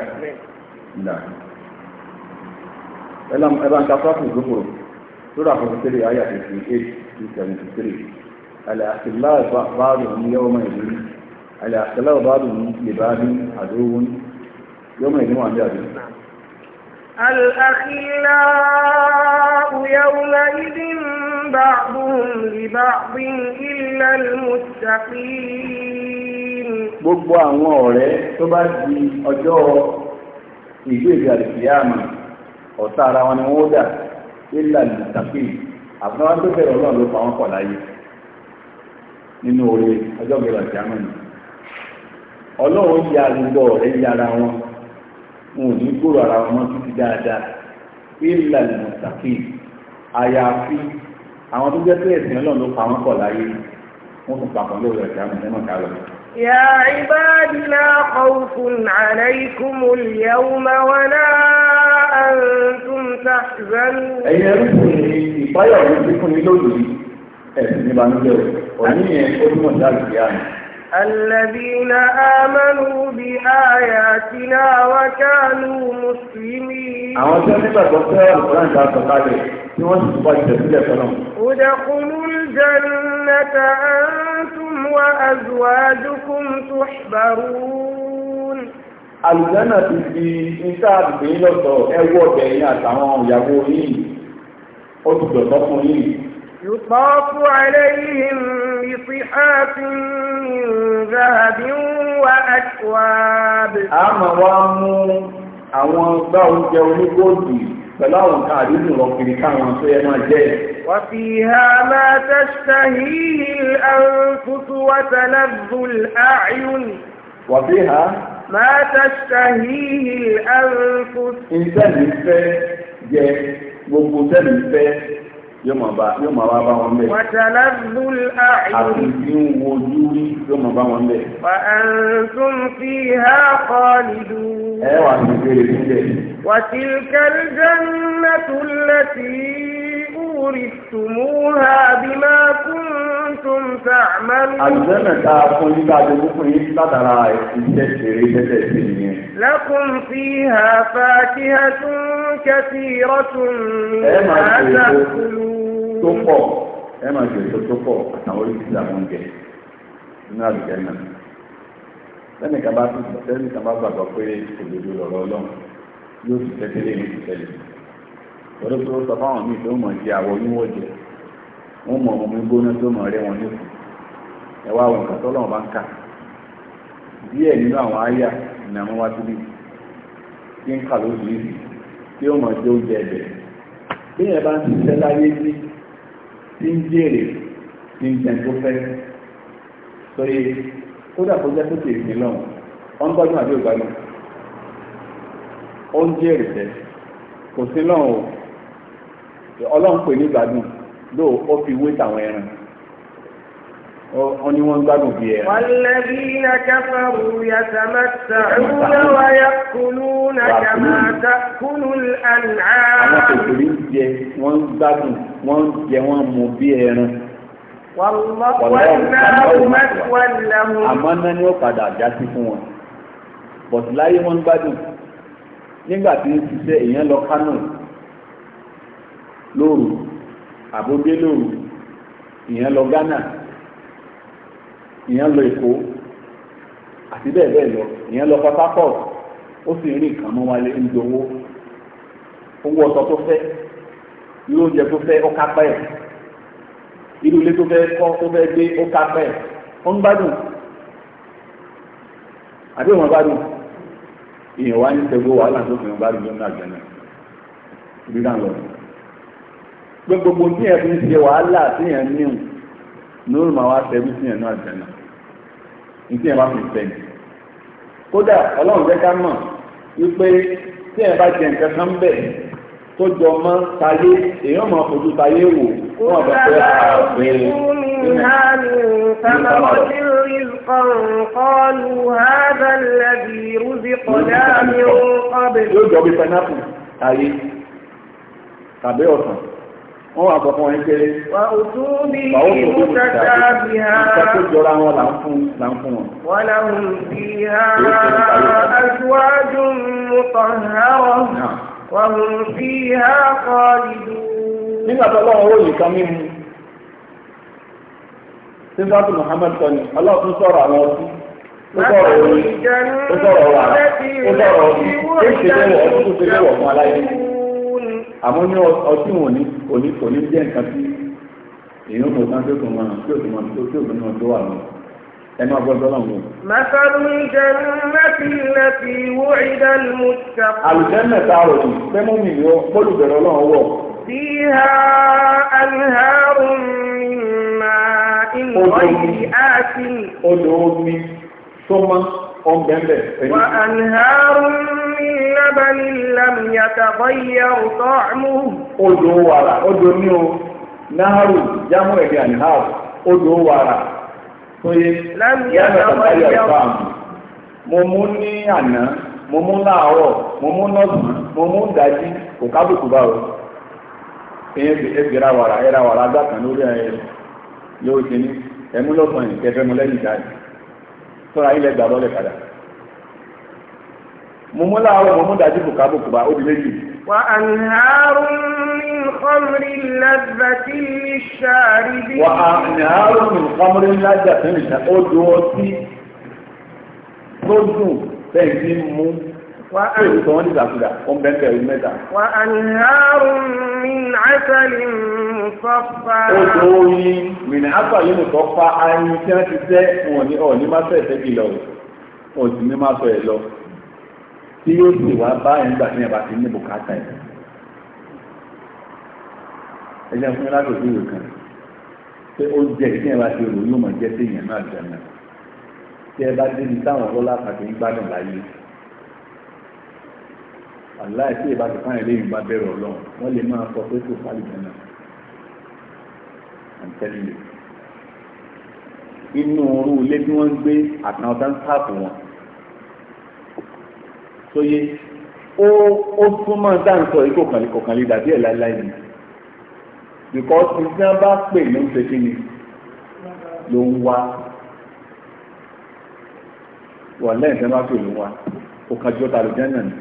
ǹda ẹ̀bá ń ka sọ́ọ̀tì ìgbókòrò sórí àkọsílẹ̀ ayé àti eight to seventy three àlàkìlá báàdùn ní yẹ́wọ́n mọ́ ìlú àlàkìlá báàdùn ní lè bá ní àdóhùn yọ́mọ̀ ìníwà ní àdé الأخلاء يومئذ بعضهم لبعض إلا المتقين gbogbo àwọn ọ̀rẹ́ tó bá di ọjọ́ ìgbé ìgbàlùfìyàmù ọ̀tá ara wọn ni wọ́n dà ilà ìtàkì àbúrò tó bẹ̀rẹ̀ ọlọ́run ló fa wọn pọ̀ láyé nínú orí ọjọ́ wọn ò ní gbòòrò ara wọn títí dáadáa ilà ìmọ̀sàkì àyàfi àwọn tó jẹ́ pé ẹ̀sìn ọlọ́run ló pa wọn pọ̀ láyé wọn tún pa pọ̀ lórí ẹ̀sìn àmọ̀ ẹ̀mọ̀ ká lọ. يا عباد لا خوف عليكم اليوم ولا أنتم تحزنون ẹ̀yin ẹrú fún mi ìpáyà òun ti fún mi lónìí ẹ̀sìn níbanújẹ́ òní yẹn ó túmọ̀ sí àgbéyà الذين آمنوا بآياتنا وكانوا مسلمين ادخلوا الجنة أنتم وأزواجكم تحبرون الجنة في إنسان بيلوتو أيوة بينات عن يقولين أتبقى يطاف عليهم بصحاف من ذهب وأكواب àmọ́ wá mú àwọn ọgbà oúnjẹ onígbòdì pẹ̀lú àwọn nǹkan àdúgbò lọ kiri káwọn tó yẹ máa jẹ́ ẹ̀. وفيها ما تشتهيه الأنفس وتلذ الأعين. وفيها ما تشتهيه الأنفس. ìtẹ́lifẹ́ jẹ gbogbo tẹ́lifẹ́ yóò máa bá yóò máa wá bá wọn bẹ. wàtàlá lul àyè. àti tí ń yóò máa bá wọn bẹ. wà á tún fi ha kọ́lìdù. ẹ wà ní ìbéèrè níbẹ̀. wàtílkà jẹ́nà tulẹ̀ tí úrì tùmúhà bímá kúntùm tàmánú. àlùjẹ́nà tá a fún yín dáadé fún yín látara ìṣẹ́ ìṣeré tẹ́tẹ́ sí nìyẹn. lakum fi ha fàkíhà tún kẹsìrọ́tún àtàkùlù. tó pọ̀ ẹ máa ṣe èso tó pọ̀ àtàwọn oríṣiríṣi àwọn oúnjẹ nínú àbíkẹ́ náà lẹ́nu kan bá tún lẹ́nu kan bá gbàgbọ́ pé òdodo lọ̀rọ̀ ọlọ́run yóò sì tẹ́tẹ́lé ní ìtẹ́lẹ̀ lọ́dọ̀ tó sọ fáwọn míì tó mọ̀ jẹ àwọn oníwọ̀ jẹ wọ́n mọ̀ omi gbóná tó mọ̀ rẹ́ wọn nípò ẹ wá àwọn nǹkan tọ́lọ́run bá ń kà díẹ̀ nínú àwọn àyà ni àwọn wá síbí kí ń kà lóṣù yìí tí ó mọ̀ tó jẹ ẹ̀bẹ̀ bí ẹ̀ bá ń ṣiṣẹ́ láyé sí tí ń jèrè tí ń jẹ tó fẹ́ sórí e, kódà kó jẹ́ sókè ìpín lọ́wọ́ wọ́n gbọ́dọ̀ àbí ògbádùn ó ń jèrè tẹ́ kò sí lọ́wọ́ ọlọ́run pè ní ìgbádùn lóò ó fi wé tàwọn ẹran wọ́n ní wọ́n gbádùn bí ẹ. Wàlẹ́bíná káfàrú yàtàmà sàrúnà wáyà kùnúnà kàmáta kùnú àná. Àwọn kòkòrò ń jẹ, wọ́n ń gbádùn, wọ́n ń jẹ, wọ́n mú bí ẹran. Àmọ́ náà ni ó padà jásí fún wọn. gbádùn. Nígbà tí ń ṣiṣẹ́ èèyàn lọ Kánò lóru, àbódé lóru, èèyàn lọ Ghana ìyẹn lọ èkó àti bẹ́ẹ̀ bẹ́ẹ̀ lọ ìyẹn lọ Port Harcourt ó sì rí nǹkan mọ́ wálé ń dowó owó ọ̀sọ̀ tó fẹ́ irú oúnjẹ tó fẹ́ ó kápẹ́ ẹ̀ irú ilé tó fẹ́ kọ́ tó fẹ́ gbé ó kápẹ́ ẹ̀ ó ń gbádùn àbí òun gbádùn ìyẹn wá ní sẹ́gbó wàhálà tó fi hàn bá dùn ní àjẹmọ́ ìdí gbogbo tí ẹ̀ fi ń ṣe wàhálà tí ẹ̀ ń níhùn lóòrùn máa wá tẹ́bí sí ẹ̀nà àjẹ́nà ní tí ẹ̀ bá fi tẹ̀yìn. kódà ọlọ́run jẹ́ ká mọ̀ wípé tí ẹ̀ bá jẹ nǹkan kan bẹ̀ tó jọ mọ́ tayé èèyàn máa fojú tayé wò fún ọ̀dọ̀ pé ah, yóò jọ bí pẹnápù tayé tàbí ọ̀sán wọ́n wà bọ̀ fún wọn pé wà ó tún bí mùsàtà bí ha nǹkan tó jọra wọn là ń fún là ń fún wọn. wọ́n làwọn bí ha aṣíwájú mùtọ̀hárọ̀ wọ́n bí ha kọ́ ìlú. nígbà tó lọ́wọ́ ó yìí kan mímu sífàtì Muhammad sọni ọlọ́run sọ̀rọ̀ àwọn ọtí ó sọ̀rọ̀ orin ó sọ̀rọ̀ wàrà ó sọ̀rọ̀ ọtí ó ṣe léwọ̀ ọtí tó ṣe léwọ̀ fún aláìní àmọ́ ní ọtí wọn ní òní kò ní jẹ́ nǹkan tí èèyàn kò tán tó tó máa tó tó máa tó tó máa tó wà lọ ẹ máa gbọ́ sọ́nà wọn. masalu jannati lati wu'ida al-muttaqin. àlùjẹ́nà tá a rò yìí fẹ́mú mi yọ bọ́lù bẹ̀rẹ̀ ọlọ́run wọ̀. fiha anharun min ma'in ghayri asin. odò omi sọ́mà ọ̀bẹ̀ẹ̀bẹ̀ pẹ̀lú. wà á ní àrùn lábàlì lámìyàtà bọ́yẹ̀ ọ̀tọ̀ àmú. odò wàrà odò ní o náàrù jámù ẹ̀dí àníhàù odò wàrà tó yé lámìyàtà bọ́yẹ̀ ọ̀tọ̀ àmú. mo mú ní àná mo mú láàárọ̀ mo mú nọ́ọ̀sì mo mú dájí kò kábùkù báwo ẹgbẹ̀rẹ̀ wàrà ẹ̀rà wàrà agbákan lórí ẹ̀ lórí kìíní ẹ̀mú lọ́sàn-án ìkẹfẹ́ mu lẹ́yìn dájú sọ́ra ilẹ̀ gbà lọ́lẹ̀ padà mo mú láàárọ̀ mo mú dájú bùkábùkùbá ó di méjì. wà á ní àárún ní kọ́mìrì lágbàtí ní sàárì bí. wà á ní àárún ní kọ́mìrì lágbàtí ní sàárì ó dùn وأنهار من عسل مصفى أدوي من عسل مصفى أو نما سيتكيلو أو نما سيلو tí yóò sì wá bá ẹ̀ ń gbà ní ẹ̀bà tí ní bùkátà ẹ̀. ẹ jẹ́ fún láti òbí rẹ̀ kan pé oúnjẹ ìdí ẹ̀bà tí olùyọ́mọ̀ jẹ́ sí ìyẹn náà jẹ́ náà tí ẹ bá débi táwọn ọlọ́lá pàtó ń gbádùn láyé aláì tí ìbá ti fáyìn léyìn bá bẹ̀rẹ̀ ọlọ́run wọ́n lè máa sọ pé kò sálì jẹ́nà i'm telling you inú ooru ilé tí wọ́n ń gbé àtàwọn ọ̀dá ń sáàpù wọn sóyé ó ó súnmọ́ dáńsọ yìí kọ̀kànlé kọ̀kànlé dàbí ẹ̀ láíláí ni because tí wọ́n bá pè ló ń ṣe kí ni ló ń wá wọ́n lẹ́yìn tí wọ́n bá pè ló ń wá kò kàn jọ́ta lójẹ́ náà ni.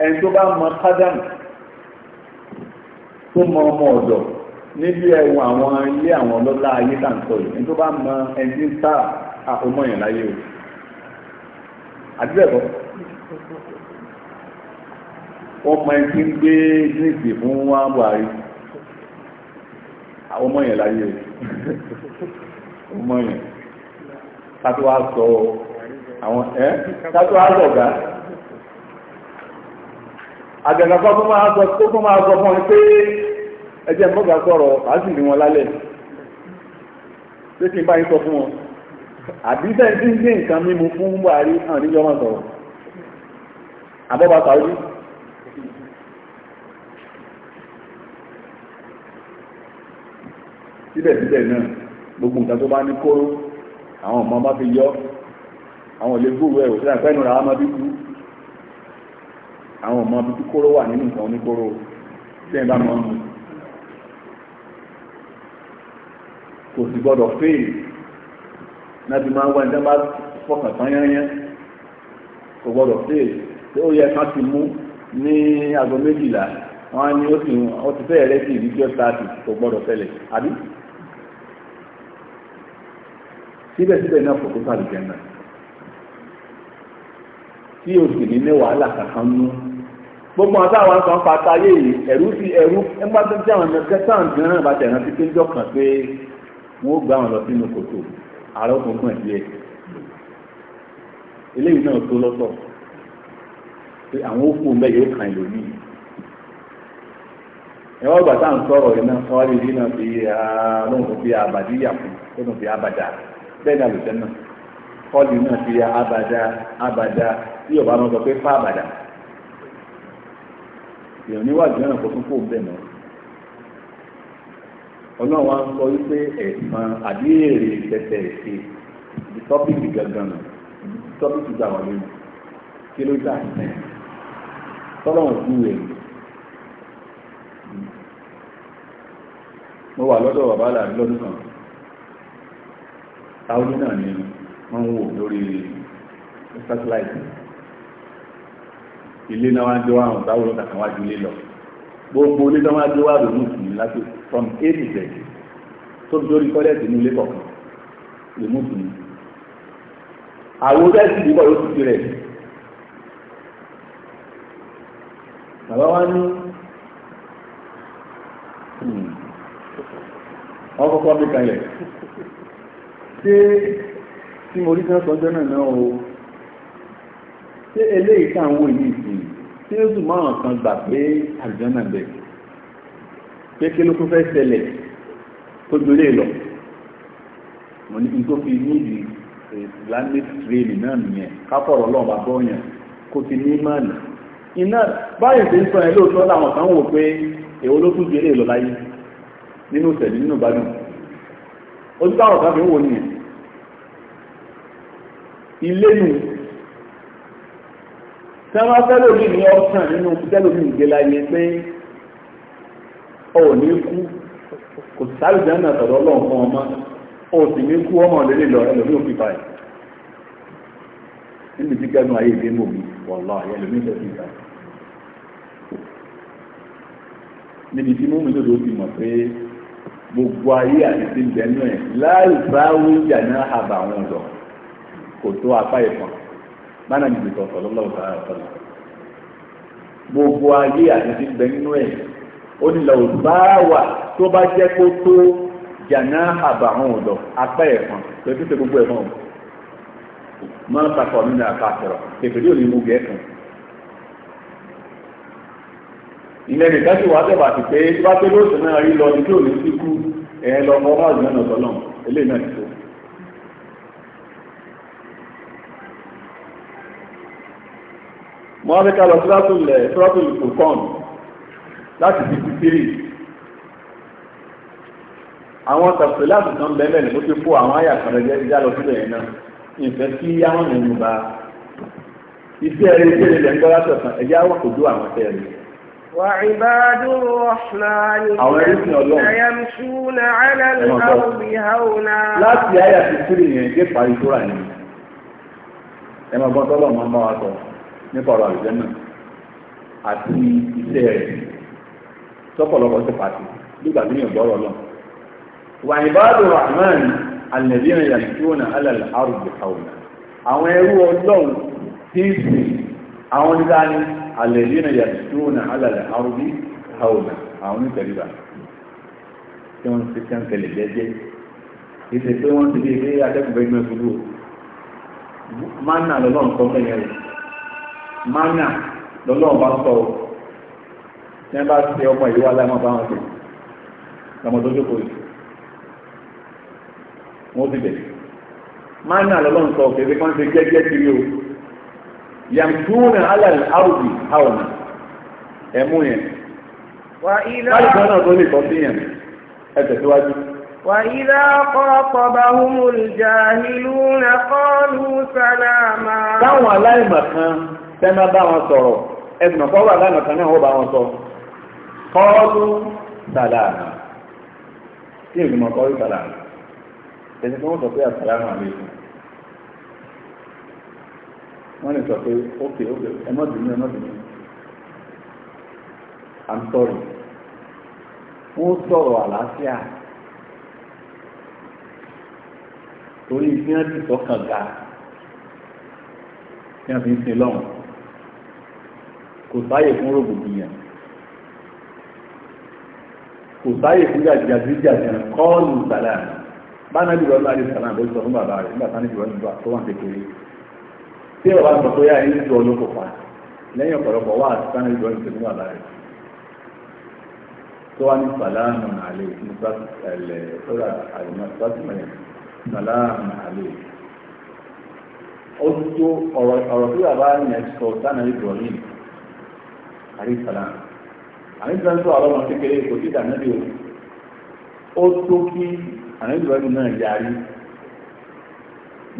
ẹni tó bá mọ kádàm tó mọ ọmọ ọ̀dọ̀ níbi ẹ̀wọ̀n àwọn ilé àwọn ọlọ́lá ayé tá ń sọ yìí ẹni tó bá mọ ẹni tí ń sá àkómọ yẹn láyé o àdúrà wọ́n mọ ẹni tí ń gbé gírísì fún wa Buhari àwọn yẹn láyé o ọmọ yẹn ká tó wá sọ àwọn ẹ ká tó wá sọ àgàgàfọ́ tó máa sọ tó máa sọ fún ẹ pé ẹjẹ́ mọ́gà sọ̀rọ̀ á sì rí wọn lálẹ́ pé kí n bá yín sọ fún wọn àbí bẹ́ẹ̀ tí ń gbé nǹkan mímu fún Buhari hàn níjọ́ máa sọ̀rọ̀ àbọ́bà Saudi síbẹ̀síbẹ̀ náà gbogbo nǹkan tó bá ní kóró àwọn ọmọ bá fi yọ àwọn ìlẹ́gbòrò ẹ̀ òṣèlú àpẹẹnu ra wọn máa bí kú àwọn ọmọ bíbí kóró wà nínú nǹkan oníkóró tí ẹ bá mọ ọmọ kò sì gbọdọ̀ fèèrè láti máa ń wá ẹjọ́ bá fọkàn tán yányán kò gbọdọ̀ fèèrè tí ó yẹ ká ti mú ní aago méjìlá wọn á ní ó sì ó ti fẹ́ẹ̀ rẹ́sì ìdí tí ó tààtì kò gbọdọ̀ fẹlẹ̀ àbí síbẹ̀síbẹ̀ náà kò tó sàlùjẹ̀ náà tí o sì ní ní wàhálà kankan nú gbogbo àwọn táwọn ń sọ pata ayé yìí ẹ̀rú sí ẹ̀rú ẹgbẹ́ tó ń jẹ́ àwọn kẹta nǹkan náà bá tẹ̀ràn sí péjọ kan pé wọ́n gbá wọn lọ sínú kòtò ààrẹ ọkùnkùn ẹ̀díẹ̀ eléyìí náà tó lọ́tọ̀ pé àwọn ó fún mẹ́yẹ ó kàn ìlò yìí ẹ̀wọ́n ìgbà táwọn sọ̀rọ̀ yìí náà sọ́ọ́rì yìí náà fi lóhùn fi àbàdíyà fún lóhùn fi àbàdà bẹ́ẹ̀ ni àlùfẹ́ náà kọ́ọ̀lì náà fi àbàdà àbàdà tí Yorùbá náà sọ pé fá àbàdà èèyàn níwájú náà kò tún kò bẹ̀ mọ́ ọlọ́run wa ń sọ wípé ẹ̀sán àdéhèrè tẹ̀tẹ̀ ẹ̀sẹ̀ ibi tọ́pìkì gangan nù ibi tọ́pìkì gbà wọlé nù kí ló dà sí ẹ̀ tọ́lọ́run kú rẹ̀ mo wà lọ́dọ̀ bàbá àlàyé lọ́dún kan táwọn náà ni wọ́n ń wò lórí satellite ilé náà wá ń jọ àrùn báwo ló kàkà wájú ilé lọ gbogbo ilé náà wá ń jọ àrùn ní ìsinmi láti from a to z tó ń dórí kọ́lẹ́ẹ̀tì ní ilé kọ̀ọ̀kan lè mú ìsinmi àwọn ọjọ́ ìsìn ìdíkọ̀ ló ti ti rẹ̀ bàbá wa ní hmm, ọkọ̀ọ̀kọ̀ mi kalẹ̀ ṣé tí mo rí sọ́jọ́ náà náà o ṣé eléyìí táwọn èyí ìsìn tí ó sì máa kan gbà pé àjọ́nà bẹ̀ pé kí ló tún fẹ́ ṣẹlẹ̀ tó jolé lọ mo ní n tó fi níbi islamic training náà nìyẹn káfọ̀rọ̀ ọlọ́run bá bọ́ yẹn kó ti ní mọ́ọ̀nì iná báyìí ti ń sọ yẹn lóòótọ́ làwọn kan wò pé èwo ló tún jolé lọ láyé nínú tẹ̀lé nínú ìbádùn ojú táwọn kan fi ń wò nìyẹn ilé nù sáwọn afẹ́lómi ní ọ̀sán nínú tẹ́lómi ìgbélayé pé ọ̀ ní kú kò sálùjá náà tọ̀dọ̀ ọlọ́run fún ọmọ ọ̀ sì ní kú ọmọ lórí lọ ẹlòmí ò fi fa ẹ̀ níbi tí gẹ́gùn ayé ìgbé mò mí wọ̀lọ́ ẹlòmí ò fi fa ẹ̀ níbi tí mọ́mí lòdò ti mọ̀ pé gbogbo ayé àti ti bẹ̀ẹ́nú ẹ̀ láì bá wíjà náà àbà àwọn ọ̀dọ́ kò tó apá ìfọ̀n bánà ní ìgbìkọ̀ ọ̀sọ̀lọ́lọ́ ọ̀sọ̀lọ́ ọ̀sọ̀lọ́ gbogbo ayé àti ti bẹ nínú ẹ̀ ó ní lọ bá wà tó bá jẹ́ kó tó jàná àbàwọn ọ̀dọ̀ apá ẹ̀fọn pé tó ṣe gbogbo ẹ̀fọn máa ń takọ̀ nínú apá àtẹ̀rọ̀ kèfèrí ò ní mú gẹ̀ẹ́kan ilẹ̀ nìkan sì wá tẹ̀wà sí pé bá pé lóòsàn náà rí lọ ní tí ò ní síkú ẹ̀ lọ mọ́ wá ìgbìmọ̀ náà tọ́lọ̀ eléyìí náà ti tó mo wá fẹ́ ká lọ sílátùlẹ̀ sílátùlẹ̀ kòkàn láti fi fi tírì àwọn tọ̀sí láti tán bẹ́ẹ̀ ni mo ti kó àwọn àyà kan lẹ́jẹ́ ìjà lọ sílẹ̀ yẹn náà ìfẹ́ kí àwọn ènìyàn bá iṣẹ́ rẹ̀ iṣẹ́ rẹ̀ lẹ́ ń gbọ́ ẹ̀jẹ̀ àwọn kò dó àwọn tẹ́ rẹ̀. وعباد الرحمن يمشون على الأرض هونا nípa ọ̀rọ̀ àlùjẹ́ náà àti iṣẹ́ rẹ̀ tọ́pọ̀lọpọ̀ ti pàtó nígbà tí yóò gbọ́rọ̀ lọ. wà ìbádù rahman alẹ́bíyàn yàtúwọ̀nà alàlẹ́ àrùbẹ̀ àwòrán àwọn ẹrú ọlọ́run tí ń sìn àwọn nígbàní alẹ́bíyàn yàtúwọ̀nà alàlẹ́ àrùbẹ̀ àwòrán àwọn onítẹ̀ríba tí wọ́n ti kàn tẹ̀lẹ̀ jẹ́jẹ́ ìṣe pé wọ́n ti di ilé adẹ́kùnbẹ́gbẹ́ fúlù mánà lọ́lọ́run kọ́ mẹ́yẹn rẹ̀ mánà lọ́lọ́run bá sọ ọ́ tí wọ́n bá ṣe ọmọ ìlú wa láìmọ̀ bá wọn ṣe lọ́mọ tó jókòó yìí wọ́n ti bẹ̀. mánà lọ́lọ́run sọ òkè fífọ́n ṣe jẹ́jẹ́ kiri o yàtúnà alàlẹ́ àrùbí àwọn ẹ̀mú yẹn. wà á náà tó lè kọ́ sí yẹn ẹ tẹ̀síwájú. وَإِذَا خَاطَبَهُمُ الْجَاهِلُونَ قَالُوا سَلَامًا Táwọn aláìmọ̀ kan tẹ́ná bá wọn sọ̀rọ̀ ẹ̀sùn ọ̀pọ̀ wà lánàá kan náà wọ́n bá wọn sọ kọ́ọ̀lù sàlámà tí ìgbìmọ̀ kọ́ọ̀lù sàlámà ẹ̀sìn tí wọ́n sọ pé àsàlámù àlékún wọ́n lè sọ pé ókè ókè ẹ má bínú ẹ má bínú i'm sorry wọ́n sọ̀rọ̀ àlàáfíà torí ìfihàn ti sọ́kàn ga kí wọ́n fi ń sin lọ́wọ́ kò sáyè fún rògbòdìyàn kò sáyè fún jàdìjàdìjàdìjàn kọ́ọ̀lù sàlám bá náà jùlọ láàrin sàlám ló sọ fún bàbá rẹ̀ nígbà tán jùlọ nígbà tó wà kékeré tí ọba sọ pé ayé ń jọ olóko pa lẹ́yìn ọ̀pọ̀lọpọ̀ wà àti tán jùlọ nígbà tó wà láàrin tó wà ní sàlámù àlè nípa ẹ̀lẹ́ sọ́dà àlùmọ́ sátìmọ̀lẹ́ sàlámù àlè ó tó ọ̀rọ̀ tó yà bá yẹn sọ sánà ìbọ̀lì àríṣàlá àríṣàlá tó àwọn ọmọ kékeré kò sí ìdánilẹ́bí o ó tó kí àríṣàlá náà yarí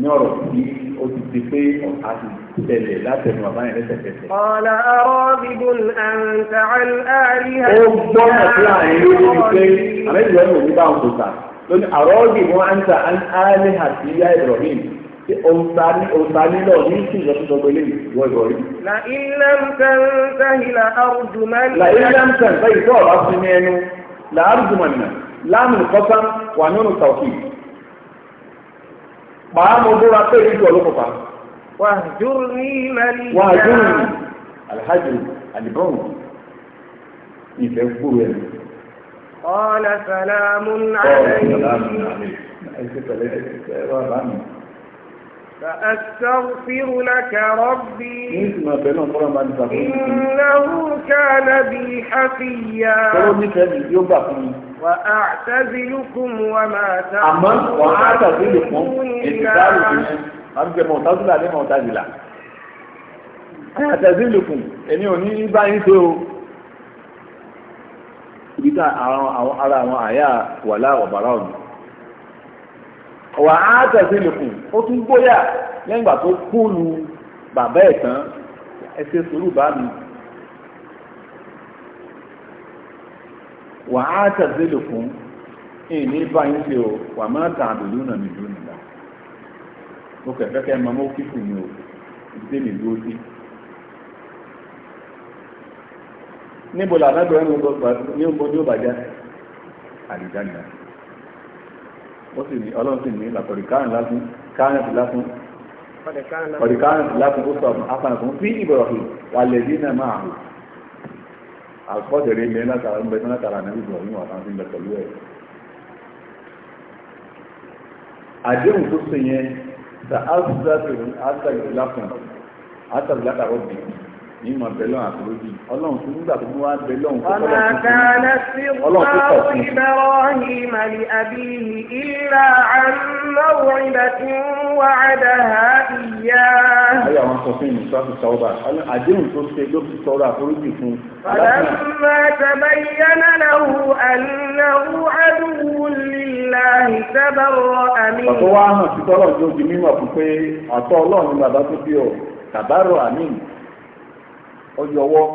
ní ọ̀rọ̀ tí ó ti ti pé ọ̀tá ti tẹ̀lẹ̀ látẹnu bàbá yẹn lẹ́sẹ̀kẹsẹ̀. ọ̀nà ọ̀rọ̀ bíbùn àǹtà àárí ha. ó gbọ́ ọ̀pẹ́ àárín lórí pé àríṣàlá náà ò ní bá òkúta lónìí àrọ́ọ̀gì wọn àǹtà àárí ha sí yá tí òǹtà nílò ní sí ìjọsíjọ pẹ̀lú ìwọ ìwọ rí. la ilam tanzahi la arjumani. la ilam tanzahi tó ọ̀rọ̀ sí ní ẹnu la arjumani na láàmù kọ́sán wà nínú tàwùkì. pàá mo búra pé ìlú ọlọ́pàá. wàjúrì mẹ́lìlá. wàjúrì alhaji alibọ́n ìfẹ́ gbúrú ẹ̀. قال سلام عليك. قال سلام فأستغفر لك ربي إنه كان بي حفيا وأعتزلكم وما تعبدون إلا Àtẹ̀sílùkùn, èmi ò ní bá yín tó o. Ibi tá ara àwọn àyà wà láàrọ̀ bàrá ọ̀nà wà á tẹ̀sí lùkùn ó tún gbóyà lẹ́yìn ìgbà tó kúlù bàbá ẹ̀ tán ẹ ṣe sùúrù bá mi wà á tẹ̀sí lùkùn ìní bá yín ṣe o wà má ta àdùlù náà nìlú nìlá mo kẹ̀ kẹ́ máa mọ́ kíkù mi o ìdílé mi dúró sí. níbo làbẹ́bẹ̀rẹ̀ ní gbogbo ní gbogbo ní ó àdìjáde ó sì ní ọlọ́run sì ní làkọ̀dì kárìn lásán kárìn sí lásán ọ̀dì kárìn sí lásán ó sọ àfààní fún sí Ibrahim wàlẹ̀ dínà máa hù àkọ́jẹ̀rẹ́ ilẹ̀ látara ń bẹ tán látara nàbí Ibrahim wà tán sí ń bẹ pẹ̀lú ẹ̀. àdéhùn tó sè yẹn sa áùsù sáfì àtàlù látàrọ̀ bìí ní ma bẹ lọ́wọ́ àforíjì ọlọ́run tó nígbà tó wá bẹ lọ́wọ́ tó kọ́ lọ́wọ́ tó ọlọ́run tó kọ̀ fún un. إبراهيم لأبيه إلا عن موعدة وعدها إياه. أيوة wọn sọ fún ìmùsọ́ àti sọ́ọ́bà àdéhùn tó ṣe ló fi sọ̀rọ̀ àforíjì fún. فلما تبين له أنه عدو لله تبرأ منه. bàtọ́ wá hàn sí tọ́lọ̀ tó di mímọ̀ fún pé àtọ́ ọlọ́run bàbá tó bí ọ tàbárò àmín. ọyọwọ́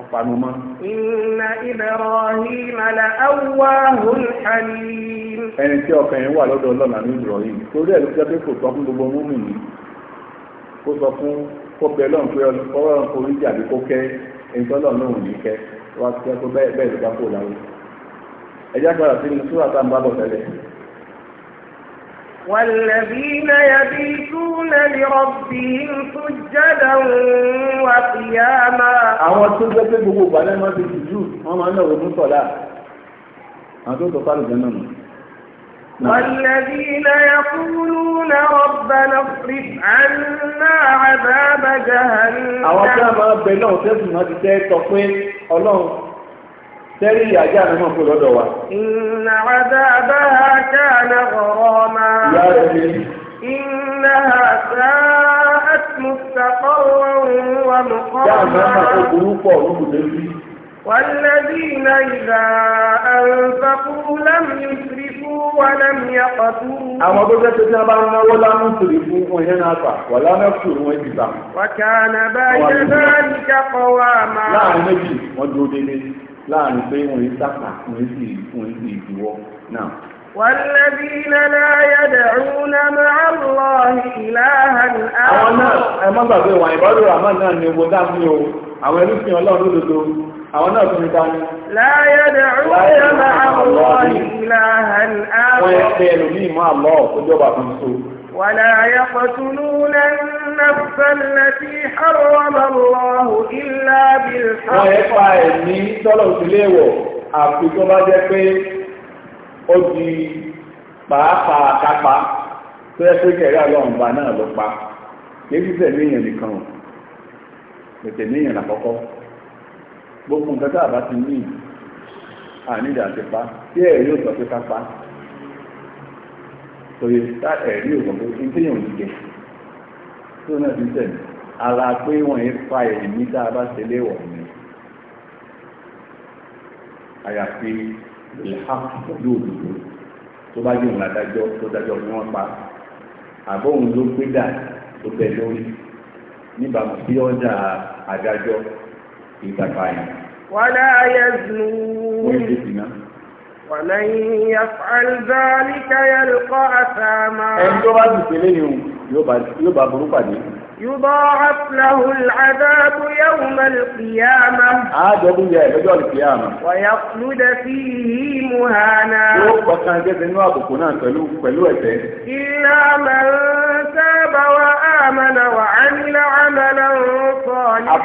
ọ̀pànùmọ́. Inna Ibrahim la awwahul halim. Ẹni tí ọkàn yẹn wà lọ́dọ̀ ọlọ́nà ní Ibrahim, torí ẹ̀ ló jẹ́ pé kò sọ fún gbogbo Kó sọ fún kó lọ́n pé ọlọ́run kó kẹ́ ẹni ní kẹ́ bẹ́ẹ̀ ló bá kó Ẹ والذين يبيتون لربهم سجدا وقياما àwọn tó jẹ́ pé gbogbo ìgbàlẹ́ máa ti jù wọ́n máa ń lọ òun sọ̀lá àwọn tó tọ́ fáàlù jẹ́nà nù. والذين يقولون ربنا اصرف عنا عذاب جهنم. àwọn tí a máa bẹ náà tẹ́sùn náà ti tẹ́ tọ́ ọlọ́run tẹ́rí ìyàjá àmì náà kó lọ́dọ̀ wa. Inna adhabaha kana gharama. Ìyá rẹ̀ ni. Innaha sa'at mustaqarran wa muqama. Yá àmì náà kó burú pọ̀ lóbùdé bí. والذين إذا أنفقوا لم يسرفوا ولم يقتروا àwọn tó jẹ́ tẹ́tí bá ń náwó lámú sórí wọn yẹn náà fà wà lánàfù wọn ti bà. وكان بين ذلك قواما. láàrin méjì wọ́n dúró délé láàrin pé wọ́n yìí sápà wọ́n yìí sì wọ́n yìí sì náà. والذين لا يدعون مع الله إلها آخر àwọn náà ẹ má gbàgbé wọn ìbádùn náà ni owó dá mi o àwọn ẹrú fi lódodo àwọn náà tún ní dání. لا يدعون مع الله إلها آخر wọ́n ẹ ولا يقتلون النفس التي حرم الله إلا بالحق wọ́n yẹ pa ẹ̀mí tọ́lọ̀ òsìlẹ̀ wọ̀ àfi tó bá jẹ́ pé ó di pàápàá kápá tó yẹ pé náà lọ pa nìkan àkọ́kọ́ gbogbo nǹkan àníjà ti pa tí ẹ̀rí ò sọ pé torí ẹ̀rí òkùn tó fi téèyàn ń jẹ tó náà ti tẹ̀lé ara pé wọ́n yẹn fa ẹ̀mí tá a bá ṣe léwọ̀ ni àyàfi ìhà pẹ̀lú òdòdó tó bá yóò ládájọ́ tó dájọ́ fún wọn pa àbọ̀ òun ló gbé dà tó bẹ lórí ومن يفعل ذلك يلقى ẹni tó bá ti ṣe léyìn yóò bá burú pàdé. يضاعف له العذاب يوم القيامة عاد أبو القيامة ويخلد فيه مهانا إلا من تاب وآمن وعمل عملا صالحا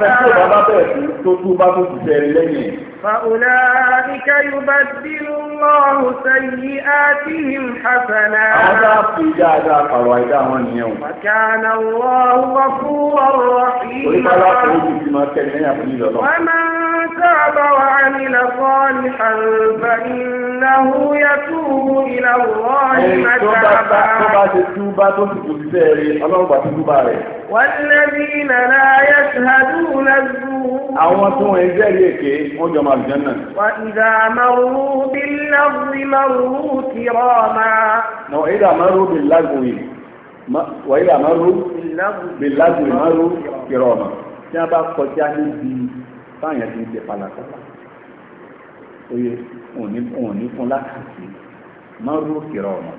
فأولئك يبدل الله سيئاتهم حسنات وكان الله الرحيم ومن تاب وعمل صالحا فإنه يتوب إلى الله متابا والذين لا يشهدون الزور àwọn tó wọn ẹgbẹ́ rí èké wọ́n jọ máa jẹ́ náà. wà ìdá márùn ún bí lágùn márùn ún kìrọ̀ máa. náà ìdá márùn ún bí lágùn yìí wọ́yí àmọ́rú bíláàdì mọ́rú kìrọ̀ ọ̀nà tí wọ́n bá kọjá níbi báyẹn ti ń ṣe palapala oye òun ní fún lákàtì mọ́rú kìrọ̀ ọ̀nà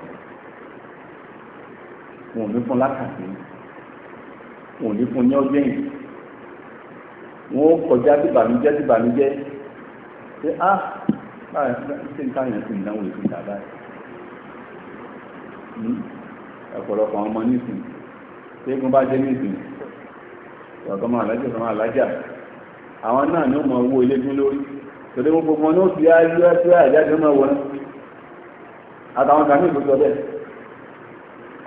òun ní fún lákàtì òun ní fún ní ọjọ́ yìí wọ́n kọjá tìbànújẹ́ tìbànújẹ́ pé á ah, báyìí ṣe ń káyọ̀ sí ìnáwó ìpínlẹ̀ báyìí. Hmm? ọ̀pọ̀lọpọ̀ àwọn ọmọ nísìn tí egun bá jẹ́ nísìn ọ̀gọ́mọ alájà ọ̀gọ́mọ alájà àwọn náà ni ó mọ owó ilégún lórí tòdé gbogbo wọn ní ó fi ayé ẹgbẹ́ àjáde náà wọn àtàwọn kan ní ìgbésọ bẹ́ẹ̀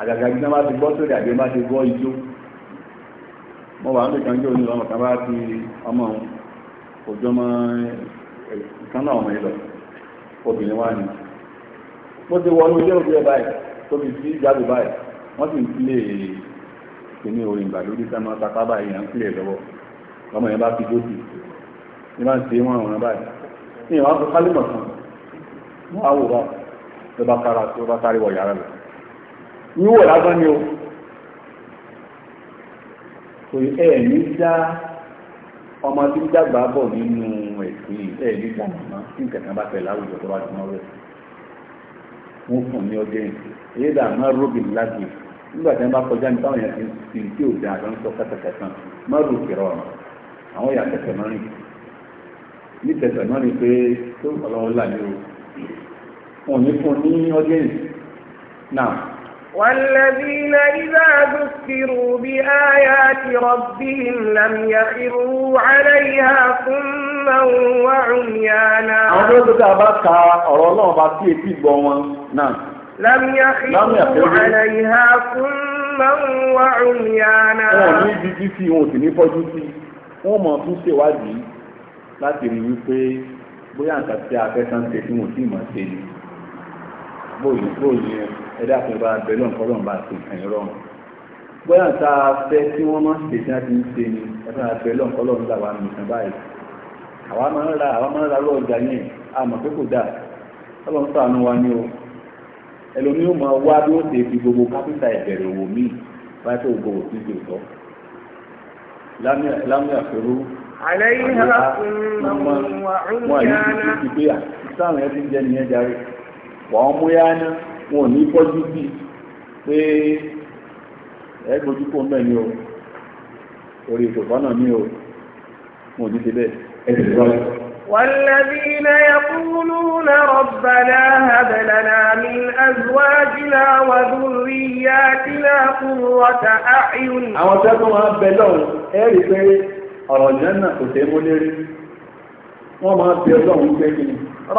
àgàgà gbígbá bá ti gbọ́ sórí àgbẹ̀ bá ti gbọ́ ijó mo wà níbi kan jẹ́ òní ọmọ kan bá ti ọmọ òun kò jọ mọ ìkan náà ọmọ yìí lọ obìnrin wa ni mo ti wọnú ilé òbí ẹ báyìí tóbi sí jáde báyìí wọ́n sì ń sílé kíní orin ìgbàlódé sẹ́mọ́ sápábà èèyàn ń sílẹ̀ lọ́wọ́ lọ́mọ yẹn bá fi dókì ní bá ń ṣe wọ́n àwọn báyìí ní ìwà fún kálímọ̀ kan wọ́n á wò wá tó bá kára tó bá sáré wọ yàrá lọ ní wò lásán ni o kò ẹ ní dá ọmọ tí ń dàgbà bọ̀ nínú ẹ̀sìn ẹ ní dá màmá tí nǹkan kan bá fẹ́ láwùjọ tó bá dùn rẹ̀ wọ́n fún ní ọjọ́ ìsìn ìyẹ́dà máa róbì lágbè nígbà tí wọ́n bá kọjá ní táwọn yẹn ti fi tí ò dáa lọ́n sọ kẹtẹkẹtẹ máa rò kẹrọ ọ̀nà àwọn yà tẹsẹ̀ mọ́rin ní tẹsẹ̀ mọ́rin pé tó ọlọ́wọ́ là ní o wọn ò ní fún ní audience náà. والذين إذا ذكروا بآيات ربهم لم يخروا عليها صما وعميانا. لم يخفوا عليها صما وعميانا wọn ní dídí sí wọn sì ní fọ́jú sí wọn mọ̀ tún ṣèwádìí láti rí wípé bóyá nǹkan tí a fẹ́ sáńṣe tí wọn ò tí ṣe ni bóyá bóyá ẹ̀dá kan bá bẹ̀rẹ̀ nǹkan lọ́nà bá ṣe kàn rọrùn bóyá nǹkan afẹ́ tí wọ́n máa ṣe tí wọ́n ti ń ṣe ni ẹ̀dá kan bẹ̀rẹ̀ nǹkan lọ́nà bá wà nìkan báyìí àwa máa ń ra àwa máa ń ra lọ́ọ̀jà yẹn àmọ̀ pé kò dáa ọlọ́run ṣàánú wa ni o ẹlòmíì ó máa wá bí ó ṣe fi gbogbo kápítà ìbẹ̀rẹ̀ òwò míì bá tó gbogbo tí kò sọ lámì àfẹrú àléyìn àfẹrú wọn yìí ti ti pé sáwọn ẹbí jẹ nìyẹn járe wọn mú yá ní wọn ò ní bọ́jú sí pé ẹ gbójú kó mẹ́ ni o orí ìṣòfò náà ni o wọn ò ní ṣe bẹ́ẹ̀ ẹ ti rọ́ọ̀lù. والذين يقولون ربنا هب لنا من أزواجنا وذرياتنا قرة أعين أو تكون بلون إيه ọ̀rọ̀ jẹ́nà kò tẹ́ mú lérí wọ́n máa bí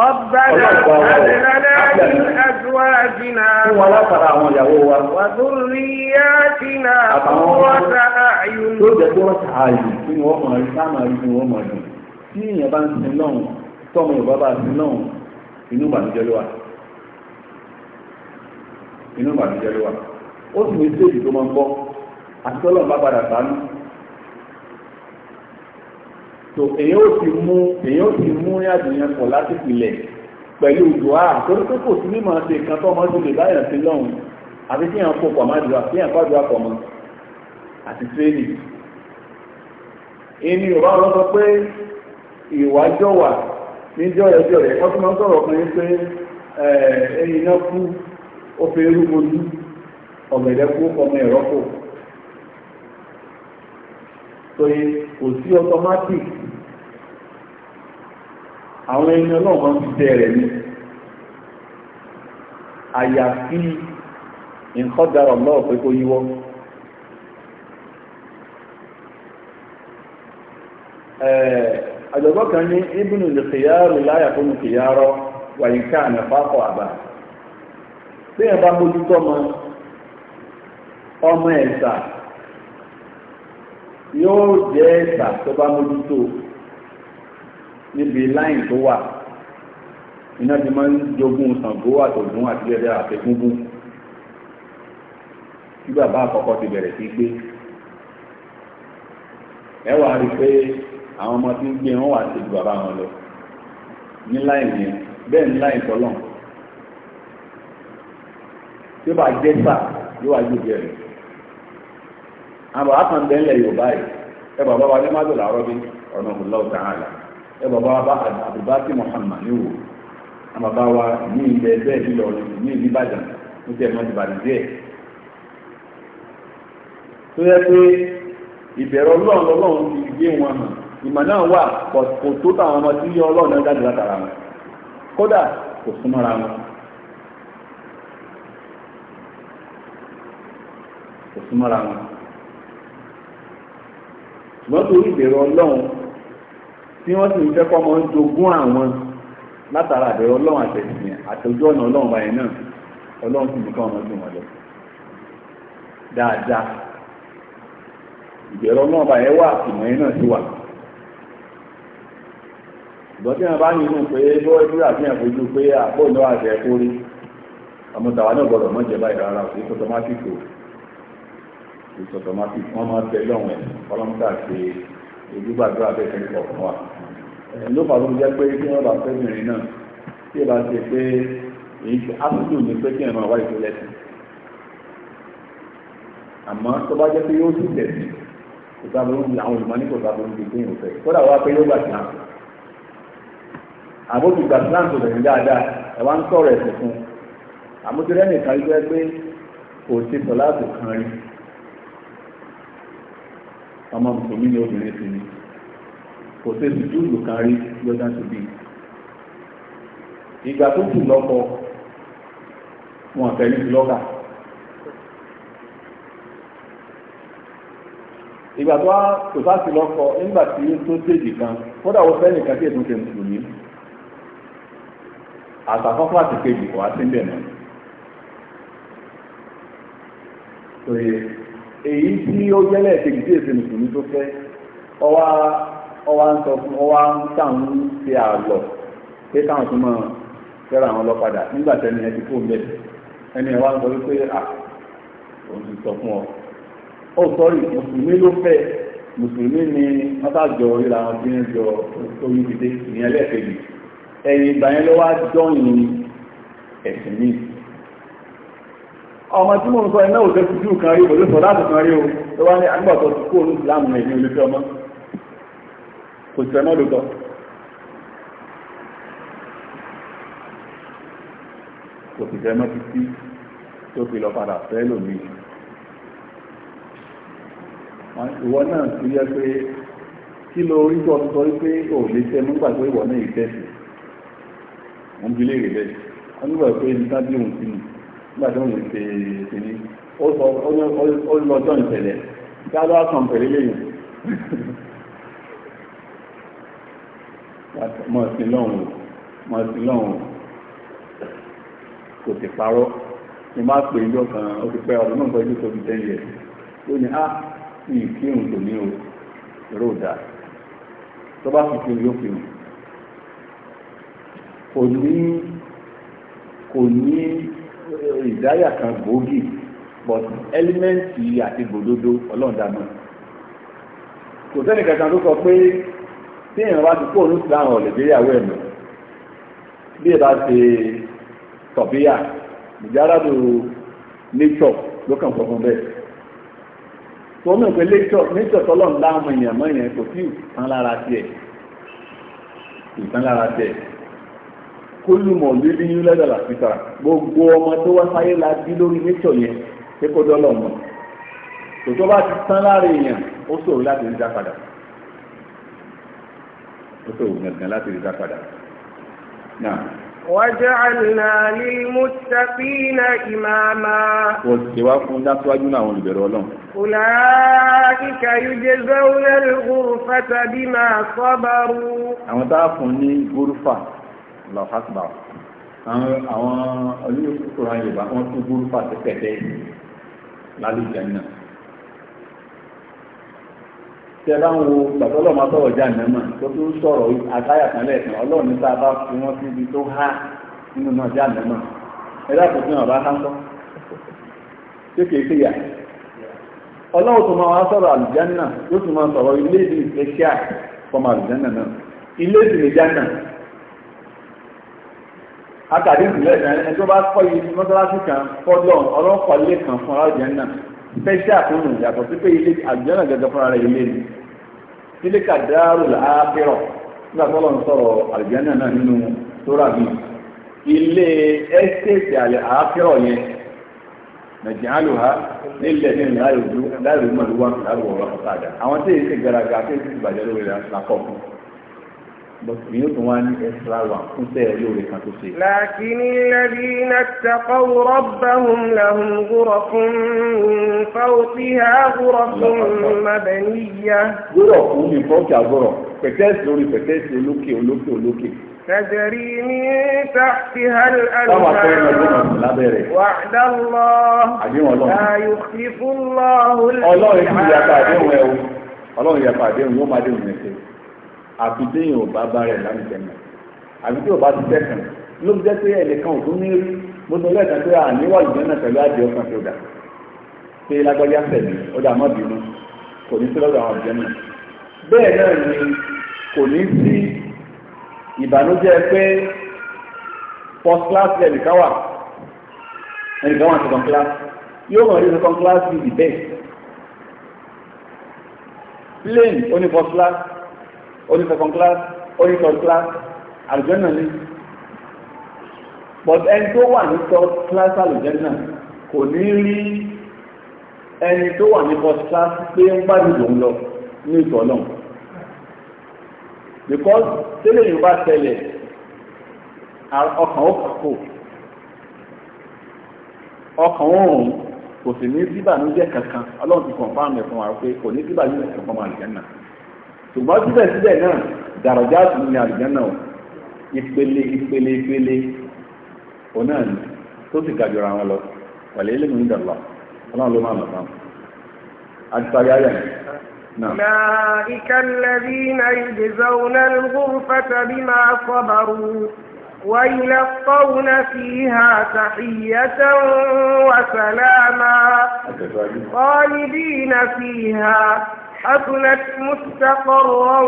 ربنا هب لنا من أزواجنا وذرياتنا قرة أعين tó jẹ́ tó rọ́ta ààyè nínú ọmọ rí sáàmà rí nínú tí èèyàn bá ń sin náà tọ́mọ yorùbá bá sin náà inú ìbànújẹ́ ló wà inú ìbànújẹ́ ló wà ó sì ní stéèjì tó máa ń bọ́ àti tọ́lọ́run bá padà sánú tó èyàn ó ti mú èyàn ó ti mú ní àdìyàn pọ̀ láti pilẹ̀ pẹ̀lú dùá torí pé kò sí mímọ̀ ṣe nǹkan tó ọmọ ìdílé sí lọ́hùn àti kí èèyàn pọ̀pọ̀ má dùá kí èèyàn pàdùá pọ̀ mọ́ àti tírénì. èmi ò bá wọn sọ pé ìwájọ́wà níjọ́ ẹjọ́ rẹ̀ wọ́n tún máa ń sọ̀rọ̀ ọkùnrin pé ẹni náà kú ó fẹ́ rú mojú ọ̀gẹ̀dẹ̀ kú ọmọ ẹ̀rọ kò kò sí automatic àwọn ẹni náà máa ń fi bẹ̀rẹ̀ ni àyàfi àjọ̀gbọ́n kan ní ibùnú lè kìyàrò láyà fún mi kìyàrò wàyín ká àmì fáfọ àbá bí ẹ bá mójútó ọmọ ọmọ ẹ̀sà yóò jẹ́ ẹ̀sà tó bá mójútó níbi láìn tó wà iná ti máa ń jogún Ṣàngó àtògún àti ẹ̀dẹ̀ àtẹ̀gúngún bí bàbá àkọ́kọ́ ti bẹ̀rẹ̀ sí gbé ẹ wàá rí pé. àwọn ọmọ tí ń gbé wọn wà sí bàbá wọn lọ ní láì yẹn bẹ́ẹ̀ ní láì tọ́lọ̀ tí ó bá sà yóò wá rẹ̀ Yorùbá ẹ bàbá wa ní mádùn làárọ̀ bí ọ̀nà ọ̀tá àlà ẹ bàbá wa bá Muhammad ní wò wa ní ilẹ̀ bẹ́ẹ̀ nílọrin ní ìlú Ìbàdàn tẹ̀ mọ́ Ìbàdàn díẹ̀ ìmọ̀ náà wà kò tó táwọn ọmọ tí yọ ọlọ́run náà jáde látara wọn kódà kò súnmọ́ra wọn kò súnmọ́ra wọn ṣùgbọ́n torí ìbẹ̀rù ọlọ́run tí wọ́n sì ń fẹ́ kọ́ ọmọ jogún àwọn látara àbẹ̀rù ọlọ́run àtẹ̀sìn àtẹ̀jú ọ̀nà ọlọ́run báyẹn náà ọlọ́run sì ní ọmọ jù wọn lọ dáadáa ìbẹ̀rù ọlọ́run báyẹn wà ìmọ̀ yẹn náà sì wà ṣùgbọ́n tí wọ́n bá nínú pé bó ẹgbẹ́ àti ẹ̀fọ́jú pé àpò ìnáwó àti ẹ̀kọ́ rí ọmọ náà gbọ́dọ̀ mọ́jẹ báyìí rárá kò sọ tọmátìkì wọ́n máa tẹ lọ́wọ́ ẹ̀ ṣe ojúgbàdúrà bẹ́ẹ̀ fẹ́ kọ̀ọ̀kan wa ló fà ló jẹ́ pé kí wọ́n bá fẹ́ náà tí ẹ ṣe pé èyí ṣe ábùdù ní pé kí ẹ máa wá ìpínlẹ̀ àmọ́ tó bá jẹ́ pé yóò sì tẹ̀sí kò sábà ń bi àwọn olùmọ́ ní kò sábà ń bi pé fẹ́ kódà wá pé yóò gbà sí àpò àbójú ìgbà islam tó bẹ̀rẹ̀ dáadáa ẹ̀ wá ń sọ̀rọ̀ ẹ̀sìn fún un nìkan jẹ́ pé kò sí sọ̀láàtò kan rí ọmọ mùsùlùmí ni obìnrin sì ni kò sí sùjúùdù kan rí lọ́jà tó bí ìgbà tó kù lọ́kọ wọn àfẹ́ ní lọ́kà ìgbà tó wá kò sá sí lọ́kọ nígbà tí ó tó stéèjì kan kódà wọ́n fẹ́ nìkan tí ètò ṣe mùsùlùmí àtàkọ́kọ́ àti kejì kò wá sí bẹ̀ náà tòye èyí tí ó jẹ́lẹ̀ kejì tí èsì mùsùlùmí tó fẹ́ ọwá ọwá ń sọ fún ọwá ń sàún ṣe àlọ́ pé káwọn tó máa fẹ́ra àwọn ọlọ́padà nígbà tẹ́ni ẹ ti kó ń bẹ̀ ẹni ẹ wá ń sọ wípé à òun ti sọ fún ọ ó sọrí mùsùlùmí ló fẹ́ mùsùlùmí ni wọ́n sá jọ tí ń jọ tó yí ti ìyẹn lẹ́ẹ̀kejì ẹ̀yìn ìgbà yẹn ló wá jọyìn ẹ̀sìn mi ọmọ tí mo ń sọ ẹ náà ò tẹ́ fújú kan rí òlùsọ láti kan rí o tó wá ní agbọ̀tọ̀ tó kó olú ìsìlámù rẹ̀ ní olùfẹ́ ọmọ kò sí ẹmọ́ lóòótọ́ kò sì fẹ́ mọ́ títí tó fi lọ padà fẹ́ lòmíì ìwọ náà ti yẹ pé kí lo orí tó sọ pé ò lè tẹ́ mú gbàgbé ìwọ náà ìfẹ́ sí ń bi bẹ́ẹ̀ wọ́n nígbà pé ibi tí òun ṣe ṣe ní ó ìṣẹ̀lẹ̀ kí á lọ́wọ́ kan pẹ̀lú léyìn kò sì parọ́ ni máa pè ní ọkàn ó ti pẹ́ ọdún náà pẹ̀lú tóbi ten years ó ní á ah, ìkírun tòní o èrò dáa tó bá fi kí o yóò fi hàn kò ní kò ní eh, ìdáyà kan gbòógì but ẹlímẹ́ǹtì àti gbòdodo ọlọ́ọ̀dàmọ́ kò sẹ́ni kankan tó sọ pé tí èèyàn bá ti kó òun sí àwọn ọ̀lẹ́gbẹ̀yàwó ẹ̀ lọ bí ẹ bá ṣe tọ̀bíyà ìjáradò nature ló kàn fọ́ fún bẹ́ẹ̀ tó mọ̀ pé nature tọ́lọ́ ń dá àwọn èèyàn mọ́ èèyàn kò sí ìtàn lára tiẹ̀ ìtàn lára tiẹ̀ kólùmọ̀ lórí yúlẹ́dà làfíta gbogbo ọmọ tó wá sáyé la bí lórí nítọ̀ yẹn pé kó dọ́lọ̀ mọ̀ tòtọ́ bá ti tán lára èèyàn ó ṣòro láti rí dá ó ṣòro gangan láti rí dá náà. wàjàlá ní mùsàfínà ìmàmà. wọ́n ti wá fún dáṣíwájú náà àwọn olùbẹ̀rẹ̀ ọlọ́run. أولئك يجزون الغرفة بما صبروا. àwọn tá fún ní gúrúfà lọ́fàtìbà àwọn olóyún kúrò yorùbá wọn tún burú pàṣẹ pẹ̀tẹ́ lálùjẹ́ náà tí ẹ bá ń wo gbàtọ́ ọlọ́run máa sọ̀rọ̀ já ìnáwó tó tún sọ̀rọ̀ àtàyà kan lẹ́ẹ̀kan ọlọ́run ní sábà fi wọ́n síbi tó há nínú náà já ìnáwó ẹ dáàbò fún ọ̀rọ̀ akáńtọ́ tí kìí ṣe yà ọlọ́run tó máa wá sọ̀rọ̀ àlùjánà yóò tún máa sọ̀rọ̀ ilé ìdí ìfẹ́ṣíà fọmọ àlùjánà náà ilé ìdí ìjánà akàdé ìpìlẹ̀ ìdáná ẹni tó bá kọ́ yìí mọ́tàlásì kan fọ́lọ́ ọlọ́kọ̀ ilé kan fún ara ìjẹun náà fẹ́ṣẹ́ àtúnù yàtọ̀ sí pé ilé àjẹun náà gẹ́gẹ́ fúnra rẹ̀ ilé ni ilé kàdáàrò làákẹ́rọ̀ nígbà tó lọ́n sọ̀rọ̀ àjẹun náà nínú tóra mi ilé ẹ́sẹ̀tì àlẹ́ àákẹ́rọ̀ yẹn nàìjíríà àlùhà nílẹ̀ nílẹ̀ láyò mọ̀lúwà láàrú ọ̀rọ̀ yóò tún wá ní ẹ̀sìlá wà fún tẹ́ lóore kan tó ṣe. làkìní lẹ́bí nàtàkọ́ wúrọ́ bá hùm làhùn gúrọ̀ fún fáwọn tí a gúrọ̀ fún mabẹ níyà. gúrọ̀ fún mi fọ́ọ̀kì àgọ́rọ̀ pẹ̀tẹ́sì lórí pẹ̀tẹ́sì olókè olókè olókè. تجري من تحتها الأنهار وعد الله لا يخلف الله الوعد. ọlọ́run yẹ pàdé òun yóò máa dé òun ẹ̀sẹ̀ àfi déyìn ò bá bá rẹ̀ lánìjẹ́ náà àfi tí ò bá ti tẹ̀kàn ló fi jẹ́ pé ẹnìkan ò tún ní rí mo sọ lẹ́ẹ̀kan pé àníwá ìjọ náà pẹ̀lú àjẹ ọkàn tó dà pé lágbájá tẹ̀lé ó dà mọ́ bínú kò ní sí lọ́dọ̀ àwọn ìjọ náà bẹ́ẹ̀ náà ni kò ní sí ìbànújẹ́ pé first class ẹnìkan wà ẹnìkan wà second class yóò mọ̀ rí second class bíi the plane ó ní first class Only second class only third class àlùjẹ́nà ni but ẹni tó wà ní third class àlùjẹ́nà kò ní rí ẹni tó wà ní first class pé ń gbádùn lòun lọ ní ìtọ́ náà because tẹ́lẹ̀ yóò bá tẹ̀lẹ̀ ọkàn ó kàkó ọkàn òun kò sì ní síbà ní jẹ́ kankan ọlọ́run ti kàn fáwọn ẹ̀fọn wa pé kò ní síbà ní ẹ̀fọn máa lè jẹ́ náà ṣùgbọ́n síbẹ̀síbẹ̀ náà dàrọ̀já tún ní àlùjànnà o ìpele ìpele ìpele òun náà ni tó sì ga jọra wọn lọ wàlẹ́ ilé mi ń dàgbà ọlọ́run ló máa mọ̀ sáà àti sáré ayé náà. أولئك الذين يجزون الغرفة بما صبروا ويلقون فيها تحية وسلاما خالدين فيها حسنت مستقرا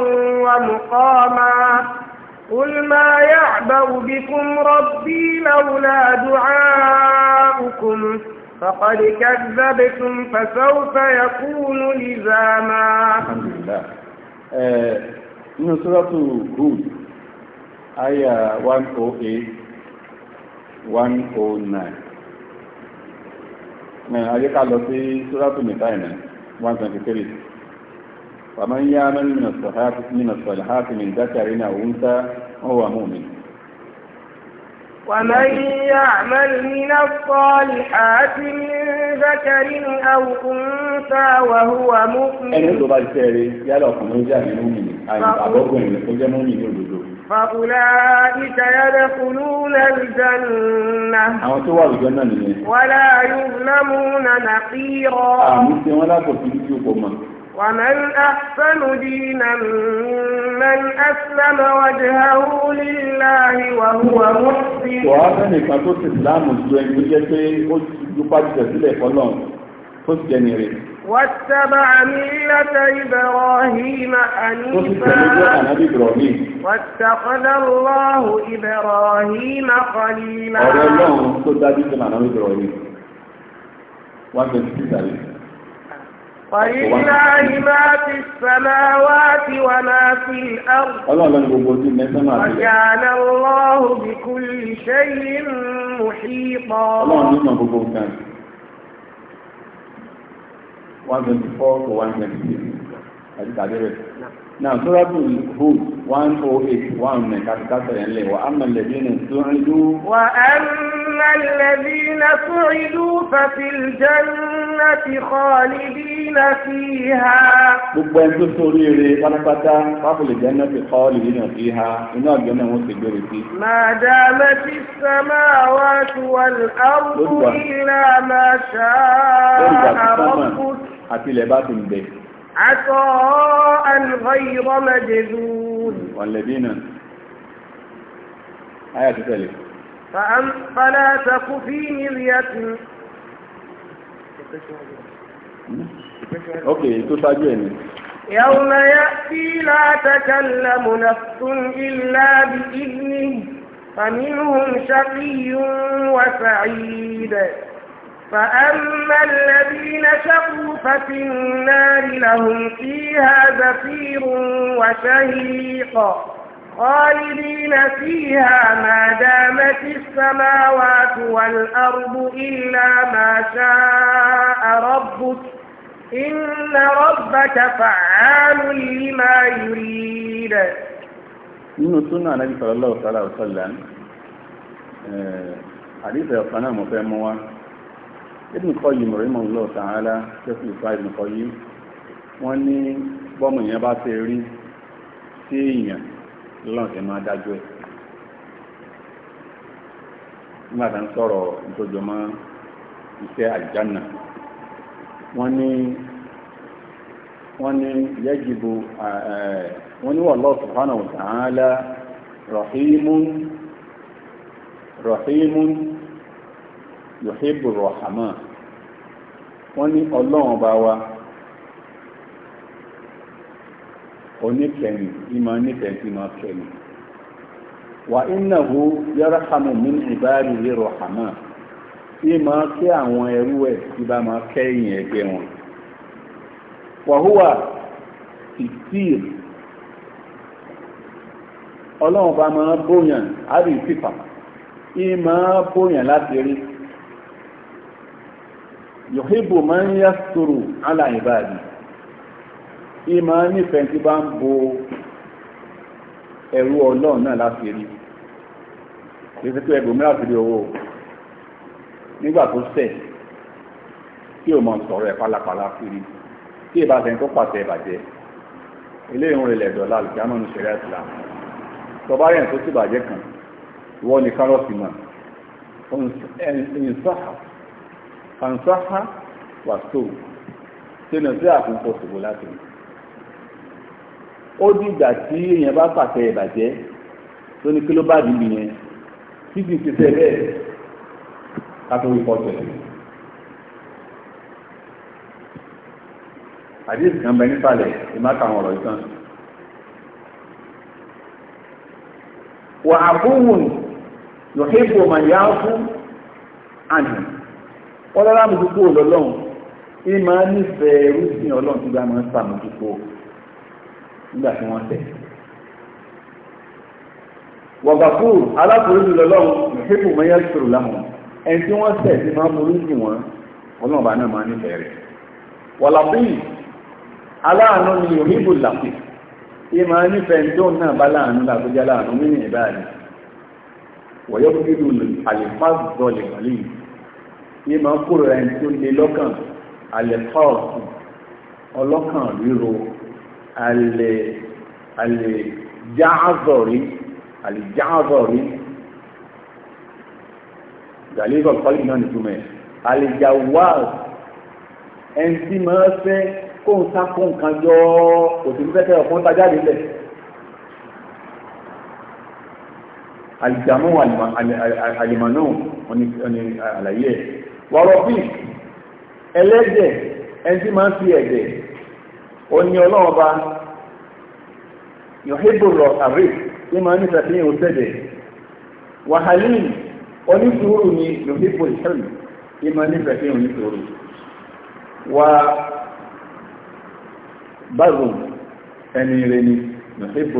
ومقاما قل ما يعبأ بكم ربي لولا دعاؤكم فقد كذبتم فسوف يكون لزاما الحمد لله من سورة هود آية 108 109 Àyíká lọ sí Súrátù Mìtáìnà 123. فمن يعمل من الصحات من الصالحات من ذكر أو أنثى هو مؤمن ومن يعمل من الصالحات من ذكر أو أنثى وهو مؤمن ẹni tó bá jẹ́ rẹ̀ yálà ọkùnrin jẹ́ àmì múmìnì àbọ̀kùnrin tó jẹ́ múmìnì òdodo. فأولئك يدخلون الجنة ولا يظلمون نقيرا. ومن أحسن دينا ممن أسلم وجهه لله وهو محسن وهذا nìkan tó ti ìsìláàmù ju ẹni tó jẹ́ pé ó dúpá jùlọ sílẹ̀ fọ́lọ́n tó ti jẹ́ nìrè. واتبع ملة إبراهيم حنيفا واتخذ الله إبراهيم خليلا. ọ̀rẹ́ ọlọ́run tó dájú sí màdán ibrahim one twenty six àlè. Fàyíláyí máa fi sàmáwá ti wà máa fi àrùn. Ọlọ́run ni gbogbo ojú mẹ́fẹ́ máa fi. Ọjà náà lọ́hùn bí kú iṣẹ́ yìí ń mú sí pọ̀. Ọlọ́run ní mọ̀ gbogbo nǹkan. One twenty four to one twenty six. Àti tàbí rẹ̀ náà sọ́rọ́bù hood one oh eight one ní kàtàkàtà yẹn lè wà ámà lẹ́bí ní sùnrìdú. wà á mọ lẹ́bí ní sùnrìdú fàfiljanna ti khalidina fiha. gbogbo ẹni tó sórí eré pátápátá fàfiljanna ti khalidina fiha inú àgbẹ̀ náà wọ́n ti gbèrè sí. màdàmẹ́ ti sàmà wá tuwal arúgbó ilà máa ṣáà àrọ́kù. àti ilẹ̀ bá ti bẹ̀. عطاء غير مجذوذ والذين آية تتلف فأم فلا تك في مرية أوكي تساجيني يوم يأتي لا تكلم نفس إلا بإذنه فمنهم شقي وسعيد فأما الذين شقوا ففي النار لهم فيها زفير وشهيق خالدين فيها ما دامت السماوات والأرض إلا ما شاء ربك إن ربك فعال لما يريد إن سنة النبي صلى الله عليه وسلم آه، حديث náà مفهمه Ibn Qayyim rahimahullah ta'ala jẹ́sùn ìfà Ibn Qayyim wọ́n ní bọ́ọ̀mù yẹn bá ṣe rí sí èèyàn lọ́nà tẹ̀ máa dájú ẹ̀ nígbà tá ń sọ̀rọ̀ ìtòjọmọ́ iṣẹ́ àlìjánà wọ́n ní wọ́n ní yẹ́jìbò wọ́n ní wallahu subhanahu wa ta'ala rahimun rahimun yuhibbu rahman wọ́n ní ọlọ́run bá wa oníkẹyìn ìmọ̀ níkẹyìn tí máa kẹyìn wà innahu yarhamu min ibadihi rahama tí máa kí àwọn ẹrú ẹ̀ tí bá máa kẹyìn ẹgbẹ́ wọn wa huwa ìtìr ọlọ́run bá máa bóyàn àbí ìfìfà ìmọ̀ bóyàn láti rí yòhìbò máa ń yá sòrò aláìbáàdì ìmọ̀ nífẹ̀ẹ́ tí bá ń bo ẹ̀rú ọlọ́run náà láti rí títí pé ẹgbòmíràn láti rí owó nígbà tó sẹ̀ tí ò mọ̀ sọ̀rọ̀ ẹ̀ pálapàla sí rí tí ìbá tẹ̀ tó pàṣẹ ìbàjẹ́ eléyìí ń relẹ̀ dọ̀la àlùjámọ́ ní ṣẹ̀rẹ́ àtìlá tọba rẹ̀ tó sì bàjẹ́ kan ìwọ ni kárọ̀sì mọ̀ ìyìn sáà fansaha wà stóò sínú sí àkókò ṣòwò láti rí ó dìgbà tí èèyàn bá pàtẹ ìbàjẹ́ tó ní kí ló bá dìbì yẹn títí ti tẹ bẹ́ẹ̀ kátó wípọ tẹ́lẹ̀ àdéhùn kan bẹ nípàlẹ̀ ìmáka àwọn ọ̀rọ̀ ìtàn. wà á bóhùn yòókè bò mà fún àná wọ́n lára àmójútó ọlọ́run ní máa nífẹ̀ẹ́ rúfin ọlọ́run tó bá máa ń sàmójútó nígbà tí wọ́n tẹ̀. wàgbàkú alákòóso lọ́lọ́run ìhébù mẹ́yà ìṣòro láwọn ẹni tí wọ́n tẹ̀ sí máa ń borí sí wọn ọlọ́run bá náà máa nífẹ̀ẹ́ rẹ̀. wàlàbí aláàánú ni òhìbù làpè ìmọ̀ nífẹ̀ẹ́ tó náà bá láàánú làkójá láàánú nínú yé máa kúrò ẹni tó le lọ́kàn alẹ́ pọ́ọ̀sì ọlọ́kàn ríro alẹ́ alẹ́ jáàzọ̀rí alẹ́ jáàzọ̀rí gàlíbọ̀ kọ́lì náà nìtumẹ̀ alẹ́ jàwáàz ẹni tí máa fẹ́ kó ń sá kó nǹkan jọ òtún fẹ́fẹ́ ọ̀fọ́n tajáde lẹ̀. alìjàmọ́ àlìmọ́nù wọn ni àlàyé ẹ̀ wọ̀rọ̀ bíi ẹlẹ́dẹ̀ ẹni tí máa ń fi ẹ̀dẹ̀ oní ọlọ́ọ̀ba yòhébù lọ àrí tí máa ń ní ìfẹ̀síyìn òṣèlè wàhálì oníṣòro ni yòhébù ìṣẹ̀lẹ̀ tí máa ń ní ìfẹ̀síyìn oníṣòro wà báàrùn ẹni rẹ ni yòhébù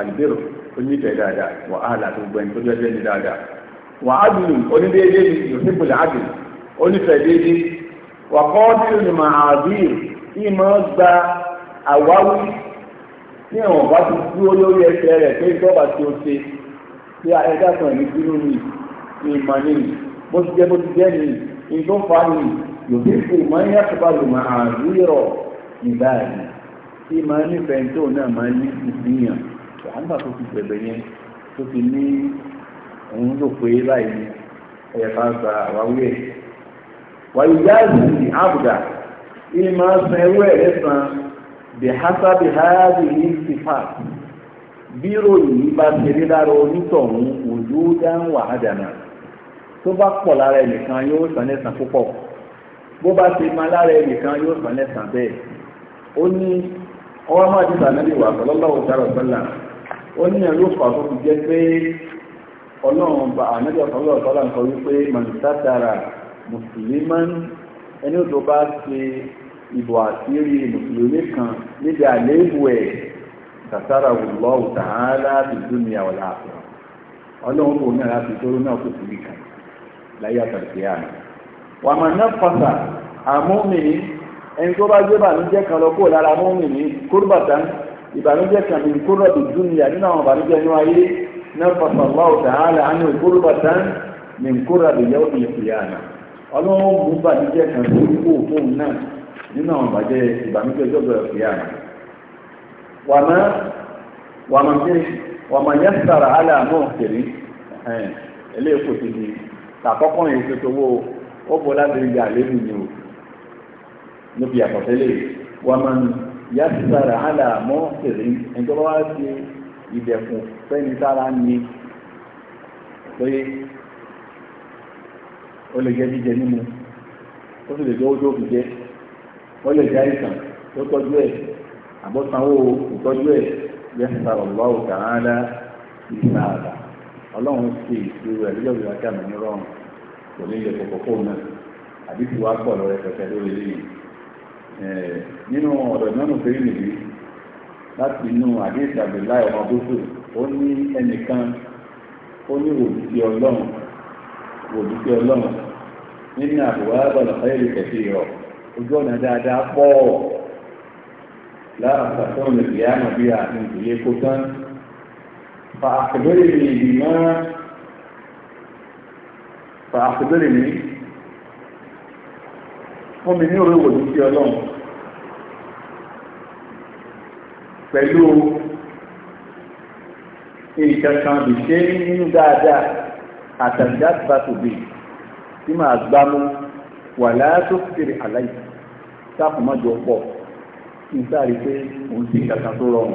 àgbèrò oníṣẹ́ dáadáa wà áhàlà tó gbẹ̀yìn tó jẹ́ dáadáa wà ádùn onídéédéé ni yòhébù àgbèrò onífẹ̀dédé wàkọ́ọ́dí olùmọ̀ àbíyè tí mọ́ gba àwáwí tí ẹ̀wọ̀n bá ti dúró lórí ẹsẹ̀ rẹ̀ pé ìjọba tí ó ṣe tí kan ní ìmọ̀ ni bó ti jẹ́ bó ti jẹ́ nìyí ní fa nìyí yòókè fún ìmọ̀ ní àtúbà olùmọ̀ àbíyọ̀ nígbà yìí tí máa nífẹ̀ẹ́ tó náà máa ní ìdíyàn wàyí yáàzì ní àbùdá ilé máa san ẹrú ẹ̀ lẹ́sàn bí hásábì háàbì ní sífà bírò yìí bá ṣe rí lára onítọ̀hún òjò dáhùn wàhádàna tó bá pọ̀ lára ẹnìkan yóò san lẹ́sàn púpọ̀ bó bá ṣe máa lára ẹnìkan yóò san lẹ́sàn bẹ́ẹ̀ ó ní ọwọ́ máa ti sànẹ́lì wà sallallahu ta'ala sallam ó ní ẹ̀rú kan tó fi jẹ́ pé ọlọ́run bá ànẹ́bí ọ̀sán lọ́wọ́ ń sọ wípé màlúùsá mùsùlùmán ẹni tó bá ṣe ìbò àṣírí mùsùlùmí kan níbi àléébù ẹ̀ tàtàrà wùlọ́ òtàhálà tuntun ní àwọn àpẹẹrẹ ọlọ́run kò ní ara fi tóró náà kò síbi kan láyé àtàkì àná wàmà náà pàṣà àmúmìnì ẹni tó bá gbé bànújẹ́ kan lọ kó lára àmúmìnì kúrúbàtà ìbànújẹ́ kan ní kúrọ̀dù dúnìyà nínú àwọn ìbànújẹ́ inú ayé náà pàṣà wà òtàhálà ánú kúrúbàtà ní kúrọ̀dù yẹ́wò ìfìyà náà. ọlọ́run mú ike kan tó kó fóun náà nínú àwọn ìbànújẹ́ alẹ́ àmọ́ òkèrè ti di tàkọ́kọ́ yẹn ó bọ́ ni o níbi àkọsílẹ̀ alẹ́ àmọ́ òkèrè ìdẹ̀kùn fẹ́ni sára ni pé ó lè jẹ́ jíjẹ mímu ó sì lè jẹ́ owó tó fi jẹ́ ó lè jẹ́ àìsàn tó tọ́jú ẹ̀ àbọ̀sanwó ìtọ́jú ẹ̀ yẹ́sà ọ̀lọ́wọ́ kàrádá ìgbà àdá ọlọ́run ṣe ìṣirò ẹ̀ lójọ́ ìgbà kí àmì rọrùn kò ní ilẹ̀ kòkòkò náà àbí ti wá pọ̀ lọ́rẹ́ pẹ̀tẹ́ lórí lẹ́yìn nínú ọ̀dọ̀ ìmọ̀nù fèrè nìbí láti inú àdéhùn àbẹ̀láì ọmọ bóṣù ó ní ẹnìkan ó ní wòlùsí ọlọ́run wòlùsí ọlọ́run nínú àbúwá bọ̀lọ̀ fẹ́lú kẹfì rọ̀ ojú ọ̀nà dáadáa pọ̀ lára pàtàkì ọ̀nà ìyá àmà bí àti ìdílé kó tán fa àkùdọ́rẹ̀ mi ìdí máa fún mi ní orí òwòdì sí ọlọ́run pẹ̀lú nǹkan kan bìí ṣe nínú dáadáa àtàlídàá bá tòbí tí màá gbámú wà láàtò kéré àláì sáàpù má jọ pọ̀ kí n sáré pé òun sì kankan tó rọrùn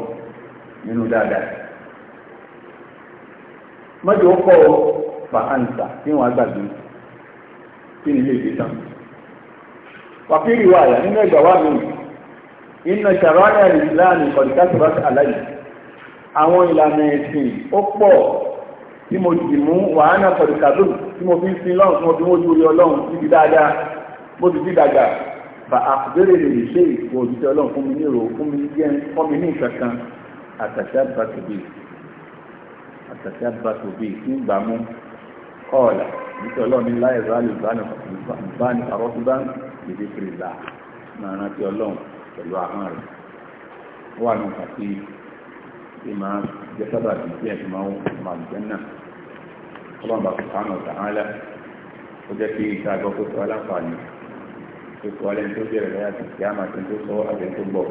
nínú dáadáa má jọ pọ̀ fàáǹsà tí wọ́n á gbàgbé kí ni ilé ìgbé tán wàkìrì wa yà nínú ẹgbà wa mi iná ṣàrọ́nà ìlànà ìkọ̀díkàtì bá ti àwọn ìlànà ẹ̀sìn ó pọ̀ tí mo sì mú wàhánà sọ̀dùkàdù tí mo fi ń sin lọ́run tí mo fi mójú orí ọlọ́run síbi dáadáa mo sì ti dàgbà bà àkùdérè lè ṣe ìwọ òjijì ọlọ́run fún mi ní ìrò fún mi ní jẹun fún mi ní ìkankan àtàṣà bàtòbí àtàṣà bàtòbí tí ń gbà mú kọ́ọ̀là nítorí ọlọ́run ní láì rà lè bá ní àrọ́túbá lèdè kiri là máa rántí ọlọ́run pẹ̀lú ahọ́n rẹ̀ wà nù kàtí tí máa jẹ́ sábà bí díẹ̀ tí máa ń máa jẹ́ náà ọlọ́run bá sùkánù tààlà ó jẹ́ kí ìta àgọ́ kó sọ aláǹfààní tó sọ alẹ́ tó bẹ̀rẹ̀ lọ́yà tó kí á máa ti tó sọ àgbẹ̀ tó bọ̀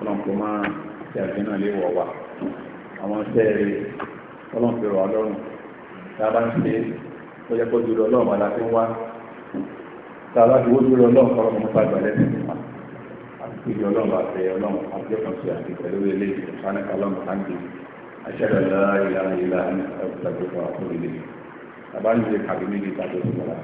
ọlọ́run kó máa ṣe àgbẹ̀ náà lé wọ̀ wá àwọn sẹ́ẹ̀rì ọlọ́run fi rọ̀ ọlọ́run tá a bá ń ṣe ó yẹ kó dúró ọlọ́run wà láti wá tá a bá dúró níbi ọlọ́run bá fẹ́ ọlọ́run àjẹkàn sí àti pẹ̀lú ilé ìfọ̀sánẹ́ka ọlọ́run sáńdì aṣẹ́rẹ̀ lára ìlànà ìlànà ọ̀gbọ̀gbọ̀ àkórí ilé. bàbá ń lè kàbí méjì tàbí ọ̀gbọ̀gbọ̀